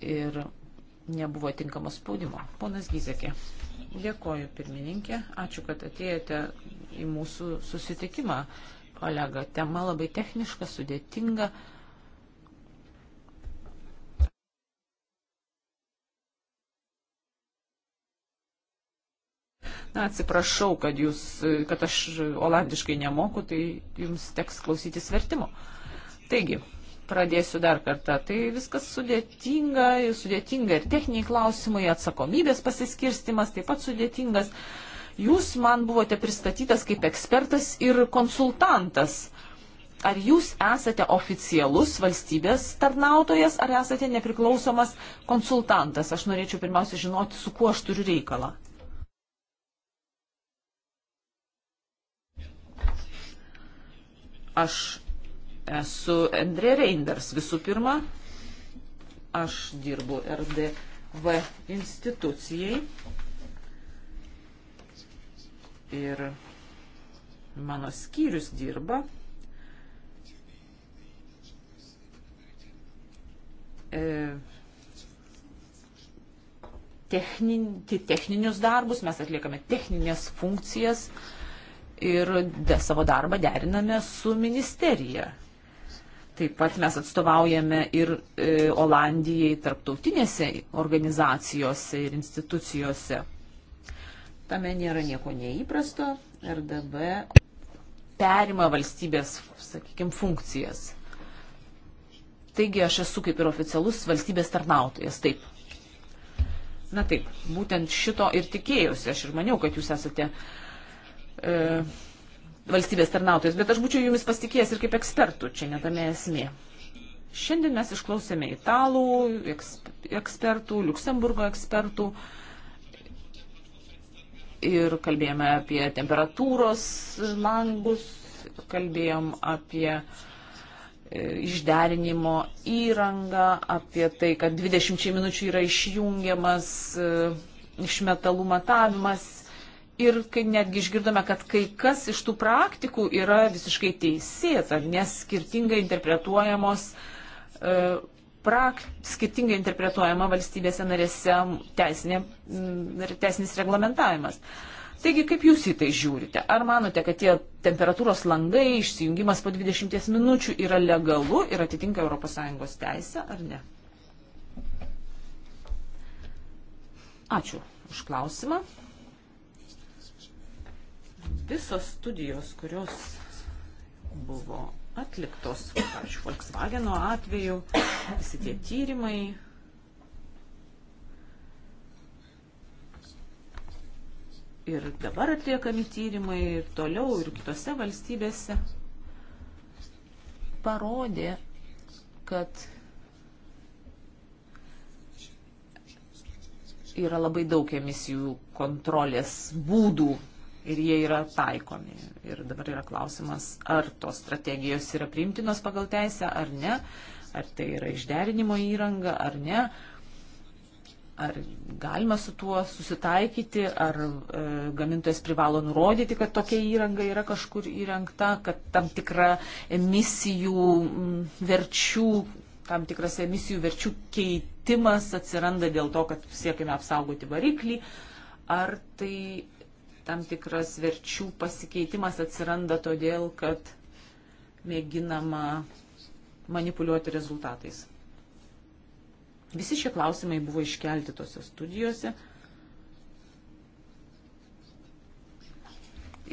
ir nebuvo tinkamo spaudimo. Ponas Gizekė, dėkoju pirmininkė, ačiū, kad atėjote į mūsų susitikimą, kolega. Tema labai techniška, sudėtinga. Na, atsiprašau, kad, jūs, kad aš olandiškai nemoku, tai jums teks klausytis vertimo. Taigi, pradėsiu dar kartą. Tai viskas sudėtinga, sudėtinga ir techniniai klausimai, atsakomybės pasiskirstimas taip pat sudėtingas. Jūs man buvote pristatytas kaip ekspertas ir konsultantas. Ar jūs esate oficialus valstybės tarnautojas, ar esate nepriklausomas konsultantas? Aš norėčiau pirmiausia žinoti, su kuo aš turiu reikalą. Aš esu Andrė Reinders. Visų pirma, aš dirbu RDV institucijai ir mano skyrius dirba e, techninį, techninius darbus, mes atliekame techninės funkcijas ir savo darbą deriname su ministerija. Taip pat mes atstovaujame ir e, Olandijai tarptautinėse organizacijose ir institucijose. Tame nėra nieko neįprasto. RDB perima valstybės, sakykime, funkcijas. Taigi aš esu kaip ir oficialus valstybės tarnautojas. Taip. Na taip, būtent šito ir tikėjausi. Aš ir maniau, kad jūs esate. E, valstybės tarnautojus, bet aš būčiau jumis pasitikėjęs ir kaip ekspertų, čia netame esmė. Šiandien mes išklausėme italų ekspertų, Luksemburgo ekspertų ir kalbėjome apie temperatūros langus, kalbėjom apie e, išderinimo įrangą, apie tai, kad 20 minučių yra išjungiamas e, išmetalų matavimas Ir kai netgi išgirdome, kad kai kas iš tų praktikų yra visiškai teisėta, nes skirtingai interpretuojamos, e, prak, skirtingai interpretuojama valstybėse narėse teisinė, teisinis reglamentavimas. Taigi, kaip jūs į tai žiūrite? Ar manote, kad tie temperatūros langai, išsijungimas po 20 minučių yra legalu ir atitinka ES teisę, ar ne? Ačiū už klausimą visos studijos, kurios buvo atliktos, pavyzdžiui, Volkswageno atveju, visi tie tyrimai. Ir dabar atliekami tyrimai ir toliau ir kitose valstybėse parodė, kad yra labai daug emisijų kontrolės būdų ir jie yra taikomi. Ir dabar yra klausimas, ar tos strategijos yra priimtinos pagal teisę ar ne, ar tai yra išderinimo įranga ar ne, ar galima su tuo susitaikyti, ar e, gamintojas privalo nurodyti, kad tokia įranga yra kažkur įrengta, kad tam tikra emisijų m, verčių tam tikras emisijų verčių keitimas atsiranda dėl to, kad siekime apsaugoti variklį, ar tai tam tikras verčių pasikeitimas atsiranda todėl, kad mėginama manipuliuoti rezultatais. Visi šie klausimai buvo iškelti tose studijose.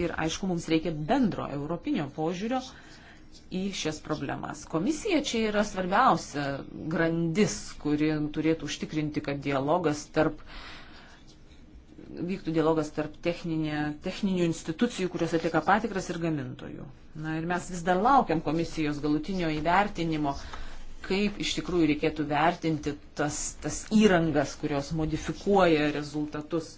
Ir aišku, mums reikia bendro europinio požiūrio į šias problemas. Komisija čia yra svarbiausia grandis, kuri turėtų užtikrinti, kad dialogas tarp uh, vyktų dialogas tarp techninė, techninių institucijų, kurios atlieka patikras ir gamintojų. Na ir mes vis dar laukiam komisijos galutinio įvertinimo, kaip iš tikrųjų reikėtų vertinti tas, tas įrangas, kurios modifikuoja rezultatus.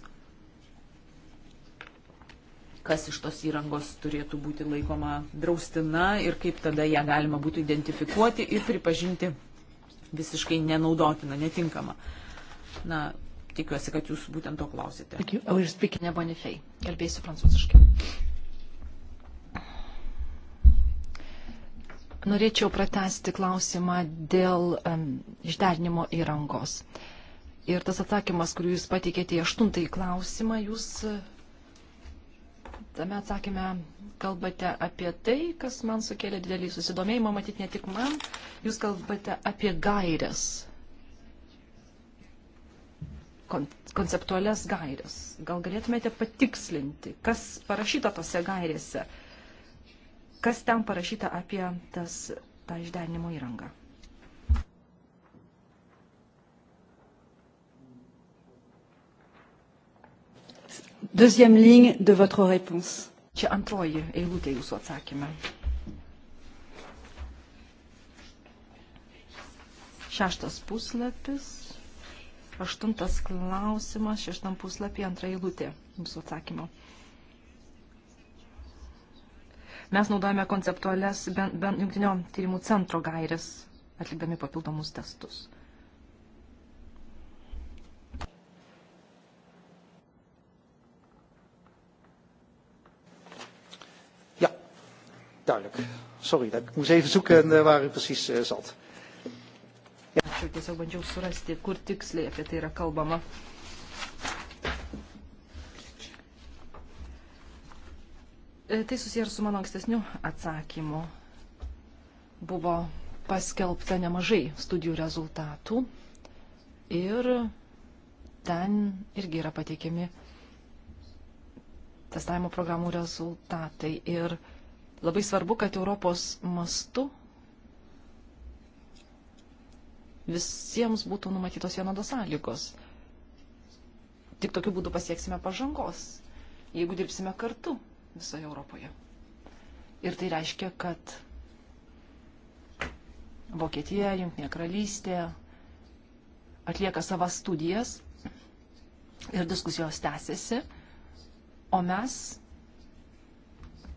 Kas iš tos įrangos turėtų būti laikoma draustina ir kaip tada ją galima būtų identifikuoti ir pripažinti visiškai nenaudotina, netinkama. Na, tikiuosi, kad jūs būtent to klausite. Ne Bonifei, kalbėsiu prancūziškai. Norėčiau pratesti klausimą dėl um, išderinimo įrangos. Ir tas atsakymas, kurį jūs pateikėte į aštuntąjį klausimą, jūs tame atsakymė kalbate apie tai, kas man sukėlė didelį susidomėjimą, matyt ne tik man, jūs kalbate apie gairias konceptualias gairias. Gal galėtumėte patikslinti, kas parašyta tose gairėse, kas ten parašyta apie tas, tą išderinimo įrangą. Deuxième ligne de votre réponse. Čia antroji eilutė jūsų atsakymė. Šeštas puslapis. Aštuntas klausimas, šeštam puslapį, antra eilutė mūsų atsakymo. Mes naudojame konceptualias ben, ben, jungtinio tyrimų centro gairės, atlikdami papildomus testus. Ja, duidelijk. Sorry, dat ik moest even zoeken eh, waar u precies uh, zat puslapių, tiesiog bandžiau surasti, kur tiksliai apie tai yra kalbama. E, tai susijęs su mano ankstesniu atsakymu. Buvo paskelbta nemažai studijų rezultatų ir ten irgi yra pateikiami testavimo programų rezultatai. Ir labai svarbu, kad Europos mastu visiems būtų numatytos vienodos sąlygos. Tik tokiu būdu pasieksime pažangos, jeigu dirbsime kartu visoje Europoje. Ir tai reiškia, kad Vokietija, Junktinė karalystė atlieka savas studijas ir diskusijos tęsiasi, o mes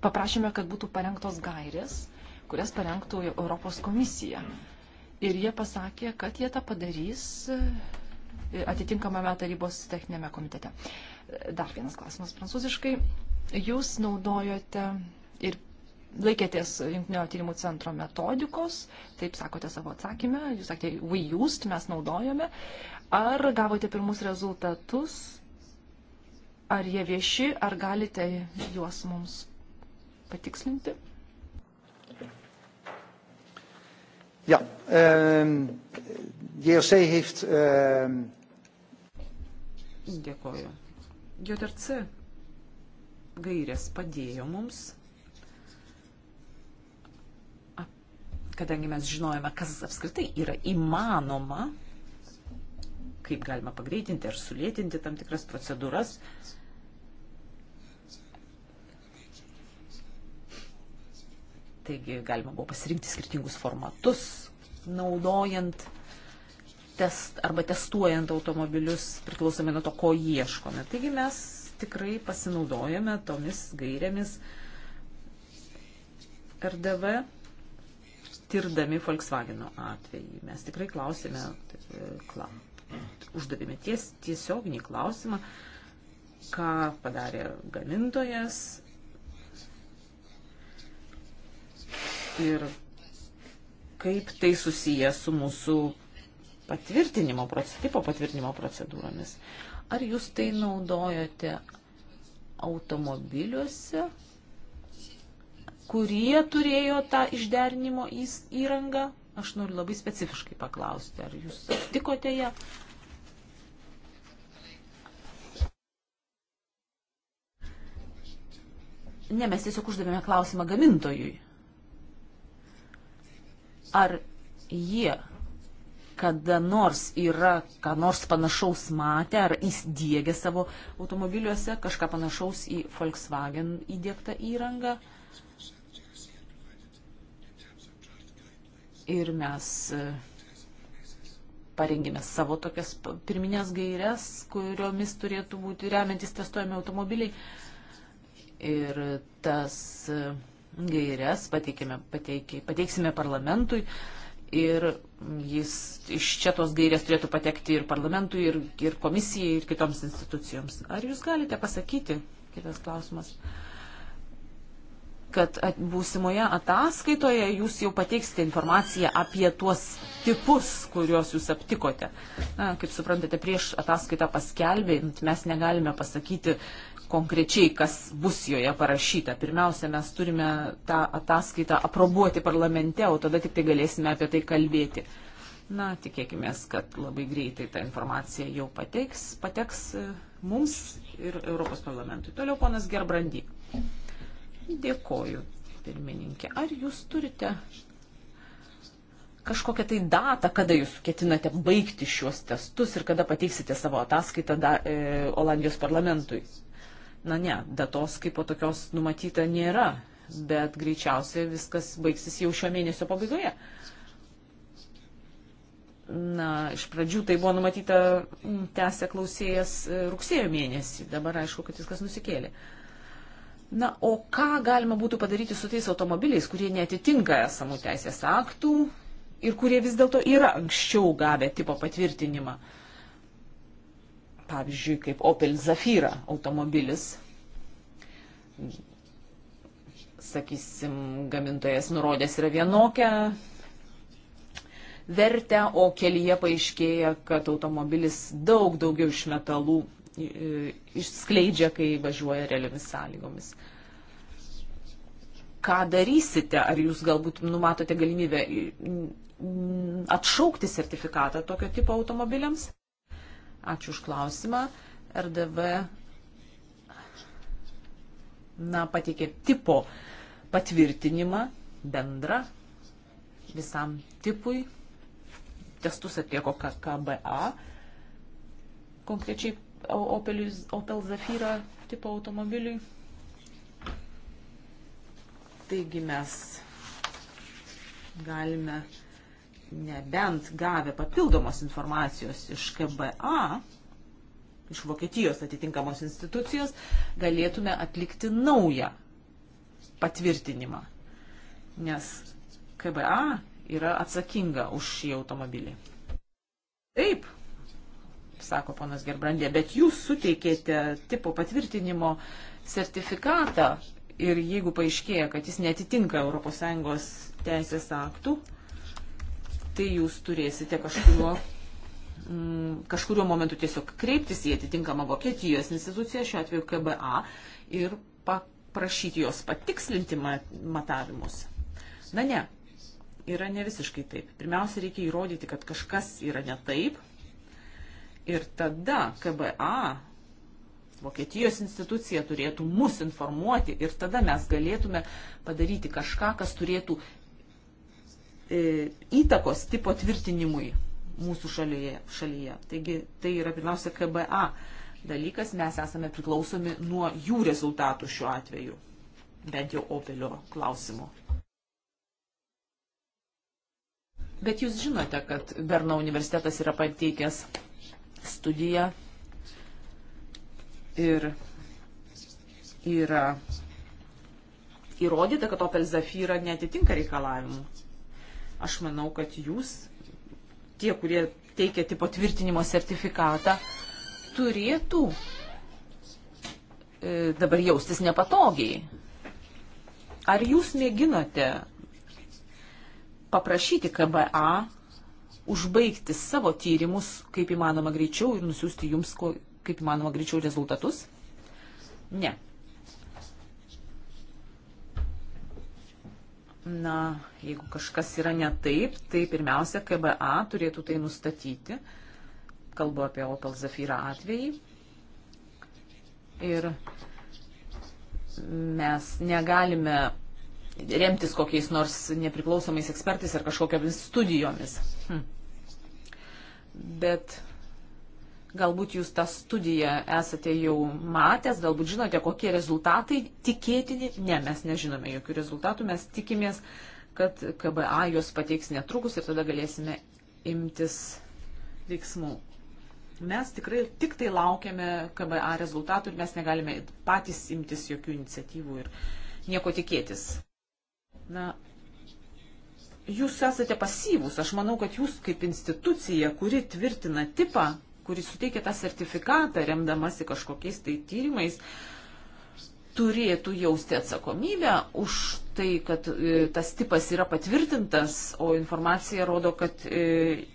paprašėme, kad būtų parengtos gairės, kurias parengtų Europos komisija. Ir jie pasakė, kad jie tą padarys e, atitinkamame tarybos techninėme komitete. Dar vienas klausimas prancūziškai. Jūs naudojote ir laikėtės Junktinio tyrimų centro metodikos, taip sakote savo atsakymę, jūs sakėte, we used, mes naudojame. Ar gavote pirmus rezultatus, ar jie vieši, ar galite juos mums patikslinti? Ja, um, ehm, JOC heeft. Um... Dėkoju. JRC gairės padėjo mums, kadangi mes žinojame, kas apskritai yra įmanoma, kaip galima pagreitinti ar sulėtinti tam tikras procedūras. Uh, Taigi galima buvo pasirinkti skirtingus formatus, naudojant test arba testuojant automobilius priklausomai nuo to, ko ieškome. Taigi mes tikrai pasinaudojame tomis gairėmis RDV, tirdami Volkswageno atvejį. Mes tikrai klausėme, kla, uždavėme ties, tiesioginį klausimą, ką padarė gamintojas ir kaip tai susiję su mūsų patvirtinimo, tipo patvirtinimo procedūromis. Ar jūs tai naudojate automobiliuose, kurie turėjo tą išderinimo įrangą? Aš noriu labai specifiškai paklausti, ar jūs aptikote ją? Ne, mes tiesiog uždavėme klausimą gamintojui. Ar jie kada nors yra ką nors panašaus matę ar įsidėgę savo automobiliuose kažką panašaus į Volkswagen įdėktą įrangą. Ir mes e, parengėme savo tokias pirminės gairias, kuriomis turėtų būti remiantis testuojami automobiliai. Ir tas uh, gairias pateikė, pateiksime parlamentui ir jis iš čia tos gairės turėtų patekti ir parlamentui, ir, ir komisijai, ir kitoms institucijoms. Ar jūs galite pasakyti, kitas klausimas, kad at, būsimoje ataskaitoje jūs jau pateiksite informaciją apie tuos tipus, kuriuos jūs aptikote. Na, kaip suprantate, prieš ataskaitą paskelbėjant mes negalime pasakyti, uh, konkrečiai, kas bus joje parašyta. Pirmiausia, mes turime tą ataskaitą aprobuoti parlamente, o tada tik tai galėsime apie tai kalbėti. Na, tikėkime, kad labai greitai ta informacija jau pateiks, pateks e, mums ir Europos parlamentui. Toliau ponas Gerbrandy. Dėkoju, pirmininkė. Ar jūs turite kažkokią tai datą, kada jūs ketinate baigti šiuos testus ir kada pateiksite savo ataskaitą da, e, Olandijos parlamentui? Na ne, datos kaip po tokios numatyta nėra, bet greičiausiai viskas baigsis jau šio mėnesio pabaigoje. Na, iš pradžių tai buvo numatyta mm, tęsę klausėjas e, rugsėjo mėnesį, dabar aišku, kad viskas nusikėlė. Na, o ką galima būtų padaryti su tais automobiliais, kurie netitinka esamų teisės aktų ir kurie vis dėlto yra anksčiau gavę tipo patvirtinimą? Uh, pavyzdžiui, kaip Opel Zafira automobilis. Sakysim, gamintojas nurodęs yra vienokią vertę, o kelyje paaiškėja, kad automobilis daug daugiau iš metalų e, išskleidžia, kai važiuoja realiomis sąlygomis. Ką darysite? Ar jūs galbūt numatote galimybę atšaukti sertifikatą tokio tipo automobiliams? Ačiū už klausimą. RDV na, pateikė tipo patvirtinimą bendrą visam tipui. Testus atlieko KBA, konkrečiai Opel, Opel Zafira tipo automobiliui. Taigi mes galime nebent gavę papildomos informacijos iš KBA, iš Vokietijos atitinkamos institucijos, galėtume atlikti naują patvirtinimą. Nes KBA yra atsakinga už šį automobilį. Taip, sako ponas Gerbrandė, bet jūs suteikėte tipo patvirtinimo sertifikatą ir jeigu paaiškėja, kad jis netitinka ES teisės aktų, tai jūs turėsite kažkurio, mm, kažkurio momentu tiesiog kreiptis į atitinkamą Vokietijos instituciją, šiuo atveju KBA, ir paprašyti jos patikslinti matavimus. Na ne, yra ne visiškai taip. Pirmiausia, reikia įrodyti, kad kažkas yra ne taip. Ir tada KBA, Vokietijos institucija, turėtų mus informuoti ir tada mes galėtume padaryti kažką, kas turėtų E, įtakos tipo tvirtinimui mūsų šalyje. šalyje. Taigi tai yra pirmiausia KBA dalykas, mes esame priklausomi nuo jų rezultatų šiuo atveju, bent jau Opelio klausimu. Bet jūs žinote, kad Berno universitetas yra pateikęs studiją ir yra įrodyta, kad Opel Zafira netitinka reikalavimų. Aš manau, kad jūs, tie, kurie teikia tipo tvirtinimo sertifikatą, turėtų e, dabar jaustis nepatogiai. Ar jūs mėginote paprašyti KBA užbaigti savo tyrimus kaip įmanoma greičiau ir nusiųsti jums kaip įmanoma greičiau rezultatus? Ne. Na, jeigu kažkas yra ne taip, tai pirmiausia, KBA turėtų tai nustatyti. Kalbu apie Opel Zafira atvejį. Ir mes negalime remtis kokiais nors nepriklausomais ekspertais ar kažkokiamis studijomis. Hm. Bet Galbūt jūs tą studiją esate jau matęs, galbūt žinote, kokie rezultatai tikėtini. Ne, mes nežinome jokių rezultatų, mes tikimės, kad KBA juos pateiks netrukus ir tada galėsime imtis veiksmų. Mes tikrai tik tai laukiame KBA rezultatų ir mes negalime patys imtis jokių iniciatyvų ir nieko tikėtis. Na, jūs esate pasyvūs. Aš manau, kad jūs kaip institucija, kuri tvirtina tipą, kuris suteikia tą sertifikatą, remdamasi kažkokiais tai tyrimais, turėtų jausti atsakomybę už tai, kad e, tas tipas yra patvirtintas, o informacija rodo, kad e,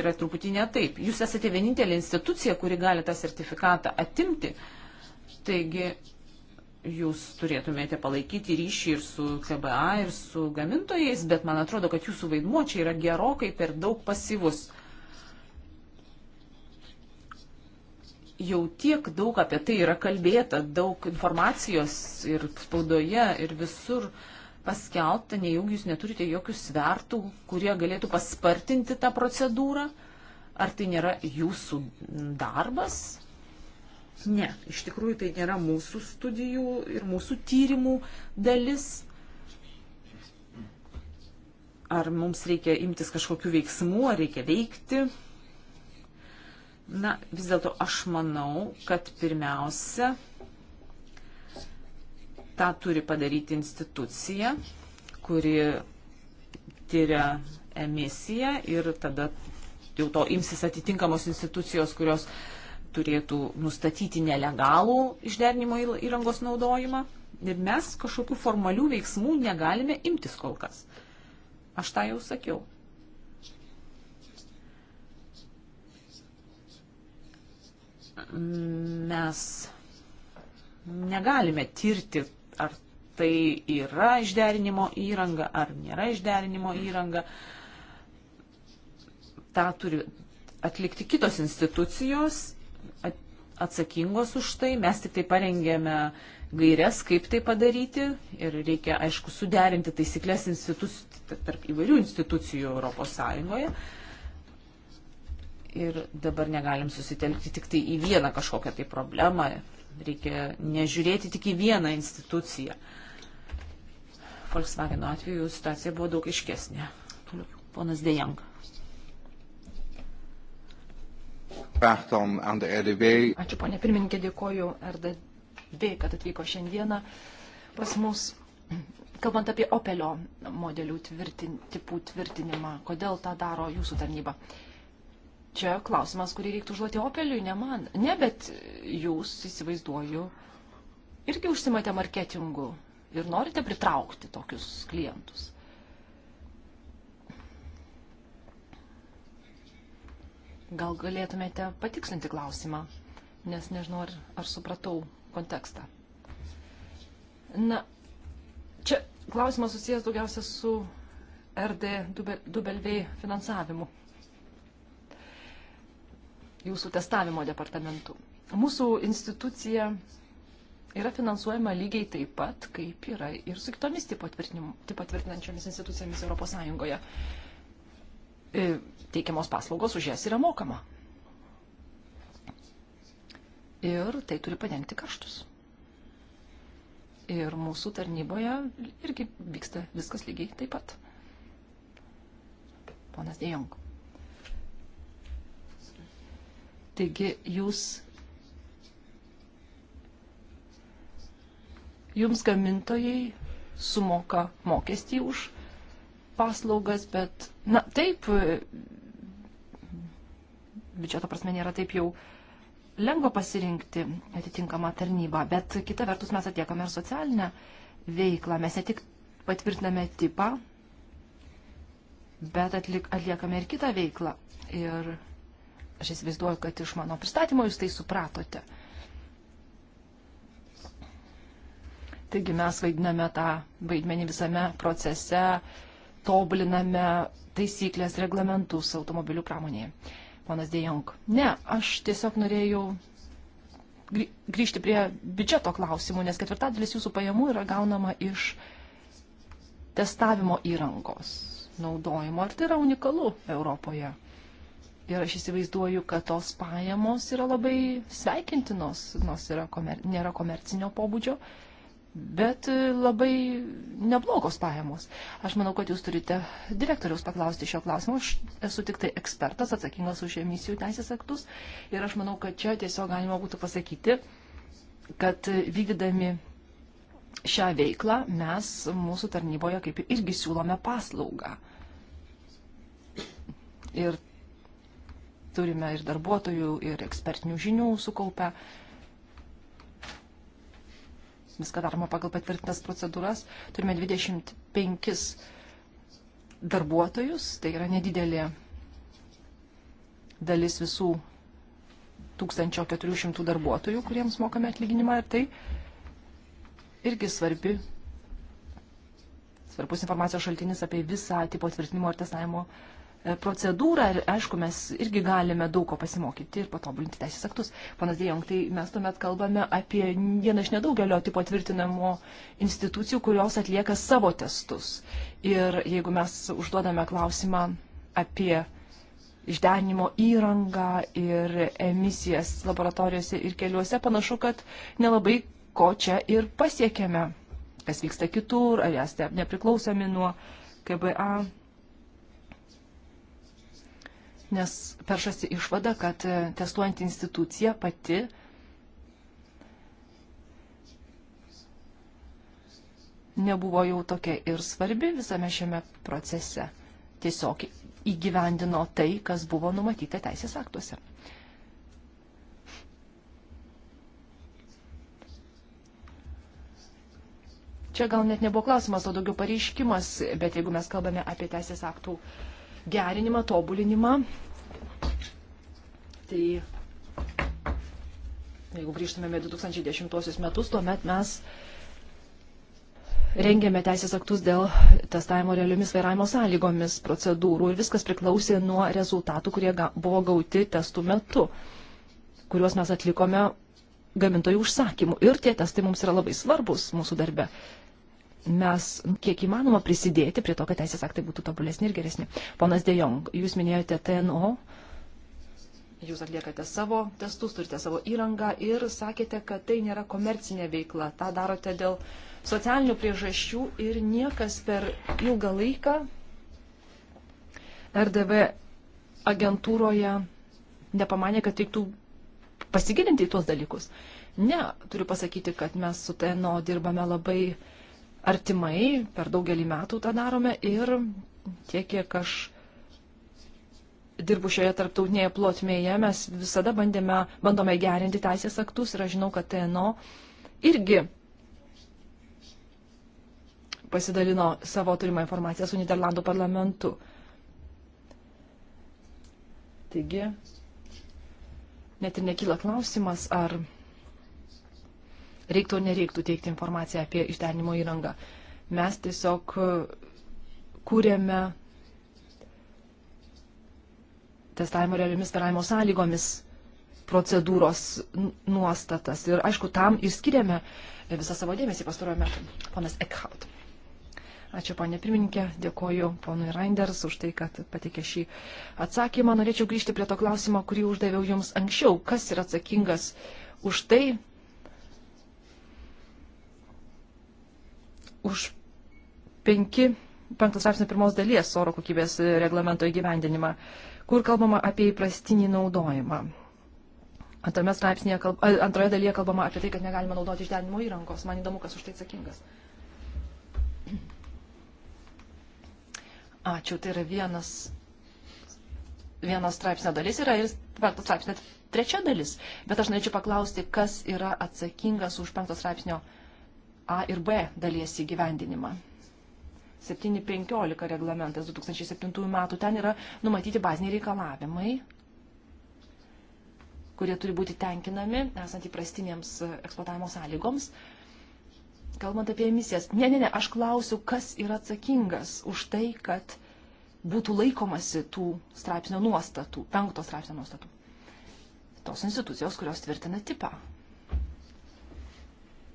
yra truputį ne taip. Jūs esate vienintelė institucija, kuri gali tą sertifikatą atimti. Taigi jūs turėtumėte palaikyti ryšį ir su KBA, ir su gamintojais, bet man atrodo, kad jūsų vaidmuo čia yra gerokai per daug pasivus. jau tiek daug apie tai yra kalbėta, daug informacijos ir spaudoje ir visur paskelbta, nejaugi jūs neturite jokių svertų, kurie galėtų paspartinti tą procedūrą? Ar tai nėra jūsų darbas? Ne, iš tikrųjų tai nėra mūsų studijų ir mūsų tyrimų dalis. Ar mums reikia imtis kažkokių veiksmų, ar reikia veikti, Na, vis dėlto aš manau, kad pirmiausia, tą turi padaryti institucija, kuri tyria emisiją ir tada jau to imsis atitinkamos institucijos, kurios turėtų nustatyti nelegalų išderinimo įrangos naudojimą. Ir mes kažkokių formalių veiksmų negalime imtis kol kas. Aš tą jau sakiau. mes negalime tirti, ar tai yra išderinimo įranga, ar nėra išderinimo įranga. Ta turi atlikti kitos institucijos atsakingos už tai. Mes tik tai parengėme gairias, kaip tai padaryti ir reikia, aišku, suderinti taisyklės tarp įvairių institucijų Europos Sąjungoje ir dabar negalim susitelkti tik tai į vieną kažkokią tai problemą. Reikia nežiūrėti tik į vieną instituciją. Volkswagen atveju situacija buvo daug iškesnė. Ponas Dejang. Ačiū, ponė pirmininkė, dėkoju RDB, kad atvyko šiandieną pas mus. Kalbant apie Opelio modelių tvirtin, tipų tvirtinimą, kodėl tą daro jūsų tarnyba? Uh, čia klausimas, kurį reiktų užduoti Opeliui, ne man. Ne, bet jūs, įsivaizduoju, irgi užsimate marketingu ir norite pritraukti tokius klientus. Gal galėtumėte patikslinti klausimą, nes nežinau, ar, ar supratau kontekstą. Na, čia klausimas susijęs daugiausia su RD Dubelvei finansavimu jūsų testavimo departamentu. Mūsų institucija yra finansuojama lygiai taip pat, kaip yra ir su kitomis tipo tvirtinančiomis institucijomis ES. E, teikiamos paslaugos už jas yra mokama. Ir tai turi padengti kaštus. Ir mūsų tarnyboje irgi vyksta viskas lygiai taip pat. Ponas Dejong. Taigi jūs, jums gamintojai sumoka mokestį už paslaugas, bet, na, taip, biudžeto prasme nėra taip jau lengva pasirinkti atitinkamą tarnybą, bet kita vertus mes atliekame ir socialinę veiklą. Mes ne tik patvirtiname tipą, bet atlik, atliekame ir kitą veiklą. Ir Aš įsivaizduoju, kad iš mano pristatymo jūs tai supratote. Taigi mes vaidiname tą vaidmenį visame procese, tobuliname taisyklės, reglamentus automobilių pramonėje. Ponas Dejong. Ne, aš tiesiog norėjau grįžti prie biudžeto klausimų, nes ketvirtadalis jūsų pajamų yra gaunama iš testavimo įrangos naudojimo. Ar tai yra unikalu Europoje? Ir aš įsivaizduoju, kad tos pajamos yra labai sveikintinos, nors yra komer nėra komercinio pobūdžio, bet labai neblogos pajamos. Aš manau, kad jūs turite direktoriaus paklausti šio klausimo. Aš esu tik tai ekspertas atsakingas už emisijų teisės aktus ir aš manau, kad čia tiesiog galima būtų pasakyti, kad vykdydami šią veiklą mes mūsų tarnyboje kaip irgi siūlome paslaugą. Ir turime ir darbuotojų, ir ekspertinių žinių sukaupę. Viską daroma pagal patvirtintas procedūras. Turime 25 darbuotojus, tai yra nedidelė dalis visų 1400 darbuotojų, kuriems mokame atlyginimą ir tai irgi svarbi, svarbus informacijos šaltinis apie visą tipo tvirtinimo ir testavimo E, procedūrą ir aišku, mes irgi galime daug ko pasimokyti ir patobulinti teisės aktus. Panas Dėjong, tai mes tuomet kalbame apie vieną iš nedaugelio tipo tvirtinamo institucijų, kurios atlieka savo testus. Ir jeigu mes užduodame klausimą apie išdenimo įrangą ir emisijas laboratorijose ir keliuose, panašu, kad nelabai ko čia ir pasiekėme. Kas vyksta kitur, ar esate nepriklausomi nuo KBA nes peršasi išvada, kad e, testuojant institucija pati nebuvo jau tokia ir svarbi visame šiame procese. Tiesiog įgyvendino tai, kas buvo numatyta teisės aktuose. Čia gal net nebuvo klausimas, o daugiau pareiškimas, bet jeigu mes kalbame apie teisės aktų uh, gerinimą, tobulinimą. Tai jeigu grįžtumėme 2010 metus, tuomet mes rengėme teisės aktus dėl testavimo realiomis vairavimo sąlygomis procedūrų ir viskas priklausė nuo rezultatų, kurie buvo gauti testų metu, kuriuos mes atlikome gamintojų užsakymų. Ir tie testai mums yra labai svarbus mūsų darbe mes kiek įmanoma prisidėti prie to, kad teisės aktai būtų tobulesni ir geresni. Ponas Dejong, jūs minėjote TNO, jūs atliekate savo testus, turite savo įrangą ir sakėte, kad tai nėra komercinė veikla. Ta darote dėl socialinių priežasčių ir niekas per ilgą laiką RDV agentūroje nepamanė, kad reiktų pasigilinti į tuos dalykus. Ne, turiu pasakyti, kad mes su TNO dirbame labai uh, artimai, per daugelį metų tą darome ir tiek, kiek aš dirbu šioje tarptautinėje plotmėje, mes visada bandėme, bandome gerinti teisės aktus ir aš žinau, kad TNO irgi pasidalino savo turimą informaciją su Niderlandų parlamentu. Taigi, net ir nekyla klausimas, ar reiktų ar nereiktų teikti informaciją apie išdenimo įrangą. Mes tiesiog e, kūrėme testavimo realiomis vairavimo sąlygomis procedūros nuostatas. Ir aišku, tam ir skiriame visą savo dėmesį pastaruoju metu. Ponas Eckhout. Ačiū, ponė pirmininkė, dėkoju ponui Reinders už tai, kad patikė šį atsakymą. Norėčiau grįžti prie to klausimo, kurį uždaviau jums anksčiau. Kas yra atsakingas už tai, už 5, 5 straipsnio pirmos dalies oro kokybės reglamento įgyvendinimą, kur kalbama apie įprastinį naudojimą. Antrame straipsnėje, kalb, antroje dalyje kalbama apie tai, kad negalima naudoti išdenimo įrangos. Man įdomu, kas už tai atsakingas. Ačiū, tai yra vienas, vienas straipsnio dalis yra ir penktas straipsnio trečia dalis. Bet aš norėčiau paklausti, kas yra atsakingas už penktas straipsnio dalis A ir B dalies įgyvendinimą. 715 reglamentas 2007 metų, ten yra numatyti baziniai reikalavimai, kurie turi būti tenkinami, esant įprastinėms e, eksploatavimo sąlygoms. Kalbant apie emisijas, ne, ne, ne, aš klausiu, kas yra atsakingas už tai, kad būtų laikomasi tų straipsnio nuostatų, penkto straipsnio nuostatų. Tos institucijos, kurios tvirtina tipą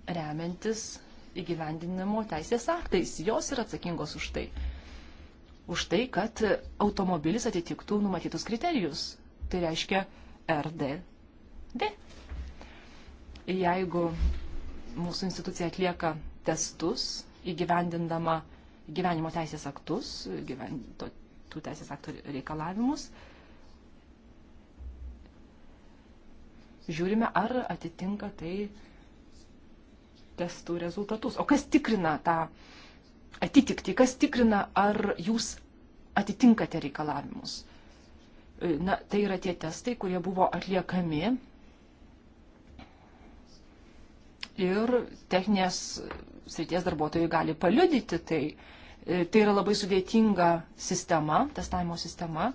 remiantis įgyvendinimo teisės aktais. Jos yra atsakingos už tai. Už tai, kad automobilis atitiktų numatytus kriterijus. Tai reiškia RDD. Jeigu mūsų institucija atlieka testus įgyvendindama gyvenimo teisės aktus, gyven, to, tų teisės aktų reikalavimus, žiūrime, ar atitinka tai testų rezultatus. O kas tikrina tą atitikti, kas tikrina, ar jūs atitinkate reikalavimus? E, na, tai yra tie testai, kurie buvo atliekami ir techninės srities darbuotojai gali paliudyti tai. E, tai yra labai sudėtinga sistema, testavimo sistema.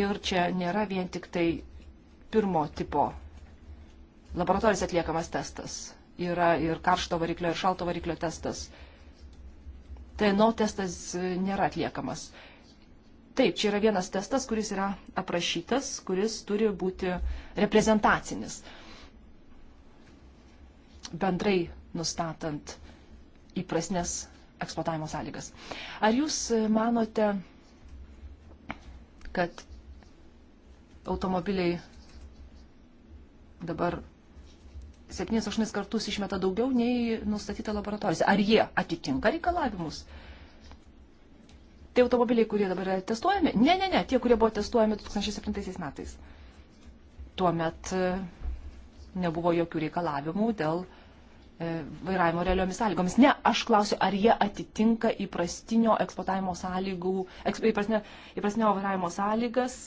Ir čia nėra vien tik tai pirmo tipo laboratorijos atliekamas testas yra ir karšto variklio, ir šalto variklio testas. TNO testas nėra atliekamas. Taip, čia yra vienas testas, kuris yra aprašytas, kuris turi būti reprezentacinis. Bendrai nustatant įprasnės eksploatavimo sąlygas. Ar jūs manote, kad automobiliai dabar 7-8 kartus išmeta daugiau nei nustatyta laboratorijose. Ar jie atitinka reikalavimus? Tai automobiliai, kurie dabar yra testuojami? Ne, ne, ne, tie, kurie buvo testuojami 2007 metais. Tuomet e, nebuvo jokių reikalavimų dėl e, vairavimo realiomis sąlygomis. Ne, aš klausiu, ar jie atitinka įprastinio eksploatavimo sąlygų, įprastinio, įprastinio vairavimo sąlygas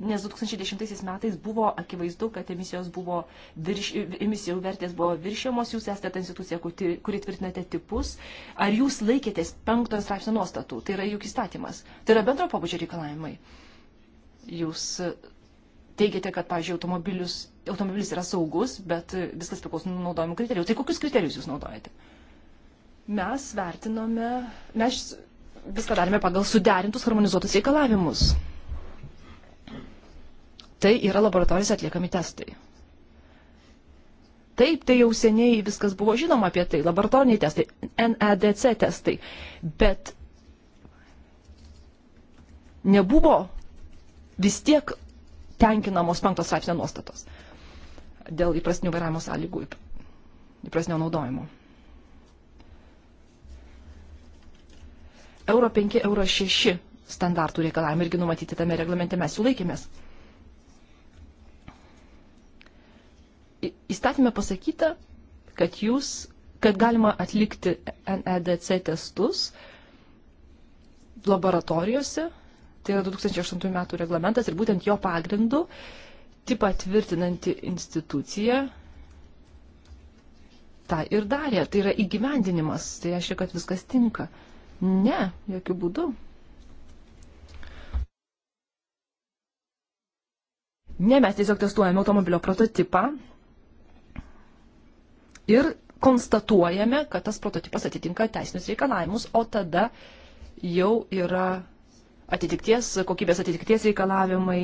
nes 2010 metais buvo akivaizdu, kad emisijos buvo virš, emisijų vertės buvo viršimos, jūs esate ta institucija, kuri tvirtinate tipus, ar jūs laikėtės penktojo straipsnio nuostatų, tai yra juk įstatymas, tai yra bendro pobūdžio reikalavimai. Jūs e, teigiate, kad, pavyzdžiui, automobilis yra saugus, bet e, viskas priklauso nuo naudojimo kriterijų. Tai kokius kriterijus jūs naudojate? Mes vertinome, mes viską darėme pagal suderintus, harmonizuotus reikalavimus tai yra laboratorijos atliekami testai. Taip, tai jau seniai viskas buvo žinoma apie tai, laboratoriniai testai, NADC e testai, bet nebuvo vis tiek tenkinamos penktos straipsnio nuostatos dėl įprastinių vairavimo sąlygų, įprastinio naudojimo. Euro 5, euro 6 standartų reikalavimai irgi numatyti tame reglamente mes jų laikėmės. įstatymė pasakyta, kad jūs, kad galima atlikti NEDC testus laboratorijose, tai yra 2008 metų reglamentas ir būtent jo pagrindu tipą tvirtinanti institucija tą ir darė. Tai yra įgyvendinimas, tai reiškia, kad viskas tinka. Ne, jokių būdų. Ne, mes tiesiog testuojame automobilio prototipą ir konstatuojame, kad tas prototipas atitinka teisinius reikalavimus, o tada jau yra atitikties, kokybės atitikties reikalavimai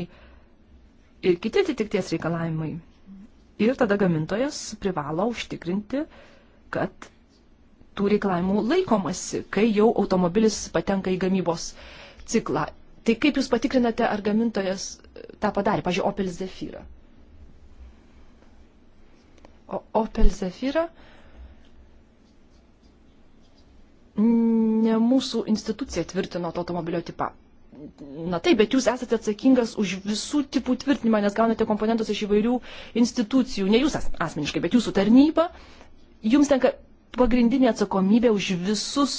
ir kiti atitikties reikalavimai. Ir tada gamintojas privalo užtikrinti, kad tų reikalavimų laikomasi, kai jau automobilis patenka į gamybos ciklą. Tai kaip jūs patikrinate, ar gamintojas tą padarė, pažiūrėjau, Opel Zephyra? O Opel Zafira ne mūsų institucija tvirtino to automobilio tipą. Na taip, bet jūs esate atsakingas už visų tipų tvirtinimą, nes gaunate komponentus iš įvairių institucijų. Ne jūs asmeniškai, bet jūsų tarnyba. Jums tenka pagrindinė atsakomybė už visus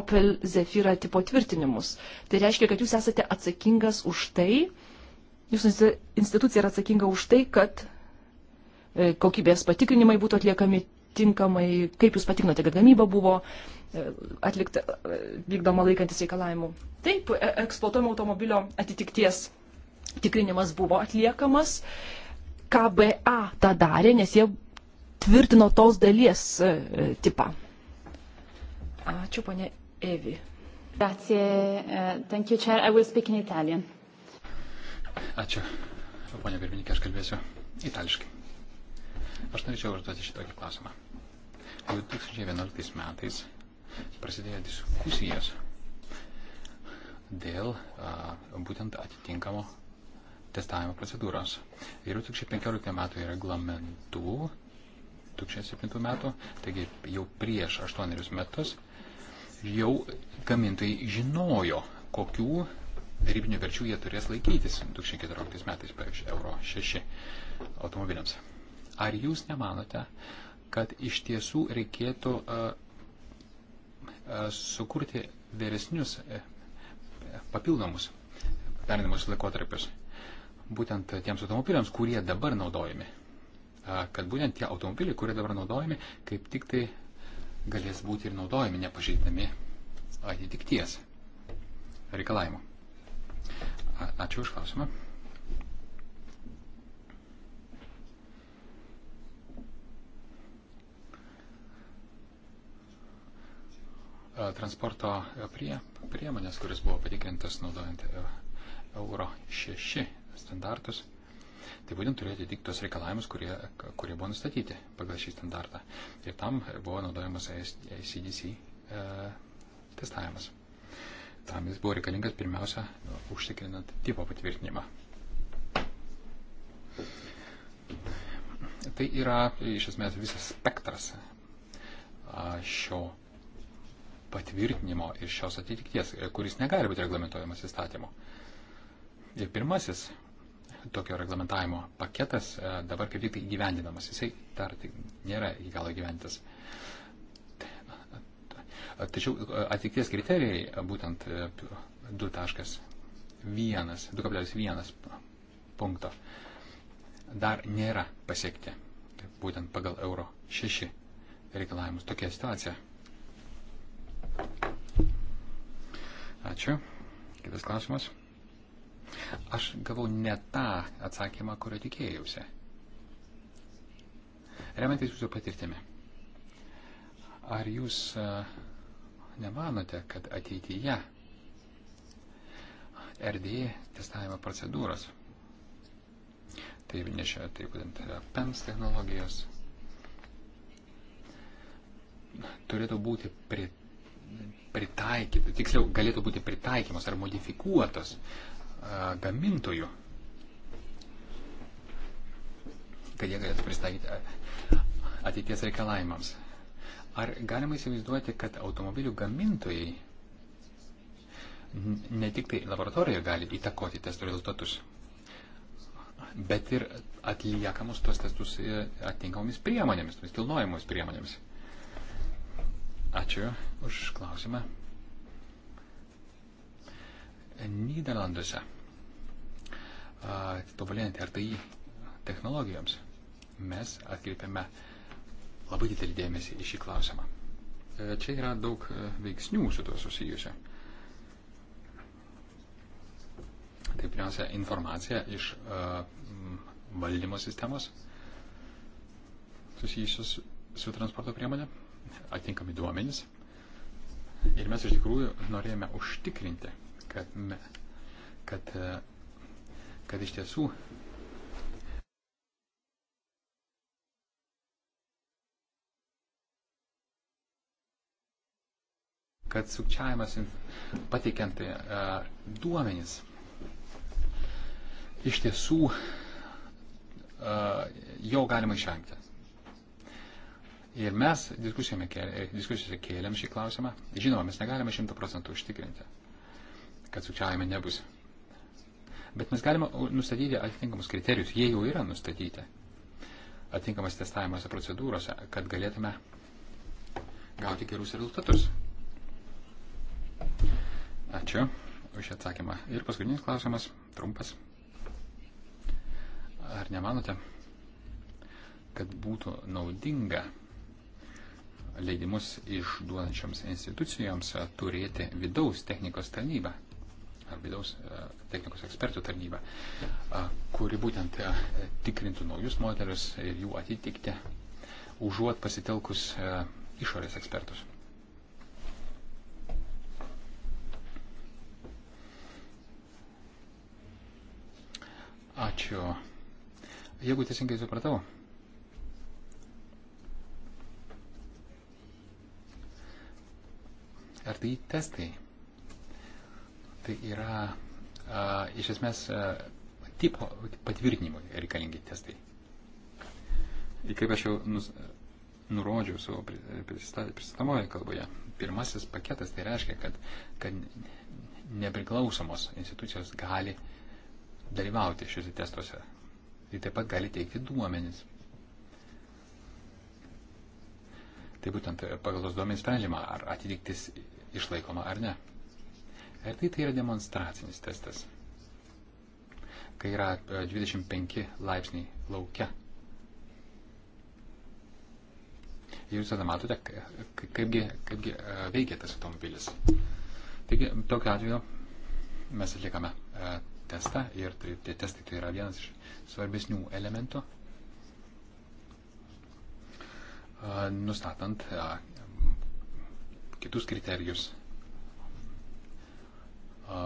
Opel Zephyra tipo tvirtinimus. Tai reiškia, kad jūs esate atsakingas už tai, jūsų institucija yra atsakinga už tai, kad E, kokybės patikrinimai būtų atliekami tinkamai, kaip jūs patikinote, kad gamyba buvo e, atlikta, e, vykdoma laikantis reikalavimų. Taip, eksploatuojamo automobilio atitikties tikrinimas buvo atliekamas. KBA tą darė, nes jie tvirtino tos dalies tipą. Ačiū, ponė Evi. Grazie, uh, thank you, chair. I will speak in Italian. Ačiū, ponė pirmininkė, aš kalbėsiu itališkai. Aš norėčiau užduoti šitokį klausimą. 2011 metais prasidėjo diskusijos dėl a, būtent atitinkamo testavimo procedūros. Ir 2015 metų yra reglamentų, 2007 metų, taigi jau prieš 8 metus jau gamintojai žinojo, kokių ribinių verčių jie turės laikytis 2014 metais, pavyzdžiui, euro 6 automobiliams. Ar jūs nemanote, kad iš tiesų reikėtų e, e, sukurti vyresnius e, papildomus perinamus laikotarpius būtent tiems automobiliams, kurie dabar naudojami? Kad būtent tie automobiliai, kurie dabar naudojami, kaip tik tai galės būti ir naudojami nepažeidami atitikties reikalavimų. Ačiū už klausimą. E, transporto prie, priemonės, kuris buvo patikrintas naudojant e, Euro 6 standartus, tai būtent turėjo atitikti tos reikalavimus, kurie, kurie buvo nustatyti pagal šį standartą. Ir tam buvo naudojamas ACDC e, testavimas. Tam jis buvo reikalingas pirmiausia nu, užtikrinant tipo patvirtinimą. Tai yra iš esmės visas spektras šio patvirtinimo iš šios atitikties, e, kuris negali būti reglamentojamas įstatymu. Ir pirmasis tokio reglamentavimo paketas e, dabar kaip tik tai įgyvendinamas. Jisai dar tik nėra iki galo įgyvendintas. Tačiau e, atitikties kriterijai būtent 2.1, 2.1 punkto dar nėra pasiekti, būtent pagal euro 6 reikalavimus. Tokia situacija. Ačiū. Kitas klausimas. Aš gavau ne tą atsakymą, kurio tikėjausi. Remiantis jūsų patirtimi, ar jūs e, nemanote, kad ateityje RDI testavimo procedūros, tai nešia, tai būtent e, PEMS technologijos, turėtų būti pritaikytos pritaikytos, tiksliau galėtų būti pritaikymas ar modifikuotas gamintojų, kad jie galėtų pristaikyti ateities reikalavimams. Ar galima įsivaizduoti, kad automobilių gamintojai ne tik tai laboratorijoje gali įtakoti testų rezultatus, bet ir atliekamus tuos testus e, atinkamomis priemonėmis, tuos kilnojimus priemonėmis? Ačiū už klausimą. Niderlanduose tobulėjant RTI technologijoms mes atkreipiame labai didelį dėmesį į šį klausimą. E, čia yra daug e, veiksnių su tuo susijusiu. Tai pirmiausia, informacija iš e, valdymo sistemos susijusios su transporto priemonė atinkami duomenys. Ir mes iš tikrųjų norėjome užtikrinti, kad, me, kad, kad iš tiesų kad sukčiavimas pateikiant uh, e, duomenys iš tiesų uh, jo galima išvengti. Ir mes e, diskusijose kėlėm šį klausimą. Žinoma, mes negalime šimtų procentų užtikrinti, kad sukčiavime nebus. Bet mes galime nustatyti atitinkamus kriterijus. Jie jau yra nustatyti atitinkamas testavimuose procedūrose, kad galėtume gauti gerus rezultatus. Ačiū už atsakymą. Ir paskutinis klausimas, trumpas. Ar nemanote, kad būtų naudinga leidimus išduodančioms institucijoms turėti vidaus technikos tarnybą ar vidaus e, technikos ekspertų tarnybą, e, kuri būtent e, tikrintų naujus modelius ir jų atitikti, užuot pasitelkus išorės ekspertus. Ačiū. Jeigu teisingai supratau, RTI testai tai yra a, iš esmės a, tipo patvirtinimui reikalingi testai. Ir kaip aš jau nus, nurodžiau savo pristatymoje kalboje, pirmasis paketas tai reiškia, kad, kad nepriklausomos institucijos gali dalyvauti šiuose testuose. Tai taip pat gali teikti duomenys. Tai būtent pagal tos duomenys sprendžiama, ar atitiktis išlaikoma ar ne. Ir tai, tai yra demonstracinis testas. Kai yra 25 e, laipsniai laukia. Jūs tada matote, kaipgi, kaipgi e, veikia tas automobilis. Taigi, tokiu atveju mes atliekame e, testą ir tai, tie tai, testai tai yra vienas iš svarbesnių elementų nustatant kitus kriterijus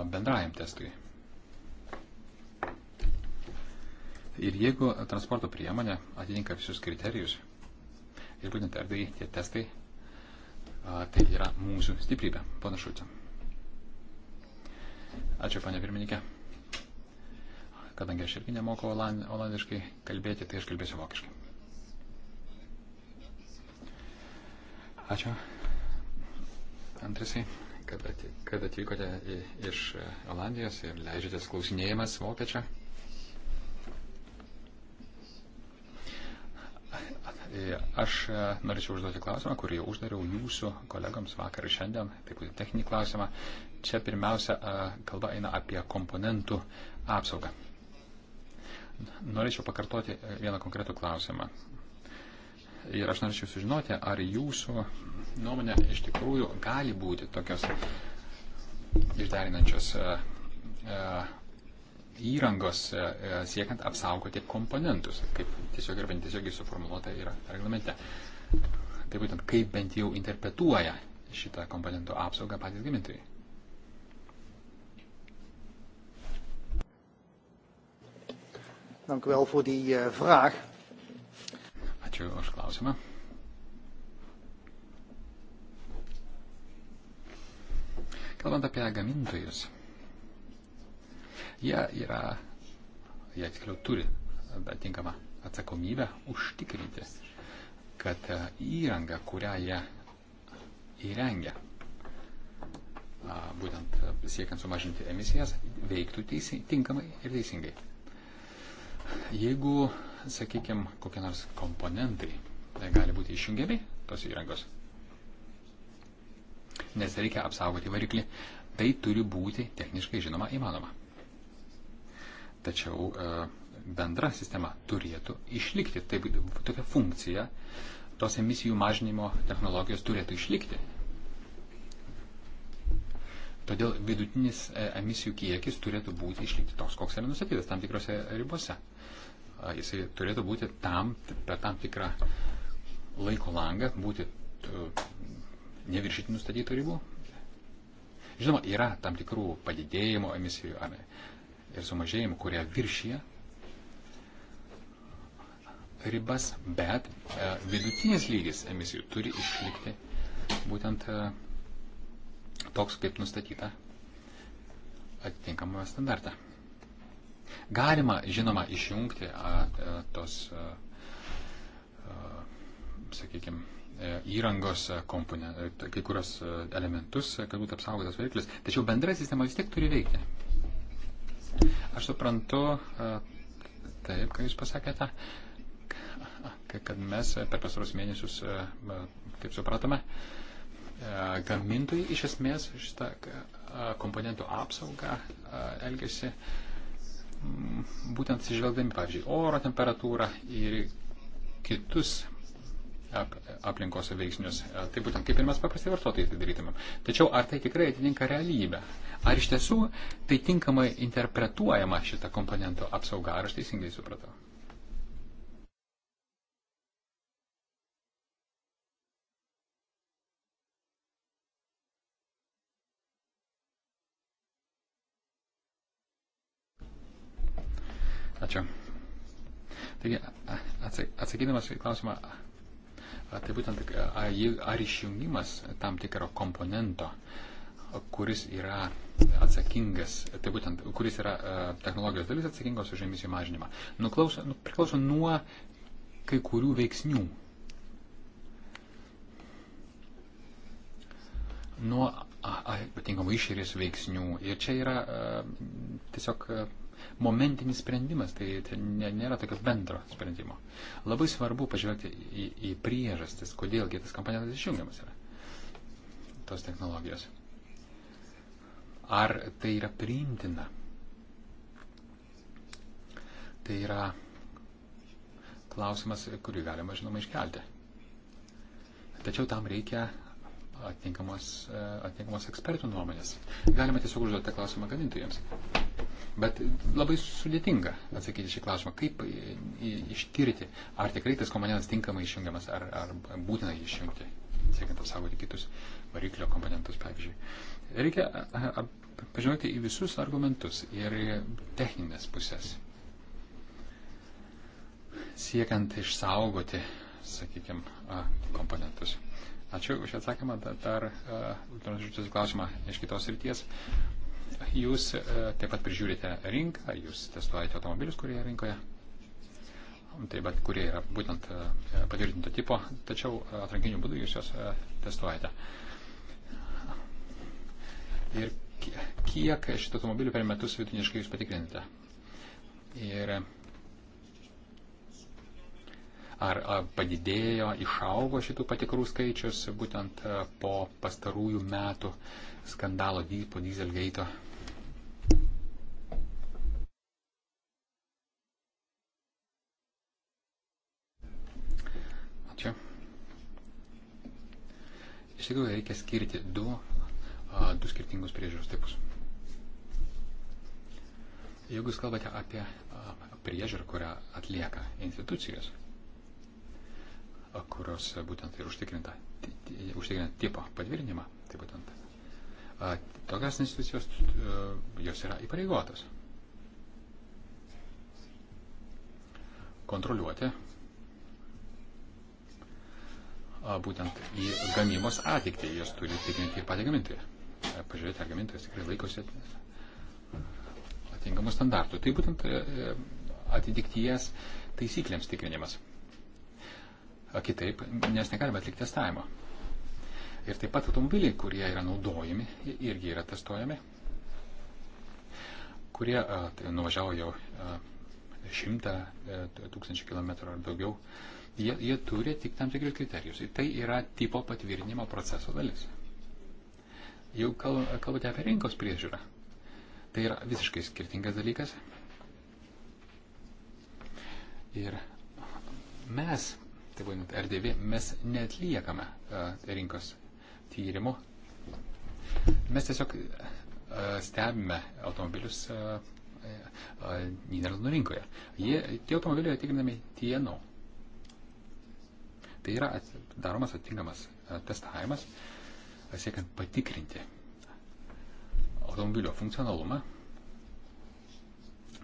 bendrajam testui. Ir jeigu transporto priemonė atitinka visus kriterijus, ir būtent ar tai tie testai, tai yra mūsų stiprybė, panašu čia. Ačiū, panė pirmininkė. Kadangi aš irgi nemoku olandiškai kalbėti, tai aš kalbėsiu vokiškai. Ačiū. Andrisai, kad, atė, kad atvykote į, iš Olandijos ir leidžiatės klausinėjimas vokiečio. E, aš e, norėčiau užduoti klausimą, kurį uždariau jūsų kolegams vakar ir šiandien, taip pat techninį klausimą. Čia pirmiausia e, kalba eina apie komponentų apsaugą. Norėčiau pakartoti vieną konkretų klausimą. Ir aš norėčiau sužinoti, ar jūsų nuomonė iš tikrųjų gali būti tokios išderinančios e, e, įrangos e, siekiant apsaugoti komponentus, kaip tiesiog ir bent tiesiogiai suformuoluota yra reglamente. Tai būtent kaip bent jau interpretuoja šitą komponentų apsaugą patys gamintojai. Dank u wel voor die uh, vraag. Ačiū už klausimą. Kalbant apie gamintojus, jie yra, jie tiksliau turi atinkamą atsakomybę užtikrinti, kad įranga, kurią jie įrengia, būtent siekiant sumažinti emisijas, veiktų teisi, tinkamai ir teisingai. Jeigu sakykime, kokie nors komponentai tai gali būti išjungiami tos įrangos. Nes reikia apsaugoti variklį. Tai turi būti techniškai žinoma įmanoma. Tačiau e, bendra sistema turėtų išlikti. Taip, tokia funkcija tos emisijų mažinimo technologijos turėtų išlikti. Todėl vidutinis e, emisijų kiekis turėtų būti išlikti toks, koks yra nusatytas tam tikrose ribose jisai turėtų būti tam, per tam tikrą laiko langą, būti neviršyti nustatytų ribų. Žinoma, yra tam tikrų padidėjimo emisijų ir sumažėjimų, kurie viršyje ribas, bet e, vidutinis lygis emisijų turi išlikti būtent e, toks, kaip nustatyta atitinkamą standartą. Galima, žinoma, išjungti a, a, e, tos, e, e, sakykime, įrangos komponentus, kai kurios elementus, kad būtų apsaugotas variklis, tačiau bendra sistema vis tiek turi veikti. Aš suprantu, taip, ką Jūs pasakėte, kad mes per pasarus mėnesius, kaip supratome, gamintojai iš esmės šitą komponentų apsaugą elgesi būtent atsižvelgdami, pavyzdžiui, oro temperatūrą ir kitus ap, aplinkos veiksnius. E, tai būtent kaip ir mes paprastai vartotojai tai darytumėm. Tačiau ar tai tikrai atitinka realybę? Ar iš tiesų tai tinkamai interpretuojama šita komponento apsauga, ar aš teisingai supratau? Ačiū. Taigi, atsakydamas į klausimą, tai būtent ar išjungimas tam tikro komponento, kuris yra atsakingas, tai būtent, kuris yra technologijos dalis atsakingos už emisijų mažinimą, nuklauso, nu, priklauso nuo kai kurių veiksnių. Nuo ypatinkamų išorės veiksnių. Ir čia yra a, tiesiog a, momentinis sprendimas, tai, tai nėra tokio bendro sprendimo. Labai svarbu pažvelgti į, į priežastis, kodėlgi tas komponentas išjungiamas yra, tos technologijos. Ar tai yra priimtina? Tai yra klausimas, kurį galima, žinoma, iškelti. Tačiau tam reikia atinkamos, e, atinkamos ekspertų nuomonės. Galima tiesiog užduoti klausimą gamintojams. Bet labai sudėtinga atsakyti šį klausimą, kaip ištirti, ar tikrai tas komponentas tinkamai išjungiamas, ar, ar būtina jį išjungti, siekiant apsaugoti kitus variklio komponentus, pavyzdžiui. Reikia pažinoti į visus argumentus ir techninės pusės. Siekiant išsaugoti, sakykime, komponentus. Ačiū už atsakymą. Dar e, užduosiu uh, klausimą iš kitos ryties. Jūs uh, taip pat prižiūrite rinką, jūs testuojate automobilius, kurie rinkoje. Taip pat, kurie yra būtent uh, patvirtinto tipo, tačiau atrankiniu būdu jūs juos testuojate. Ir kiek šitų automobilių per metus vidutiniškai jūs patikrinate? Ir uh, Ar padidėjo, išaugo šitų patikrų skaičius būtent po pastarųjų metų skandalo po Dieselgate? Ačiū. Iš tikrųjų reikia skirti du, du skirtingus priežiūros tipus. Jeigu jūs kalbate apie priežiūrą, kurią atlieka institucijos, kurios būtent ir užtikrinta, užtikrina tipo patvirtinimą, tai būtent tokias institucijos jos yra įpareigotos kontroliuoti būtent į gamybos ateitį, jos turi tikrinti ir patį gamintoją. Pažiūrėti, ar gamintojas tikrai laikosi atitinkamų standartų. Tai būtent e, e, atitikties taisyklėms tikrinimas kitaip mes negalime atlikti testavimo. Ir taip pat automobiliai, kurie yra naudojami, irgi yra testuojami, kurie tai nuvažiavo jau šimtą e, tūkstančių kilometrų ar daugiau, jie, jie turi tik tam tikrus kriterijus. Ir tai yra tipo patvirtinimo proceso dalis. Jau kal, kalbate apie rinkos priežiūrą. Tai yra visiškai skirtingas dalykas. Ir mes tai vadinant RDV, mes netliekame e, rinkos tyrimų. Mes tiesiog e, stebime automobilius e, Niderlandų rinkoje. Jie, tie automobiliai tikrinami TNO. Tai yra at, daromas atitinkamas testavimas, siekiant patikrinti automobilio funkcionalumą,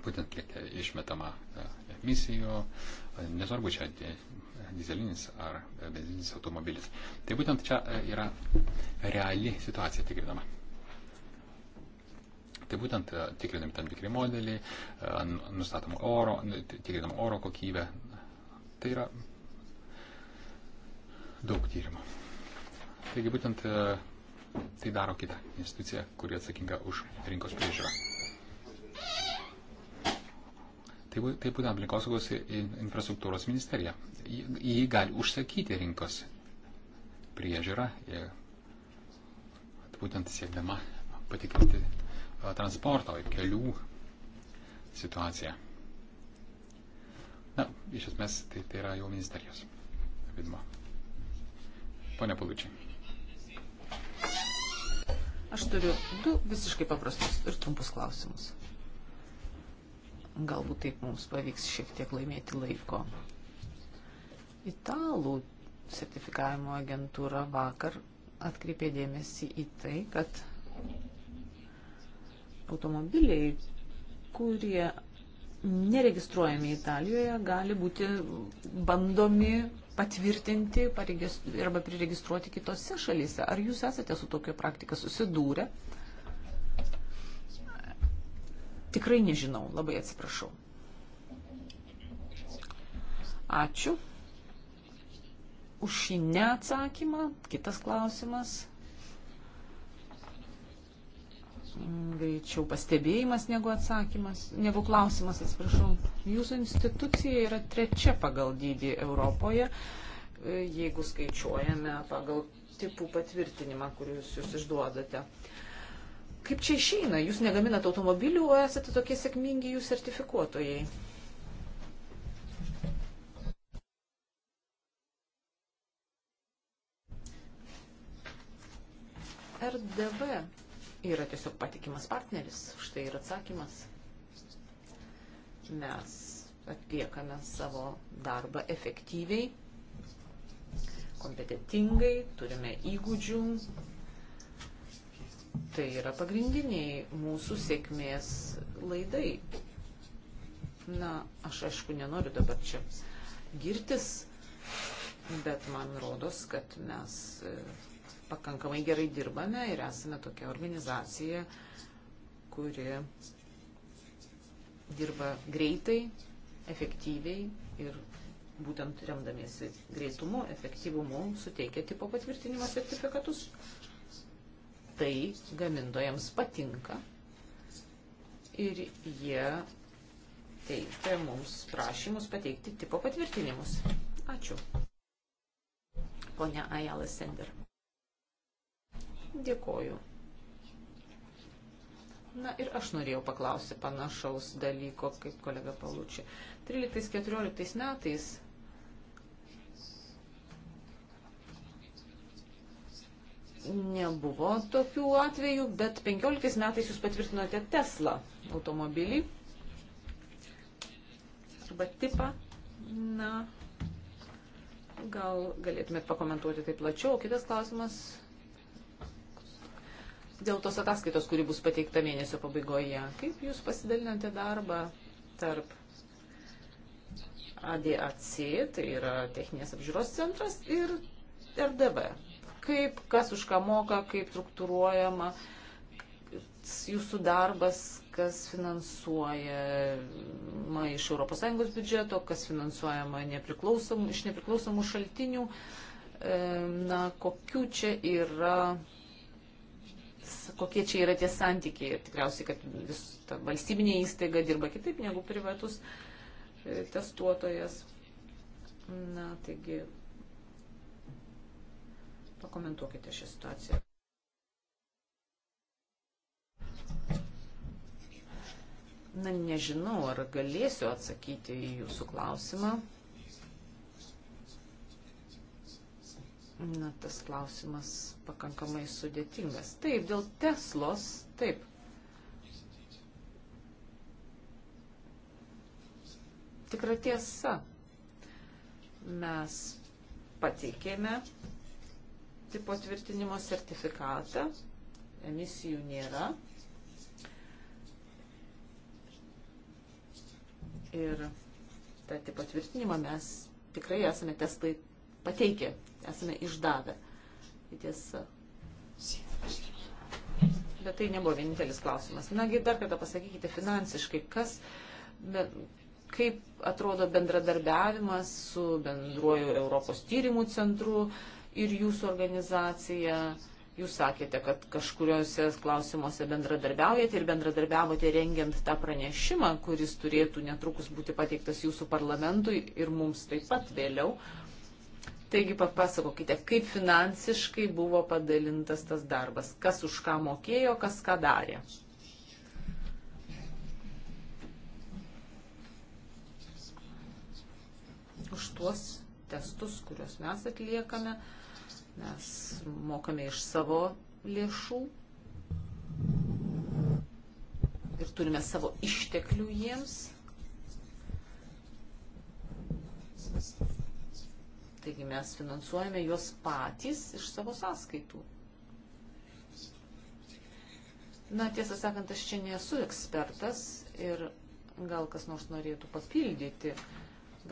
būtent kiek išmetama emisijų, nesvarbu čia dizelinis ar e, benzininis automobilis. Tai būtent čia e, yra reali situacija tikrinama. Tai būtent e, tikrinami tam tikri modeliai, nustatoma oro, tikrinama oro kokybė. Tai yra daug tyrimų. Taigi būtent tai daro kita institucija, kuri atsakinga už rinkos priežiūrą tai, tai būtent aplinkosaugos infrastruktūros ministerija. Jį gali užsakyti rinkos priežiūrą, būtent siekdama patikrinti transporto ir kelių situaciją. Na, iš esmės tai, tai yra jau ministerijos vidmo. Pone Palučiai. Aš turiu du visiškai paprastus ir trumpus klausimus. Galbūt taip mums pavyks šiek tiek laimėti laiko. Italų sertifikavimo agentūra vakar atkreipė dėmesį į tai, kad automobiliai, kurie neregistruojami Italijoje, gali būti bandomi patvirtinti arba priregistruoti kitose šalyse. Ar jūs esate su tokia praktika susidūrę? Uh, Tikrai nežinau, labai atsiprašau. Ačiū. Už šį neatsakymą kitas klausimas. Greičiau pastebėjimas negu atsakymas, negu klausimas, atsiprašau. Jūsų institucija yra trečia pagal dydį Europoje, jeigu skaičiuojame pagal tipų patvirtinimą, kuriuos jūs išduodate. Uh, Kaip čia išeina? Jūs negaminat automobilių, o esate tokie sėkmingi jų sertifikuotojai. RDV yra tiesiog patikimas partneris. Štai ir atsakymas. Mes atliekame savo darbą efektyviai, kompetentingai, turime įgūdžių, Tai yra pagrindiniai mūsų sėkmės laidai. Na, aš aišku nenoriu dabar čia girtis, bet man rodos, kad mes e, pakankamai gerai dirbame ir esame tokia organizacija, kuri dirba greitai, efektyviai ir būtent remdamiesi greitumu, efektyvumu suteikia tipo patvirtinimo sertifikatus tai gamintojams patinka ir jie teikia mums prašymus pateikti tipo patvirtinimus. Ačiū. Pone Ajala Sender. Dėkoju. Na ir aš norėjau paklausyti panašaus dalyko, kaip kolega Palučiai. 13-14 metais nebuvo tokių atvejų, bet 15 metais jūs patvirtinote Tesla automobilį arba tipą. Na, gal galėtumėt pakomentuoti tai plačiau. Kitas klausimas dėl tos ataskaitos, kuri bus pateikta mėnesio pabaigoje. Kaip jūs pasidalinate darbą tarp ADAC, tai yra techninės apžiūros centras, ir RDV, kaip, kas už ką moka, kaip struktūruojama jūsų darbas, kas finansuojama iš ES biudžeto, kas finansuojama nepriklausom, iš nepriklausomų šaltinių. E, na, kokių čia yra, kokie čia yra tie santykiai. Ir tikriausiai, kad vis, ta valstybinė įstaiga dirba kitaip negu privatus e, testuotojas. Na, taigi Pakomentuokite šią situaciją. Na, nežinau, ar galėsiu atsakyti į jūsų klausimą. Na, tas klausimas pakankamai sudėtingas. Taip, dėl Teslos, taip. Tikra tiesa. Mes pateikėme tipo tvirtinimo sertifikatą. Emisijų nėra. Ir tą tipo tvirtinimą mes tikrai esame testai pateikę, esame išdavę. Tai tiesa. Bet tai nebuvo vienintelis klausimas. Nagi, dar kartą pasakykite finansiškai, kas, be, kaip atrodo bendradarbiavimas su bendruoju Europos tyrimų centru, uh, ir jūsų organizacija. Jūs sakėte, kad kažkuriuose klausimuose bendradarbiaujate ir bendradarbiavote rengiant tą pranešimą, kuris turėtų netrukus būti pateiktas jūsų parlamentui ir mums taip pat vėliau. Taigi papasakokite, kaip finansiškai buvo padalintas tas darbas, kas už ką mokėjo, kas ką darė. Už tuos testus, kuriuos mes atliekame, uh, Mes mokame iš savo lėšų ir turime savo išteklių jiems. Taigi mes finansuojame juos patys iš savo sąskaitų. Na, tiesą sakant, aš čia nesu ekspertas ir gal kas nors norėtų papildyti.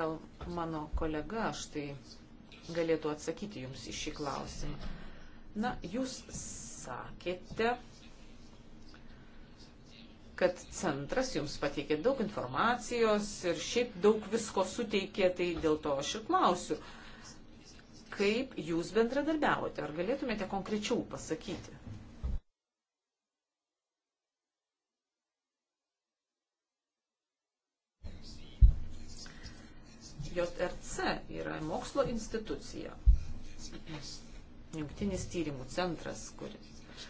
Gal mano kolega, aš tai galėtų atsakyti Jums į šį klausimą. Na, Jūs sakėte, kad centras Jums pateikė daug informacijos ir šiaip daug visko suteikė, tai dėl to aš ir klausiu. Kaip Jūs bendradarbiavote? Ar galėtumėte konkrečiau pasakyti? JRC yra mokslo institucija, jungtinis tyrimų centras, kuris,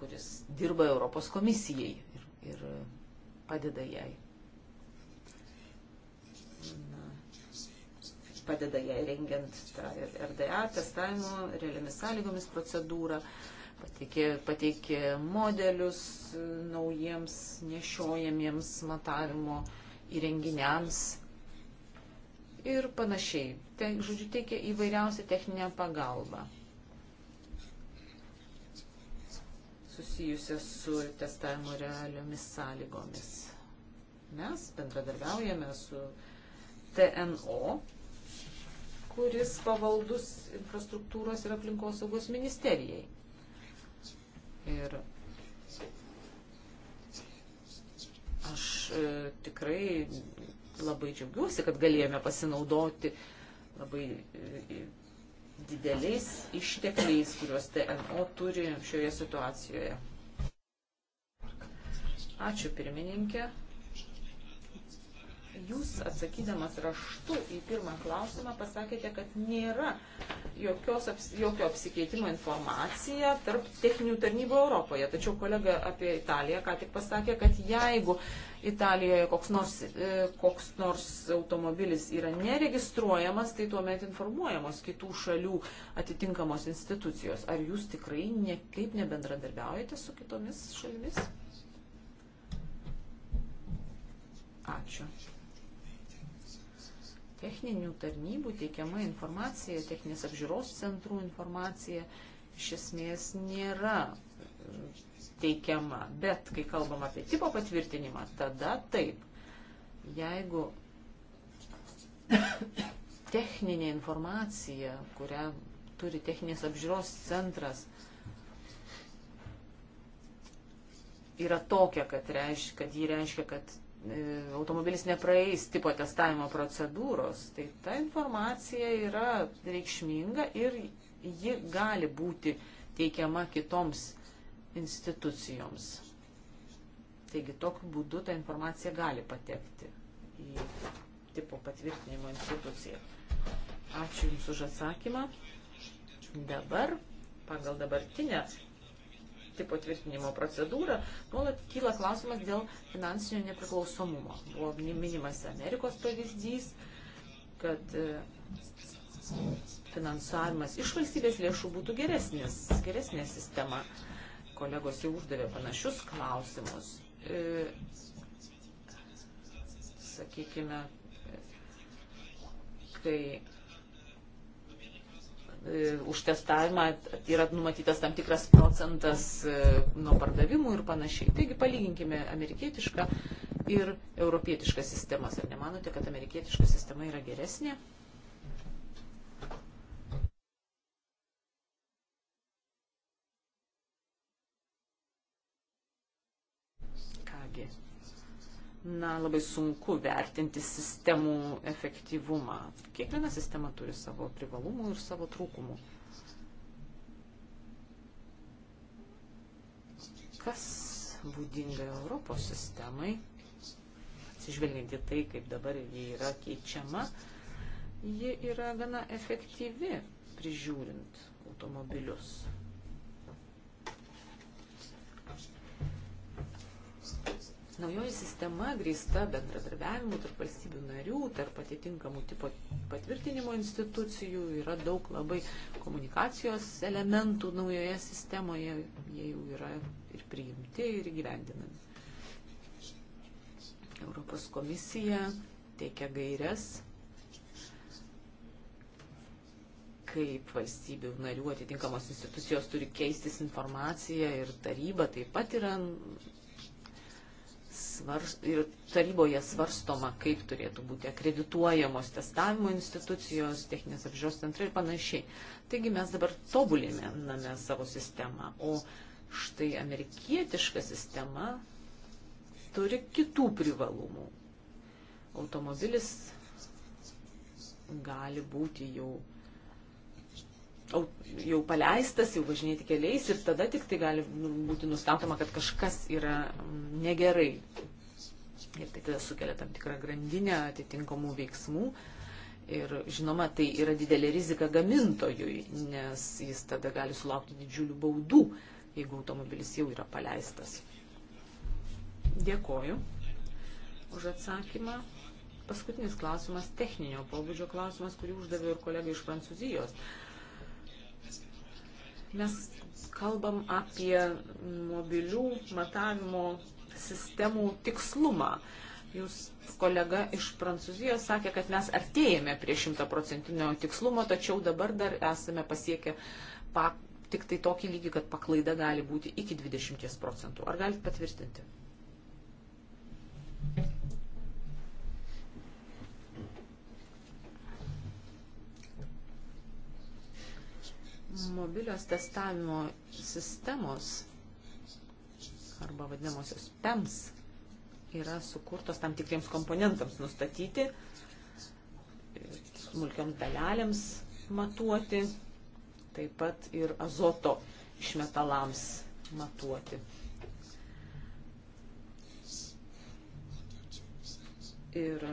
kuris dirba Europos komisijai ir, ir padeda jai. Na, padeda jai rengiant tą RDA testavimo realiamis sąlygomis procedūrą pateikė, pateikė modelius naujiems nešiojamiems matavimo įrenginiams ir panašiai. Te, žodžiu, teikia įvairiausią techninę pagalbą susijusią su testavimo realiomis sąlygomis. Mes bendradarbiaujame su TNO, kuris pavaldus infrastruktūros ir aplinkosaugos ministerijai. Ir aš e, tikrai labai džiaugiuosi, kad galėjome pasinaudoti labai e, e, dideliais ištekliais, kuriuos TNO turi šioje situacijoje. Ačiū pirmininkė jūs atsakydamas raštu į pirmą klausimą pasakėte, kad nėra jokios, jokio apsikeitimo informacija tarp techninių tarnybų Europoje. Tačiau kolega apie Italiją ką tik pasakė, kad jeigu Italijoje koks nors, e, koks nors automobilis yra neregistruojamas, tai tuomet informuojamos kitų šalių atitinkamos institucijos. Ar jūs tikrai niekaip nebendradarbiaujate su kitomis šalimis? Ačiū techninių tarnybų teikiama informacija, techninės apžiūros centrų informacija iš esmės nėra e, teikiama. Bet kai kalbam apie tipo patvirtinimą, tada taip. Jeigu techninė informacija, kurią turi techninės apžiūros centras, yra tokia, kad, reiš, kad jį reiškia, kad E, automobilis nepraeis tipo testavimo procedūros, tai ta informacija yra reikšminga ir ji gali būti teikiama kitoms institucijoms. Taigi tokiu būdu ta informacija gali patekti į tipo patvirtinimo instituciją. Ačiū Jums už atsakymą. Dabar, pagal dabartinę tipo tvirtinimo procedūrą, nuolat kyla klausimas dėl finansinio nepriklausomumo. Buvo minimas Amerikos pavyzdys, kad e, finansavimas iš valstybės lėšų būtų geresnis, geresnė sistema. Kolegos jau uždavė panašius klausimus. E, sakykime, kai E, už testavimą yra numatytas tam tikras procentas e, nuo pardavimų ir panašiai. Taigi palyginkime amerikietišką ir europietišką sistemas. Ar nemanote, kad amerikietiška sistema yra geresnė? Kągi na, labai sunku vertinti sistemų efektyvumą. Kiekviena sistema turi savo privalumų ir savo trūkumų. Kas būdinga Europos sistemai, atsižvelgiant į tai, kaip dabar ji yra keičiama, ji yra gana efektyvi prižiūrint automobilius. Naujoji sistema grįsta bendradarbiavimu tarp valstybių narių, tarp atitinkamų tipo patvirtinimo institucijų, yra daug labai komunikacijos elementų naujoje sistemoje, jie jau yra ir priimti, ir gyvendinami. Europos komisija teikia gairias, kaip valstybių narių atitinkamos institucijos turi keistis informaciją ir taryba taip pat yra svars, ir taryboje svarstoma, kaip turėtų būti akredituojamos testavimo institucijos, techninės apžiūros centrai ir panašiai. Taigi mes dabar tobulėme savo sistemą, o štai amerikietiška sistema turi kitų privalumų. Automobilis gali būti jau jau paleistas, jau važinėti keliais ir tada tik tai gali nu, būti nustatoma, kad kažkas yra mm, negerai. Ir tai tada sukelia tam tikrą grandinę atitinkamų veiksmų. Ir žinoma, tai yra didelė rizika gamintojui, nes jis tada gali sulaukti didžiulių baudų, jeigu automobilis jau yra paleistas. Dėkoju už atsakymą. Paskutinis klausimas, techninio pobūdžio klausimas, kurį uždavė ir kolega iš Prancūzijos. Uh, Mes kalbam apie mobilių matavimo sistemų tikslumą. Jūs kolega iš Prancūzijos sakė, kad mes artėjame prie šimtaprocentinio tikslumo, tačiau dabar dar esame pasiekę pa, tik tai tokį lygį, kad paklaida gali būti iki 20 procentų. Ar galite patvirtinti? Mobilios testavimo sistemos arba vadinamosios PEMS yra sukurtos tam tikriems komponentams nustatyti, smulkiams dalelėms matuoti, taip pat ir azoto išmetalams matuoti. Ir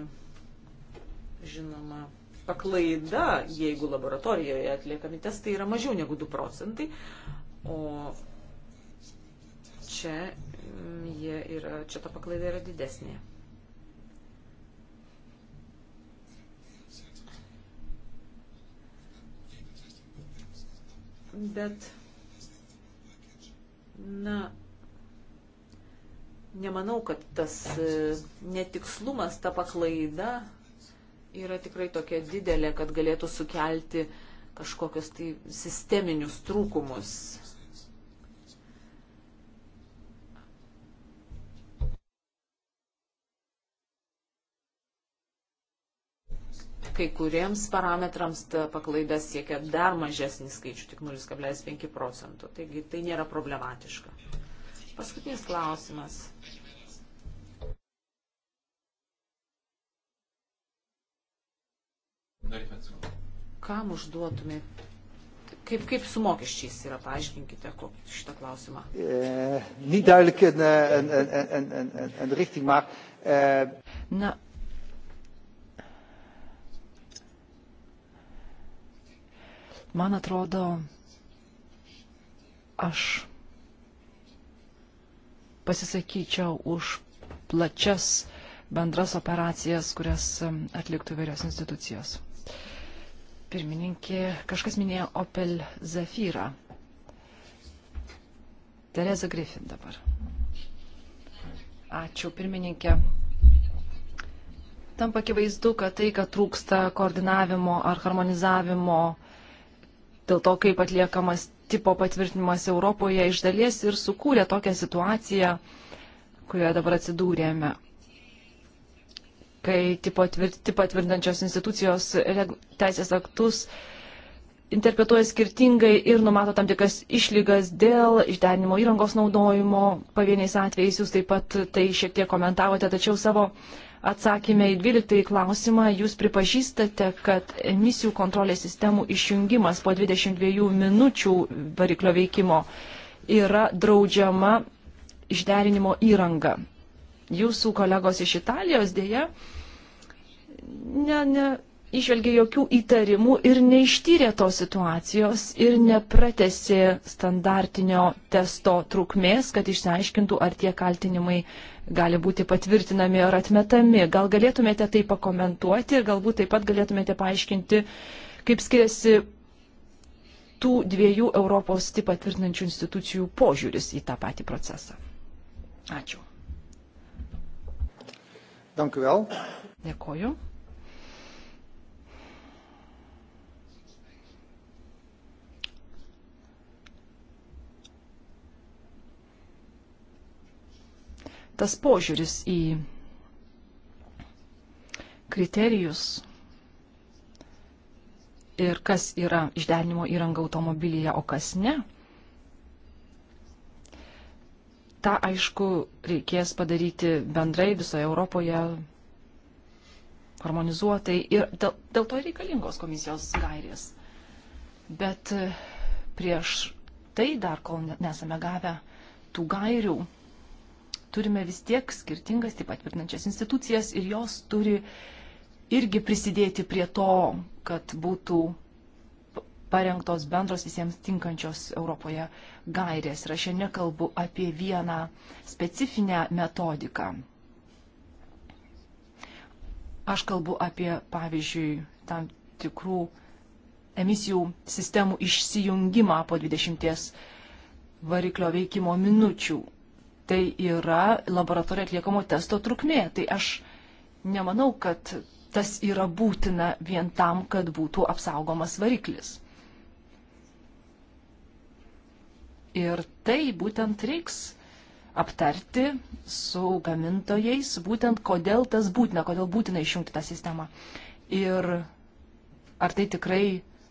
žinoma, paklaida, jeigu laboratorijoje atliekami testai, yra mažiau negu 2 procentai, o čia, mm, yra, čia ta paklaida yra didesnė. Bet, na, nemanau, kad tas e, netikslumas, ta paklaida yra tikrai tokia didelė, kad galėtų sukelti kažkokius tai sisteminius trūkumus. Kai kuriems parametrams ta paklaida siekia dar mažesnį skaičių, tik 0,5 procentų. Taigi tai nėra problematiška. Paskutinis klausimas. Kam užduotumėt? Kaip, kaip su mokesčiais yra, paaiškinkite šitą klausimą. Uh, niet duidelijk eh, een, een, een, een, een, een richting, maar. Uh... Eh, Na, man atrodo, aš pasisakyčiau už plačias bendras operacijas, kurias atliktų vairios institucijos pirmininkė, kažkas minėjo Opel Zafyrą. Tereza Griffin dabar. Ačiū, pirmininkė. Tampa akivaizdu, kad tai, kad trūksta koordinavimo ar harmonizavimo dėl to, kaip atliekamas tipo patvirtinimas Europoje, iš dalies ir sukūrė tokią situaciją, kurioje dabar atsidūrėme kai tipo tvirtinančios institucijos teisės aktus interpretuoja skirtingai ir numato tam tikras išlygas dėl išderinimo įrangos naudojimo. Pavieniais atvejais jūs taip pat tai šiek tiek komentavote, tačiau savo atsakymę į 12 klausimą jūs pripažįstate, kad emisijų kontrolės sistemų išjungimas po 22 minučių variklio veikimo yra draudžiama išderinimo įranga. Jūsų kolegos iš Italijos dėja ne, ne, išvelgė jokių įtarimų ir neištyrė tos situacijos ir nepratesi standartinio testo trukmės, kad išsiaiškintų, ar tie kaltinimai gali būti patvirtinami ar atmetami. Gal galėtumėte tai pakomentuoti ir galbūt taip pat galėtumėte paaiškinti, kaip skiriasi tų dviejų Europos tipą tvirtinančių institucijų požiūris į tą patį procesą. Ačiū. Dank u wel. Dėkoju. tas požiūris į kriterijus ir kas yra išdenimo įranga automobilyje, o kas ne. Ta aišku reikės padaryti bendrai visoje Europoje harmonizuotai ir dėl, dėl to reikalingos komisijos gairės. Bet prieš tai dar, kol nesame gavę tų gairių, turime vis tiek skirtingas, taip pat patvirtinančias institucijas ir jos turi irgi prisidėti prie to, kad būtų parengtos bendros visiems tinkančios Europoje gairės. Ir aš šiandien kalbu apie vieną specifinę metodiką. Aš kalbu apie, pavyzdžiui, tam tikrų emisijų sistemų išsijungimą po 20 variklio veikimo minučių tai yra laboratorijoje atliekamo testo trukmė. Tai aš nemanau, kad tas yra būtina vien tam, kad būtų apsaugomas variklis. Ir tai būtent reiks aptarti su gamintojais, būtent kodėl tas būtina, kodėl būtina išjungti tą sistemą. Ir ar tai tikrai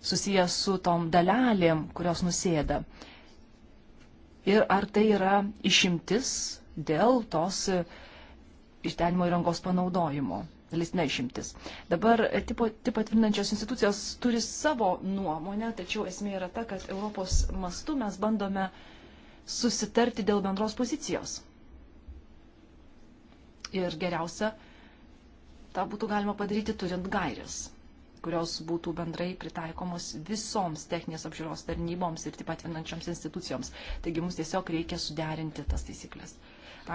susijęs su tom dalelėm, kurios nusėda. Uh, ir ar tai yra išimtis dėl tos išdenimo įrangos panaudojimo. Listina išimtis. Dabar tipo, tipo tvirtinančios institucijos turi savo nuomonę, tačiau esmė yra ta, kad Europos mastu mes bandome susitarti dėl bendros pozicijos. Ir geriausia, tą būtų galima padaryti turint gairias kurios būtų bendrai pritaikomos visoms techninės apžiūros tarnyboms ir taip pat vienančioms institucijoms. Taigi mums tiesiog reikia suderinti tas taisyklės.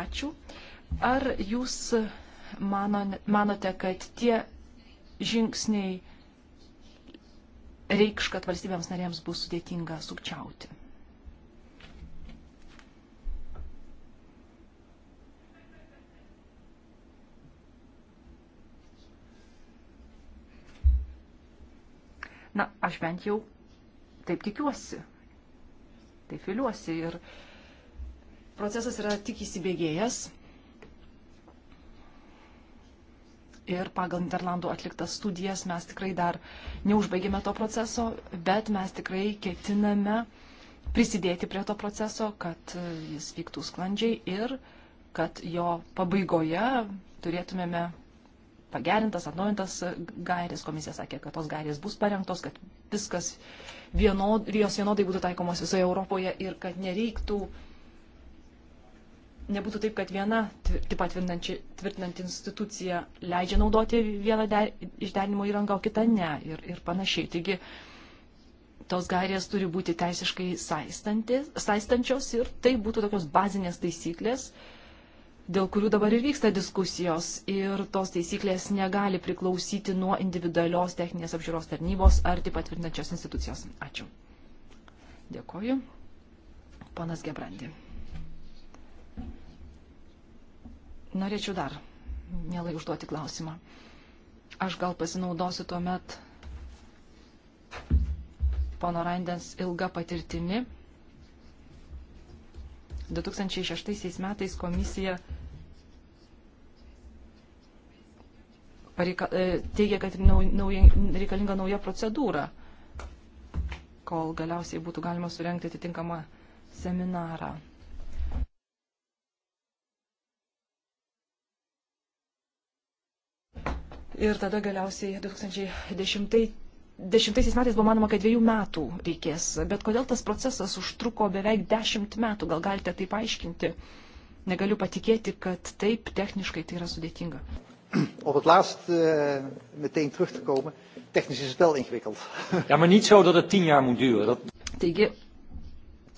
Ačiū. Ar jūs mano, manote, kad tie žingsniai reikš, kad valstybėms narėms bus sudėtinga sukčiauti? Na, aš bent jau taip tikiuosi, taip viliuosi ir procesas yra tik įsibėgėjęs. Ir pagal Niderlandų atliktas studijas mes tikrai dar neužbaigėme to proceso, bet mes tikrai ketiname prisidėti prie to proceso, kad jis vyktų sklandžiai ir kad jo pabaigoje turėtumėme pagerintas, atnaujintas gairės. Komisija sakė, kad tos gairės bus parengtos, kad viskas vienod, jos vienodai būtų taikomos visoje Europoje ir kad nereiktų, nebūtų taip, kad viena tipą tvirtinanti institucija leidžia naudoti vieną der, išderinimo įrangą, o kitą ne ir, ir panašiai. Taigi, tos gairės turi būti teisiškai saistančios ir tai būtų tokios bazinės taisyklės, uh, dėl kurių dabar ir vyksta diskusijos. Ir tos taisyklės negali priklausyti nuo individualios techninės apžiūros tarnybos ar tik patvirtinančios institucijos. Ačiū. Dėkoju. Ponas Gebrandi. Norėčiau dar mielai užduoti klausimą. Aš gal pasinaudosiu tuo met pono Randens ilga patirtimi. 2006 metais komisija pareika, e, teigia, kad nauja, reikalinga nauja procedūra, kol galiausiai būtų galima surenkti atitinkamą seminarą. Ir tada galiausiai 2010 dešimtaisiais metais buvo manoma, kad dviejų metų reikės. Bet kodėl tas procesas užtruko beveik dešimt metų? Gal galite tai paaiškinti? Negaliu patikėti, kad taip techniškai tai yra sudėtinga op het laatst uh, meteen terug te komen. Technisch is het wel ingewikkeld. ja, maar niet zo dat het tien jaar moet duren. Dat... Taigi,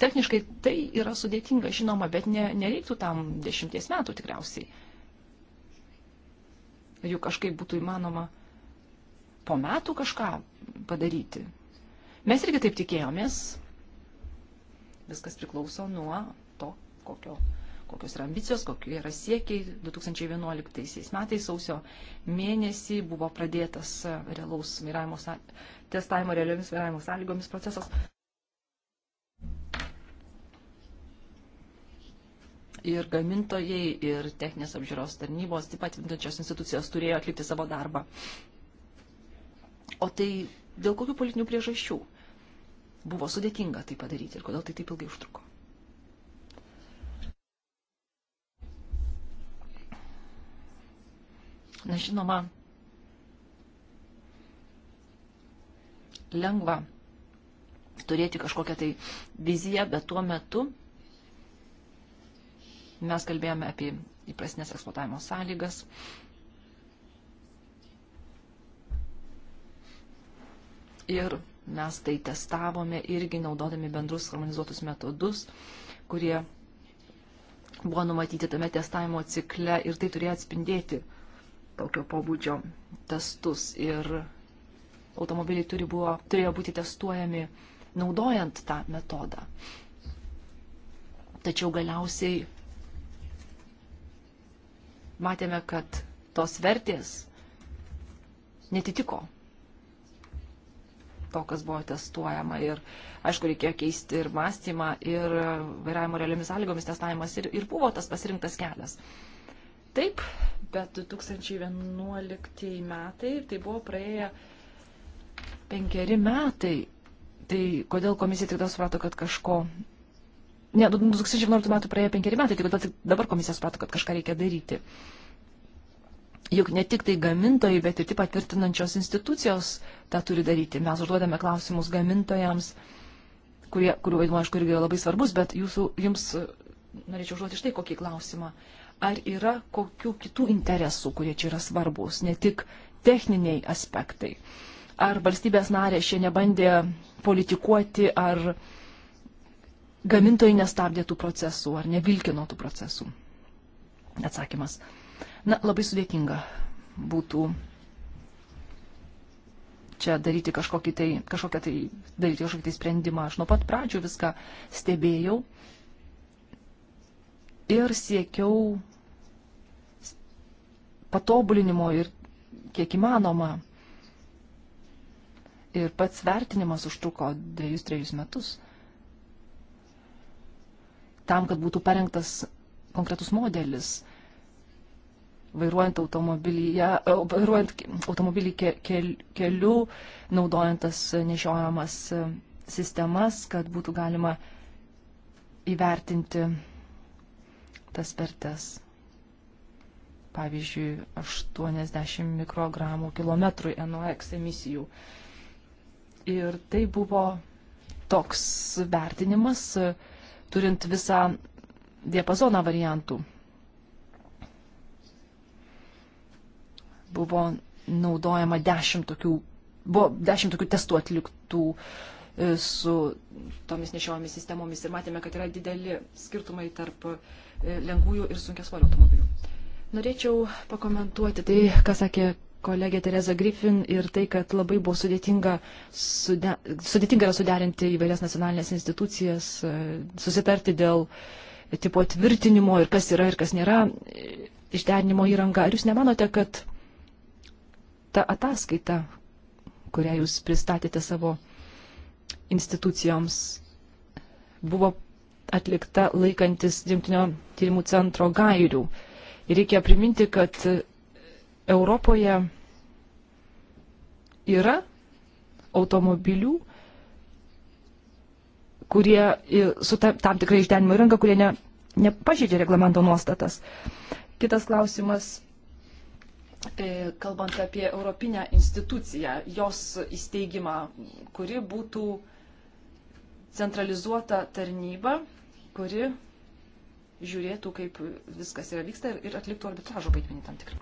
techniškai tai yra sudėtinga, žinoma, bet ne, nereiktų tam dešimties metų tikriausiai. Juk kažkaip būtų įmanoma po metų kažką padaryti. Mes irgi taip tikėjomės. Viskas priklauso nuo to, kokio kokios yra ambicijos, kokie yra siekiai. 2011 metais sausio mėnesį buvo pradėtas realaus vairavimo testavimo realiomis vairavimo sąlygomis procesas. Ir gamintojai, ir techninės apžiūros tarnybos, taip pat vintančios institucijos turėjo atlikti savo darbą. O tai dėl kokių politinių priežasčių buvo sudėtinga tai padaryti ir kodėl tai taip ilgai užtruko? Na žinoma, lengva turėti kažkokią tai viziją, bet tuo metu mes kalbėjome apie įprasnės eksploatavimo sąlygas. Ir mes tai testavome irgi naudodami bendrus harmonizuotus metodus, kurie buvo numatyti tame testavimo cikle ir tai turėjo atspindėti uh, tokio pobūdžio testus ir automobiliai turi buvo, turėjo būti testuojami naudojant tą metodą. Tačiau galiausiai matėme, kad tos vertės netitiko to, kas buvo testuojama. Ir aišku, reikėjo keisti ir mąstymą, ir vairavimo realiomis sąlygomis testavimas, ir, ir buvo tas pasirinktas kelias. Uh, Taip, bet 2011 metai, tai buvo praėję penkeri metai. Tai kodėl komisija tik dabar suprato, kad kažko. Ne, 2011 metų praėjo penkeri metai, tai kodėl tik dabar komisija suprato, kad kažką reikia daryti. Juk ne tik tai gamintojai, bet ir taip patvirtinančios institucijos tą turi daryti. Mes užduodame klausimus gamintojams, kurie, kurių vaidmuo, aišku, irgi yra labai svarbus, bet jūsų, jums norėčiau užduoti štai kokį klausimą. Ar yra kokių kitų interesų, kurie čia yra svarbus, ne tik techniniai aspektai? Ar valstybės narės čia nebandė politikuoti, ar gamintojai nestabdė tų procesų, ar nevilkino tų procesų? Atsakymas. Na, labai sudėtinga būtų čia daryti kažkokį tai, kažkokią tai, daryti kažkokį tai sprendimą. Aš nuo pat pradžių viską stebėjau ir siekiau patobulinimo ir kiek įmanoma. Ir pats vertinimas užtruko dviejus, trejus metus. Tam, kad būtų parengtas konkretus modelis, vairuojant, vairuojant automobilį ke, ke, keliu, naudojant tas nešiojamas sistemas, kad būtų galima įvertinti tas vertes. Pavyzdžiui, 80 mikrogramų kilometrui NOx emisijų. Ir tai buvo toks vertinimas, turint visą diapazoną variantų. Buvo naudojama dešimt tokių, buvo dešimt tokių testų atliktų e, su tomis nešiojomis sistemomis ir matėme, kad yra dideli skirtumai tarp uh, E, lengvųjų ir sunkiasvorių automobilių. Norėčiau pakomentuoti tai, ką sakė kolegė Tereza Griffin ir tai, kad labai buvo sudėtinga, sude, sudėtinga yra suderinti įvairias nacionalinės institucijas, e, susitarti dėl tipo tvirtinimo ir kas yra ir kas nėra e, išderinimo įranga. Ar jūs nemanote, kad ta ataskaita, kurią jūs pristatėte savo institucijoms, buvo atlikta laikantis Dimtinio tyrimų centro gairių. Ir reikia priminti, kad Europoje yra automobilių, kurie su tam tikrai išdenimo įranga, kurie ne, nepažydžia reglamento nuostatas. Kitas klausimas e, kalbant apie Europinę instituciją, jos įsteigimą, kuri būtų centralizuota tarnyba, kuri žiūrėtų, kaip viskas yra vyksta ir atliktų arbitražo vaidmenį tam tikrą.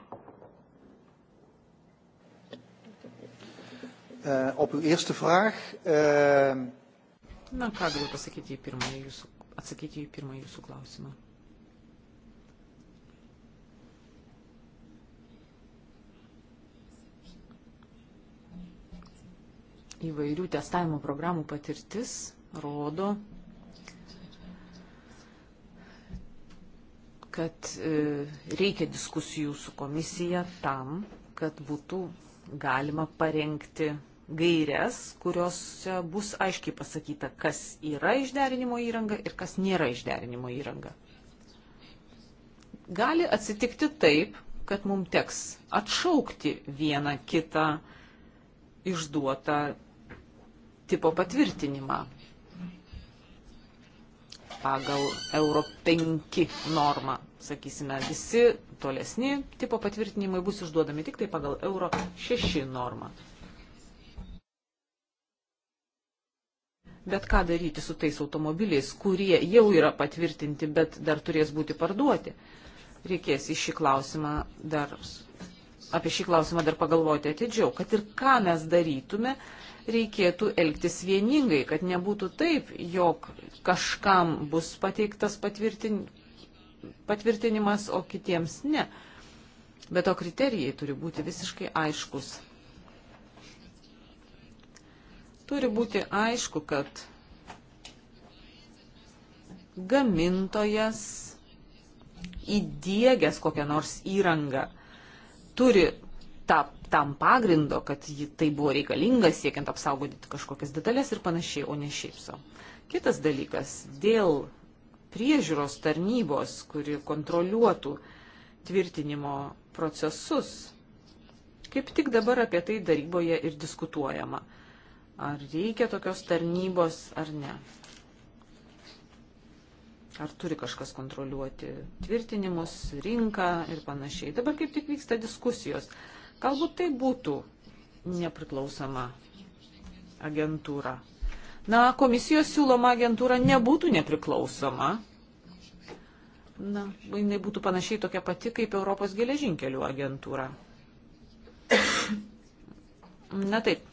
Uh, op uw eerste vraag. Uh... Na, ką galiu pasakyti į pirmąjį jūsų, atsakyti į pirmąjį jūsų klausimą. Įvairių testavimo programų patirtis rodo, kad e, reikia diskusijų su komisija tam, kad būtų galima parengti gairias, kurios bus aiškiai pasakyta, kas yra išderinimo įranga ir kas nėra išderinimo įranga. Gali atsitikti taip, kad mums teks atšaukti vieną kitą išduotą tipo patvirtinimą pagal Euro 5 normą sakysime, visi tolesni tipo patvirtinimai bus išduodami tik tai pagal euro 6 normą. Bet ką daryti su tais automobiliais, kurie jau yra patvirtinti, bet dar turės būti parduoti? Reikės į šį klausimą dar, apie šį klausimą dar pagalvoti atidžiau, kad ir ką mes darytume, reikėtų elgtis vieningai, kad nebūtų taip, jog kažkam bus pateiktas patvirtin, patvirtinimas, o kitiems ne. Bet to kriterijai turi būti visiškai aiškus. Turi būti aišku, kad gamintojas įdėgęs kokią nors įrangą turi tą, tam pagrindo, kad ji, tai buvo reikalinga siekiant apsaugoti kažkokias detalės ir panašiai, o ne šiaip savo. Kitas dalykas, dėl priežiūros tarnybos, kuri kontroliuotų tvirtinimo procesus. Kaip tik dabar apie tai daryboje ir diskutuojama. Ar reikia tokios tarnybos ar ne? Ar turi kažkas kontroliuoti tvirtinimus, rinką ir panašiai. Dabar kaip tik vyksta diskusijos. Galbūt tai būtų nepriklausoma agentūra Na, komisijos siūloma agentūra nebūtų nepriklausoma. Na, jinai būtų panašiai tokia pati kaip Europos geležinkelių agentūra. Na taip,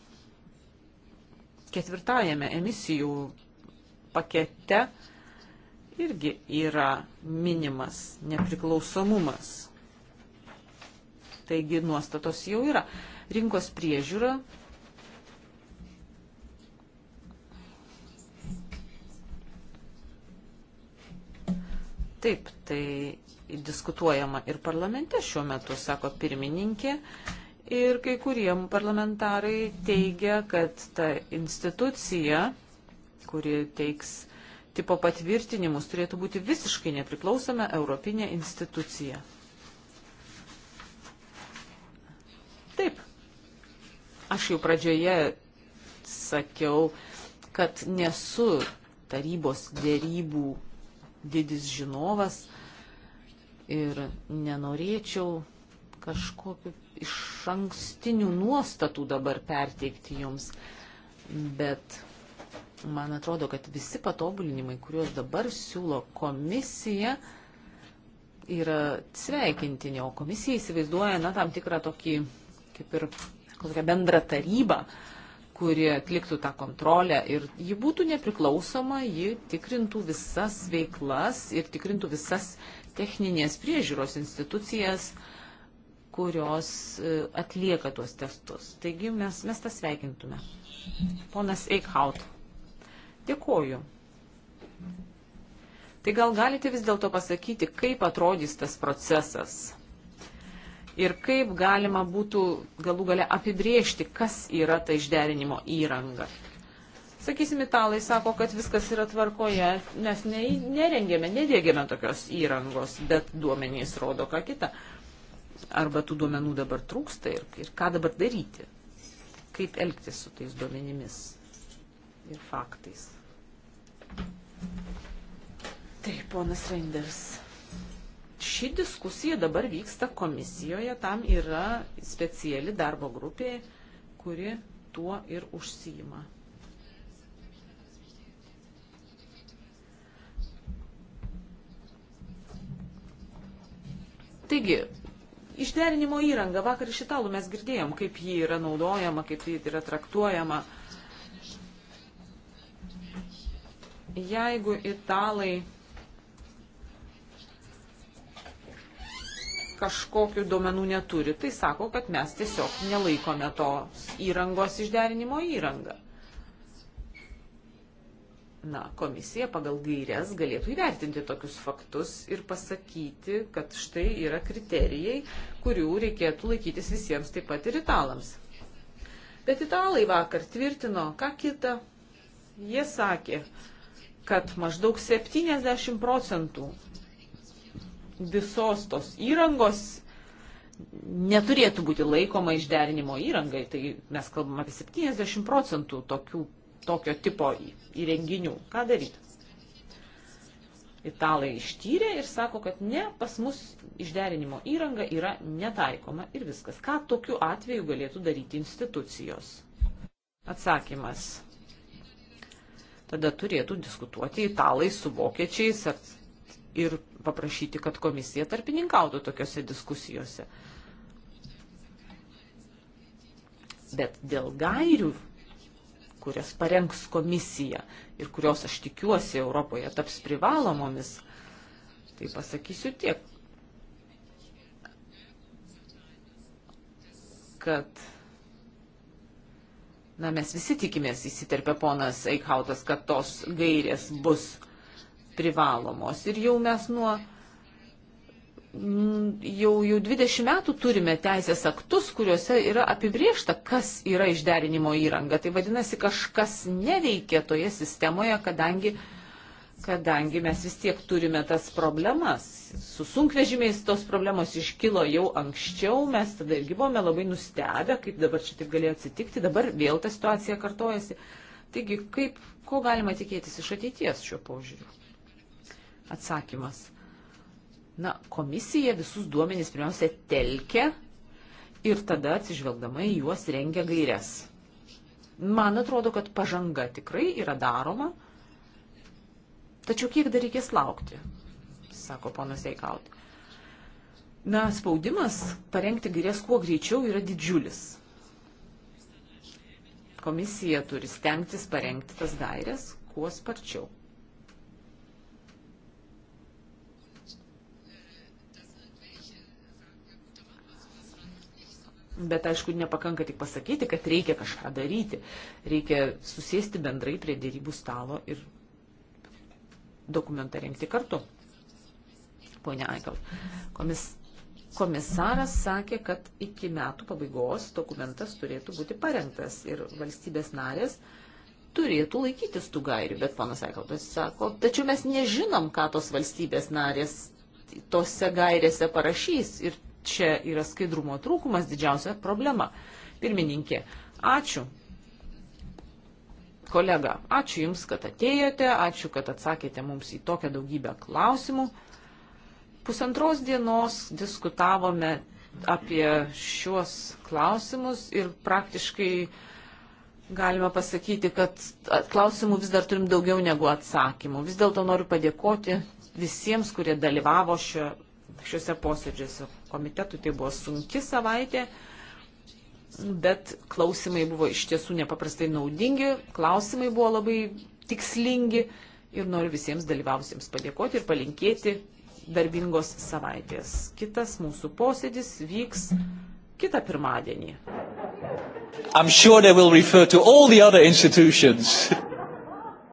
ketvirtajame emisijų pakete irgi yra minimas nepriklausomumas. Taigi nuostatos jau yra. Rinkos priežiūra Taip, tai diskutuojama ir parlamente šiuo metu, sako pirmininkė. Ir kai kurie parlamentarai teigia, kad ta institucija, kuri teiks tipo patvirtinimus, turėtų būti visiškai nepriklausoma europinė institucija. Taip. Aš jau pradžioje sakiau, kad nesu tarybos dėrybų didis žinovas ir nenorėčiau kažkokiu iš ankstinių nuostatų dabar perteikti jums, bet man atrodo, kad visi patobulinimai, kuriuos dabar siūlo komisija, yra sveikintini, o komisija įsivaizduoja, na, tam tikrą tokį, kaip ir kokią bendrą tarybą, uh, kuri atliktų tą kontrolę ir ji būtų nepriklausoma, ji tikrintų visas veiklas ir tikrintų visas techninės priežiūros institucijas, kurios e, atlieka tuos testus. Taigi mes, mes tą sveikintume. Ponas Eichhaut, dėkoju. Tai gal galite vis dėlto pasakyti, kaip atrodys tas procesas? ir kaip galima būtų galų gale apibriežti, kas yra ta išderinimo įranga. Sakysim, italai sako, kad viskas yra tvarkoje, mes ne, nerengėme, nedėgėme tokios įrangos, bet duomenys rodo ką kitą. Arba tų duomenų dabar trūksta ir, ir ką dabar daryti, kaip elgtis su tais duomenimis ir faktais. Taip, ponas Reinders ši diskusija dabar vyksta komisijoje, tam yra speciali darbo grupė, kuri tuo ir užsijima. Taigi, išderinimo įranga, vakar iš italų mes girdėjom, kaip ji yra naudojama, kaip ji yra traktuojama. Jeigu italai kažkokių duomenų neturi, tai sako, kad mes tiesiog nelaikome tos įrangos išderinimo įrangą. Na, komisija pagal gairias galėtų įvertinti tokius faktus ir pasakyti, kad štai yra kriterijai, kurių reikėtų laikytis visiems taip pat ir italams. Bet italai vakar tvirtino, ką kita. Jie sakė, kad maždaug 70 procentų visos tos įrangos neturėtų būti laikoma išderinimo įrangai. Tai mes kalbam apie 70 procentų tokių, tokio tipo įrenginių. Ką daryti? Italai ištyrė ir sako, kad ne, pas mus išderinimo įranga yra netaikoma ir viskas. Ką tokiu atveju galėtų daryti institucijos? Atsakymas. Tada turėtų diskutuoti italai su vokiečiais ir paprašyti, kad komisija tarpininkautų tokiuose diskusijose. Bet dėl gairių, kurias parengs komisija ir kurios aš tikiuosi Europoje taps privalomomis, tai pasakysiu tiek, kad na, mes visi tikimės, įsiterpė ponas Eikhautas, kad tos gairės bus privalomos. Ir jau mes nuo jau, jau 20 metų turime teisės aktus, kuriuose yra apibriešta, kas yra išderinimo įranga. Tai vadinasi, kažkas neveikia toje sistemoje, kadangi, kadangi mes vis tiek turime tas problemas. Su sunkvežimiais tos problemos iškilo jau anksčiau, mes tada irgi buvome labai nustebę, kaip dabar čia taip galėjo atsitikti, dabar vėl ta situacija kartojasi. Taigi, kaip, ko galima tikėtis iš ateities šiuo požiūriu? Atsakymas. Na, komisija visus duomenys pirmiausia telkia ir tada atsižvelgdama į juos rengia gairias. Man atrodo, kad pažanga tikrai yra daroma, tačiau kiek dar reikės laukti, sako ponas Eikaut. Na, spaudimas parengti gairias kuo greičiau yra didžiulis. Komisija turi stengtis parengti tas gairias kuo sparčiau. Bet aišku, nepakanka tik pasakyti, kad reikia kažką daryti. Reikia susėsti bendrai prie dėrybų stalo ir dokumentą rengti kartu. Pone Aikal, komis, komisaras sakė, kad iki metų pabaigos dokumentas turėtų būti parengtas ir valstybės narės turėtų laikytis tų gairių. Bet panas Aikaltas sako, tačiau mes nežinom, ką tos valstybės narės tose gairėse parašys ir čia yra skaidrumo trūkumas didžiausia problema. Pirmininkė, ačiū. Kolega, ačiū Jums, kad atėjote, ačiū, kad atsakėte mums į tokią daugybę klausimų. Pusantros dienos diskutavome apie šiuos klausimus ir praktiškai Galima pasakyti, kad klausimų vis dar turim daugiau negu atsakymų. Vis dėlto noriu padėkoti visiems, kurie dalyvavo šio, šiuose posėdžiuose. Komitetui tai buvo sunki savaitė, bet klausimai buvo iš tiesų nepaprastai naudingi, klausimai buvo labai tikslingi ir noriu visiems dalyvausiems padėkoti ir palinkėti darbingos savaitės. Kitas mūsų posėdis vyks kitą pirmadienį. I'm sure they will refer to all the other institutions.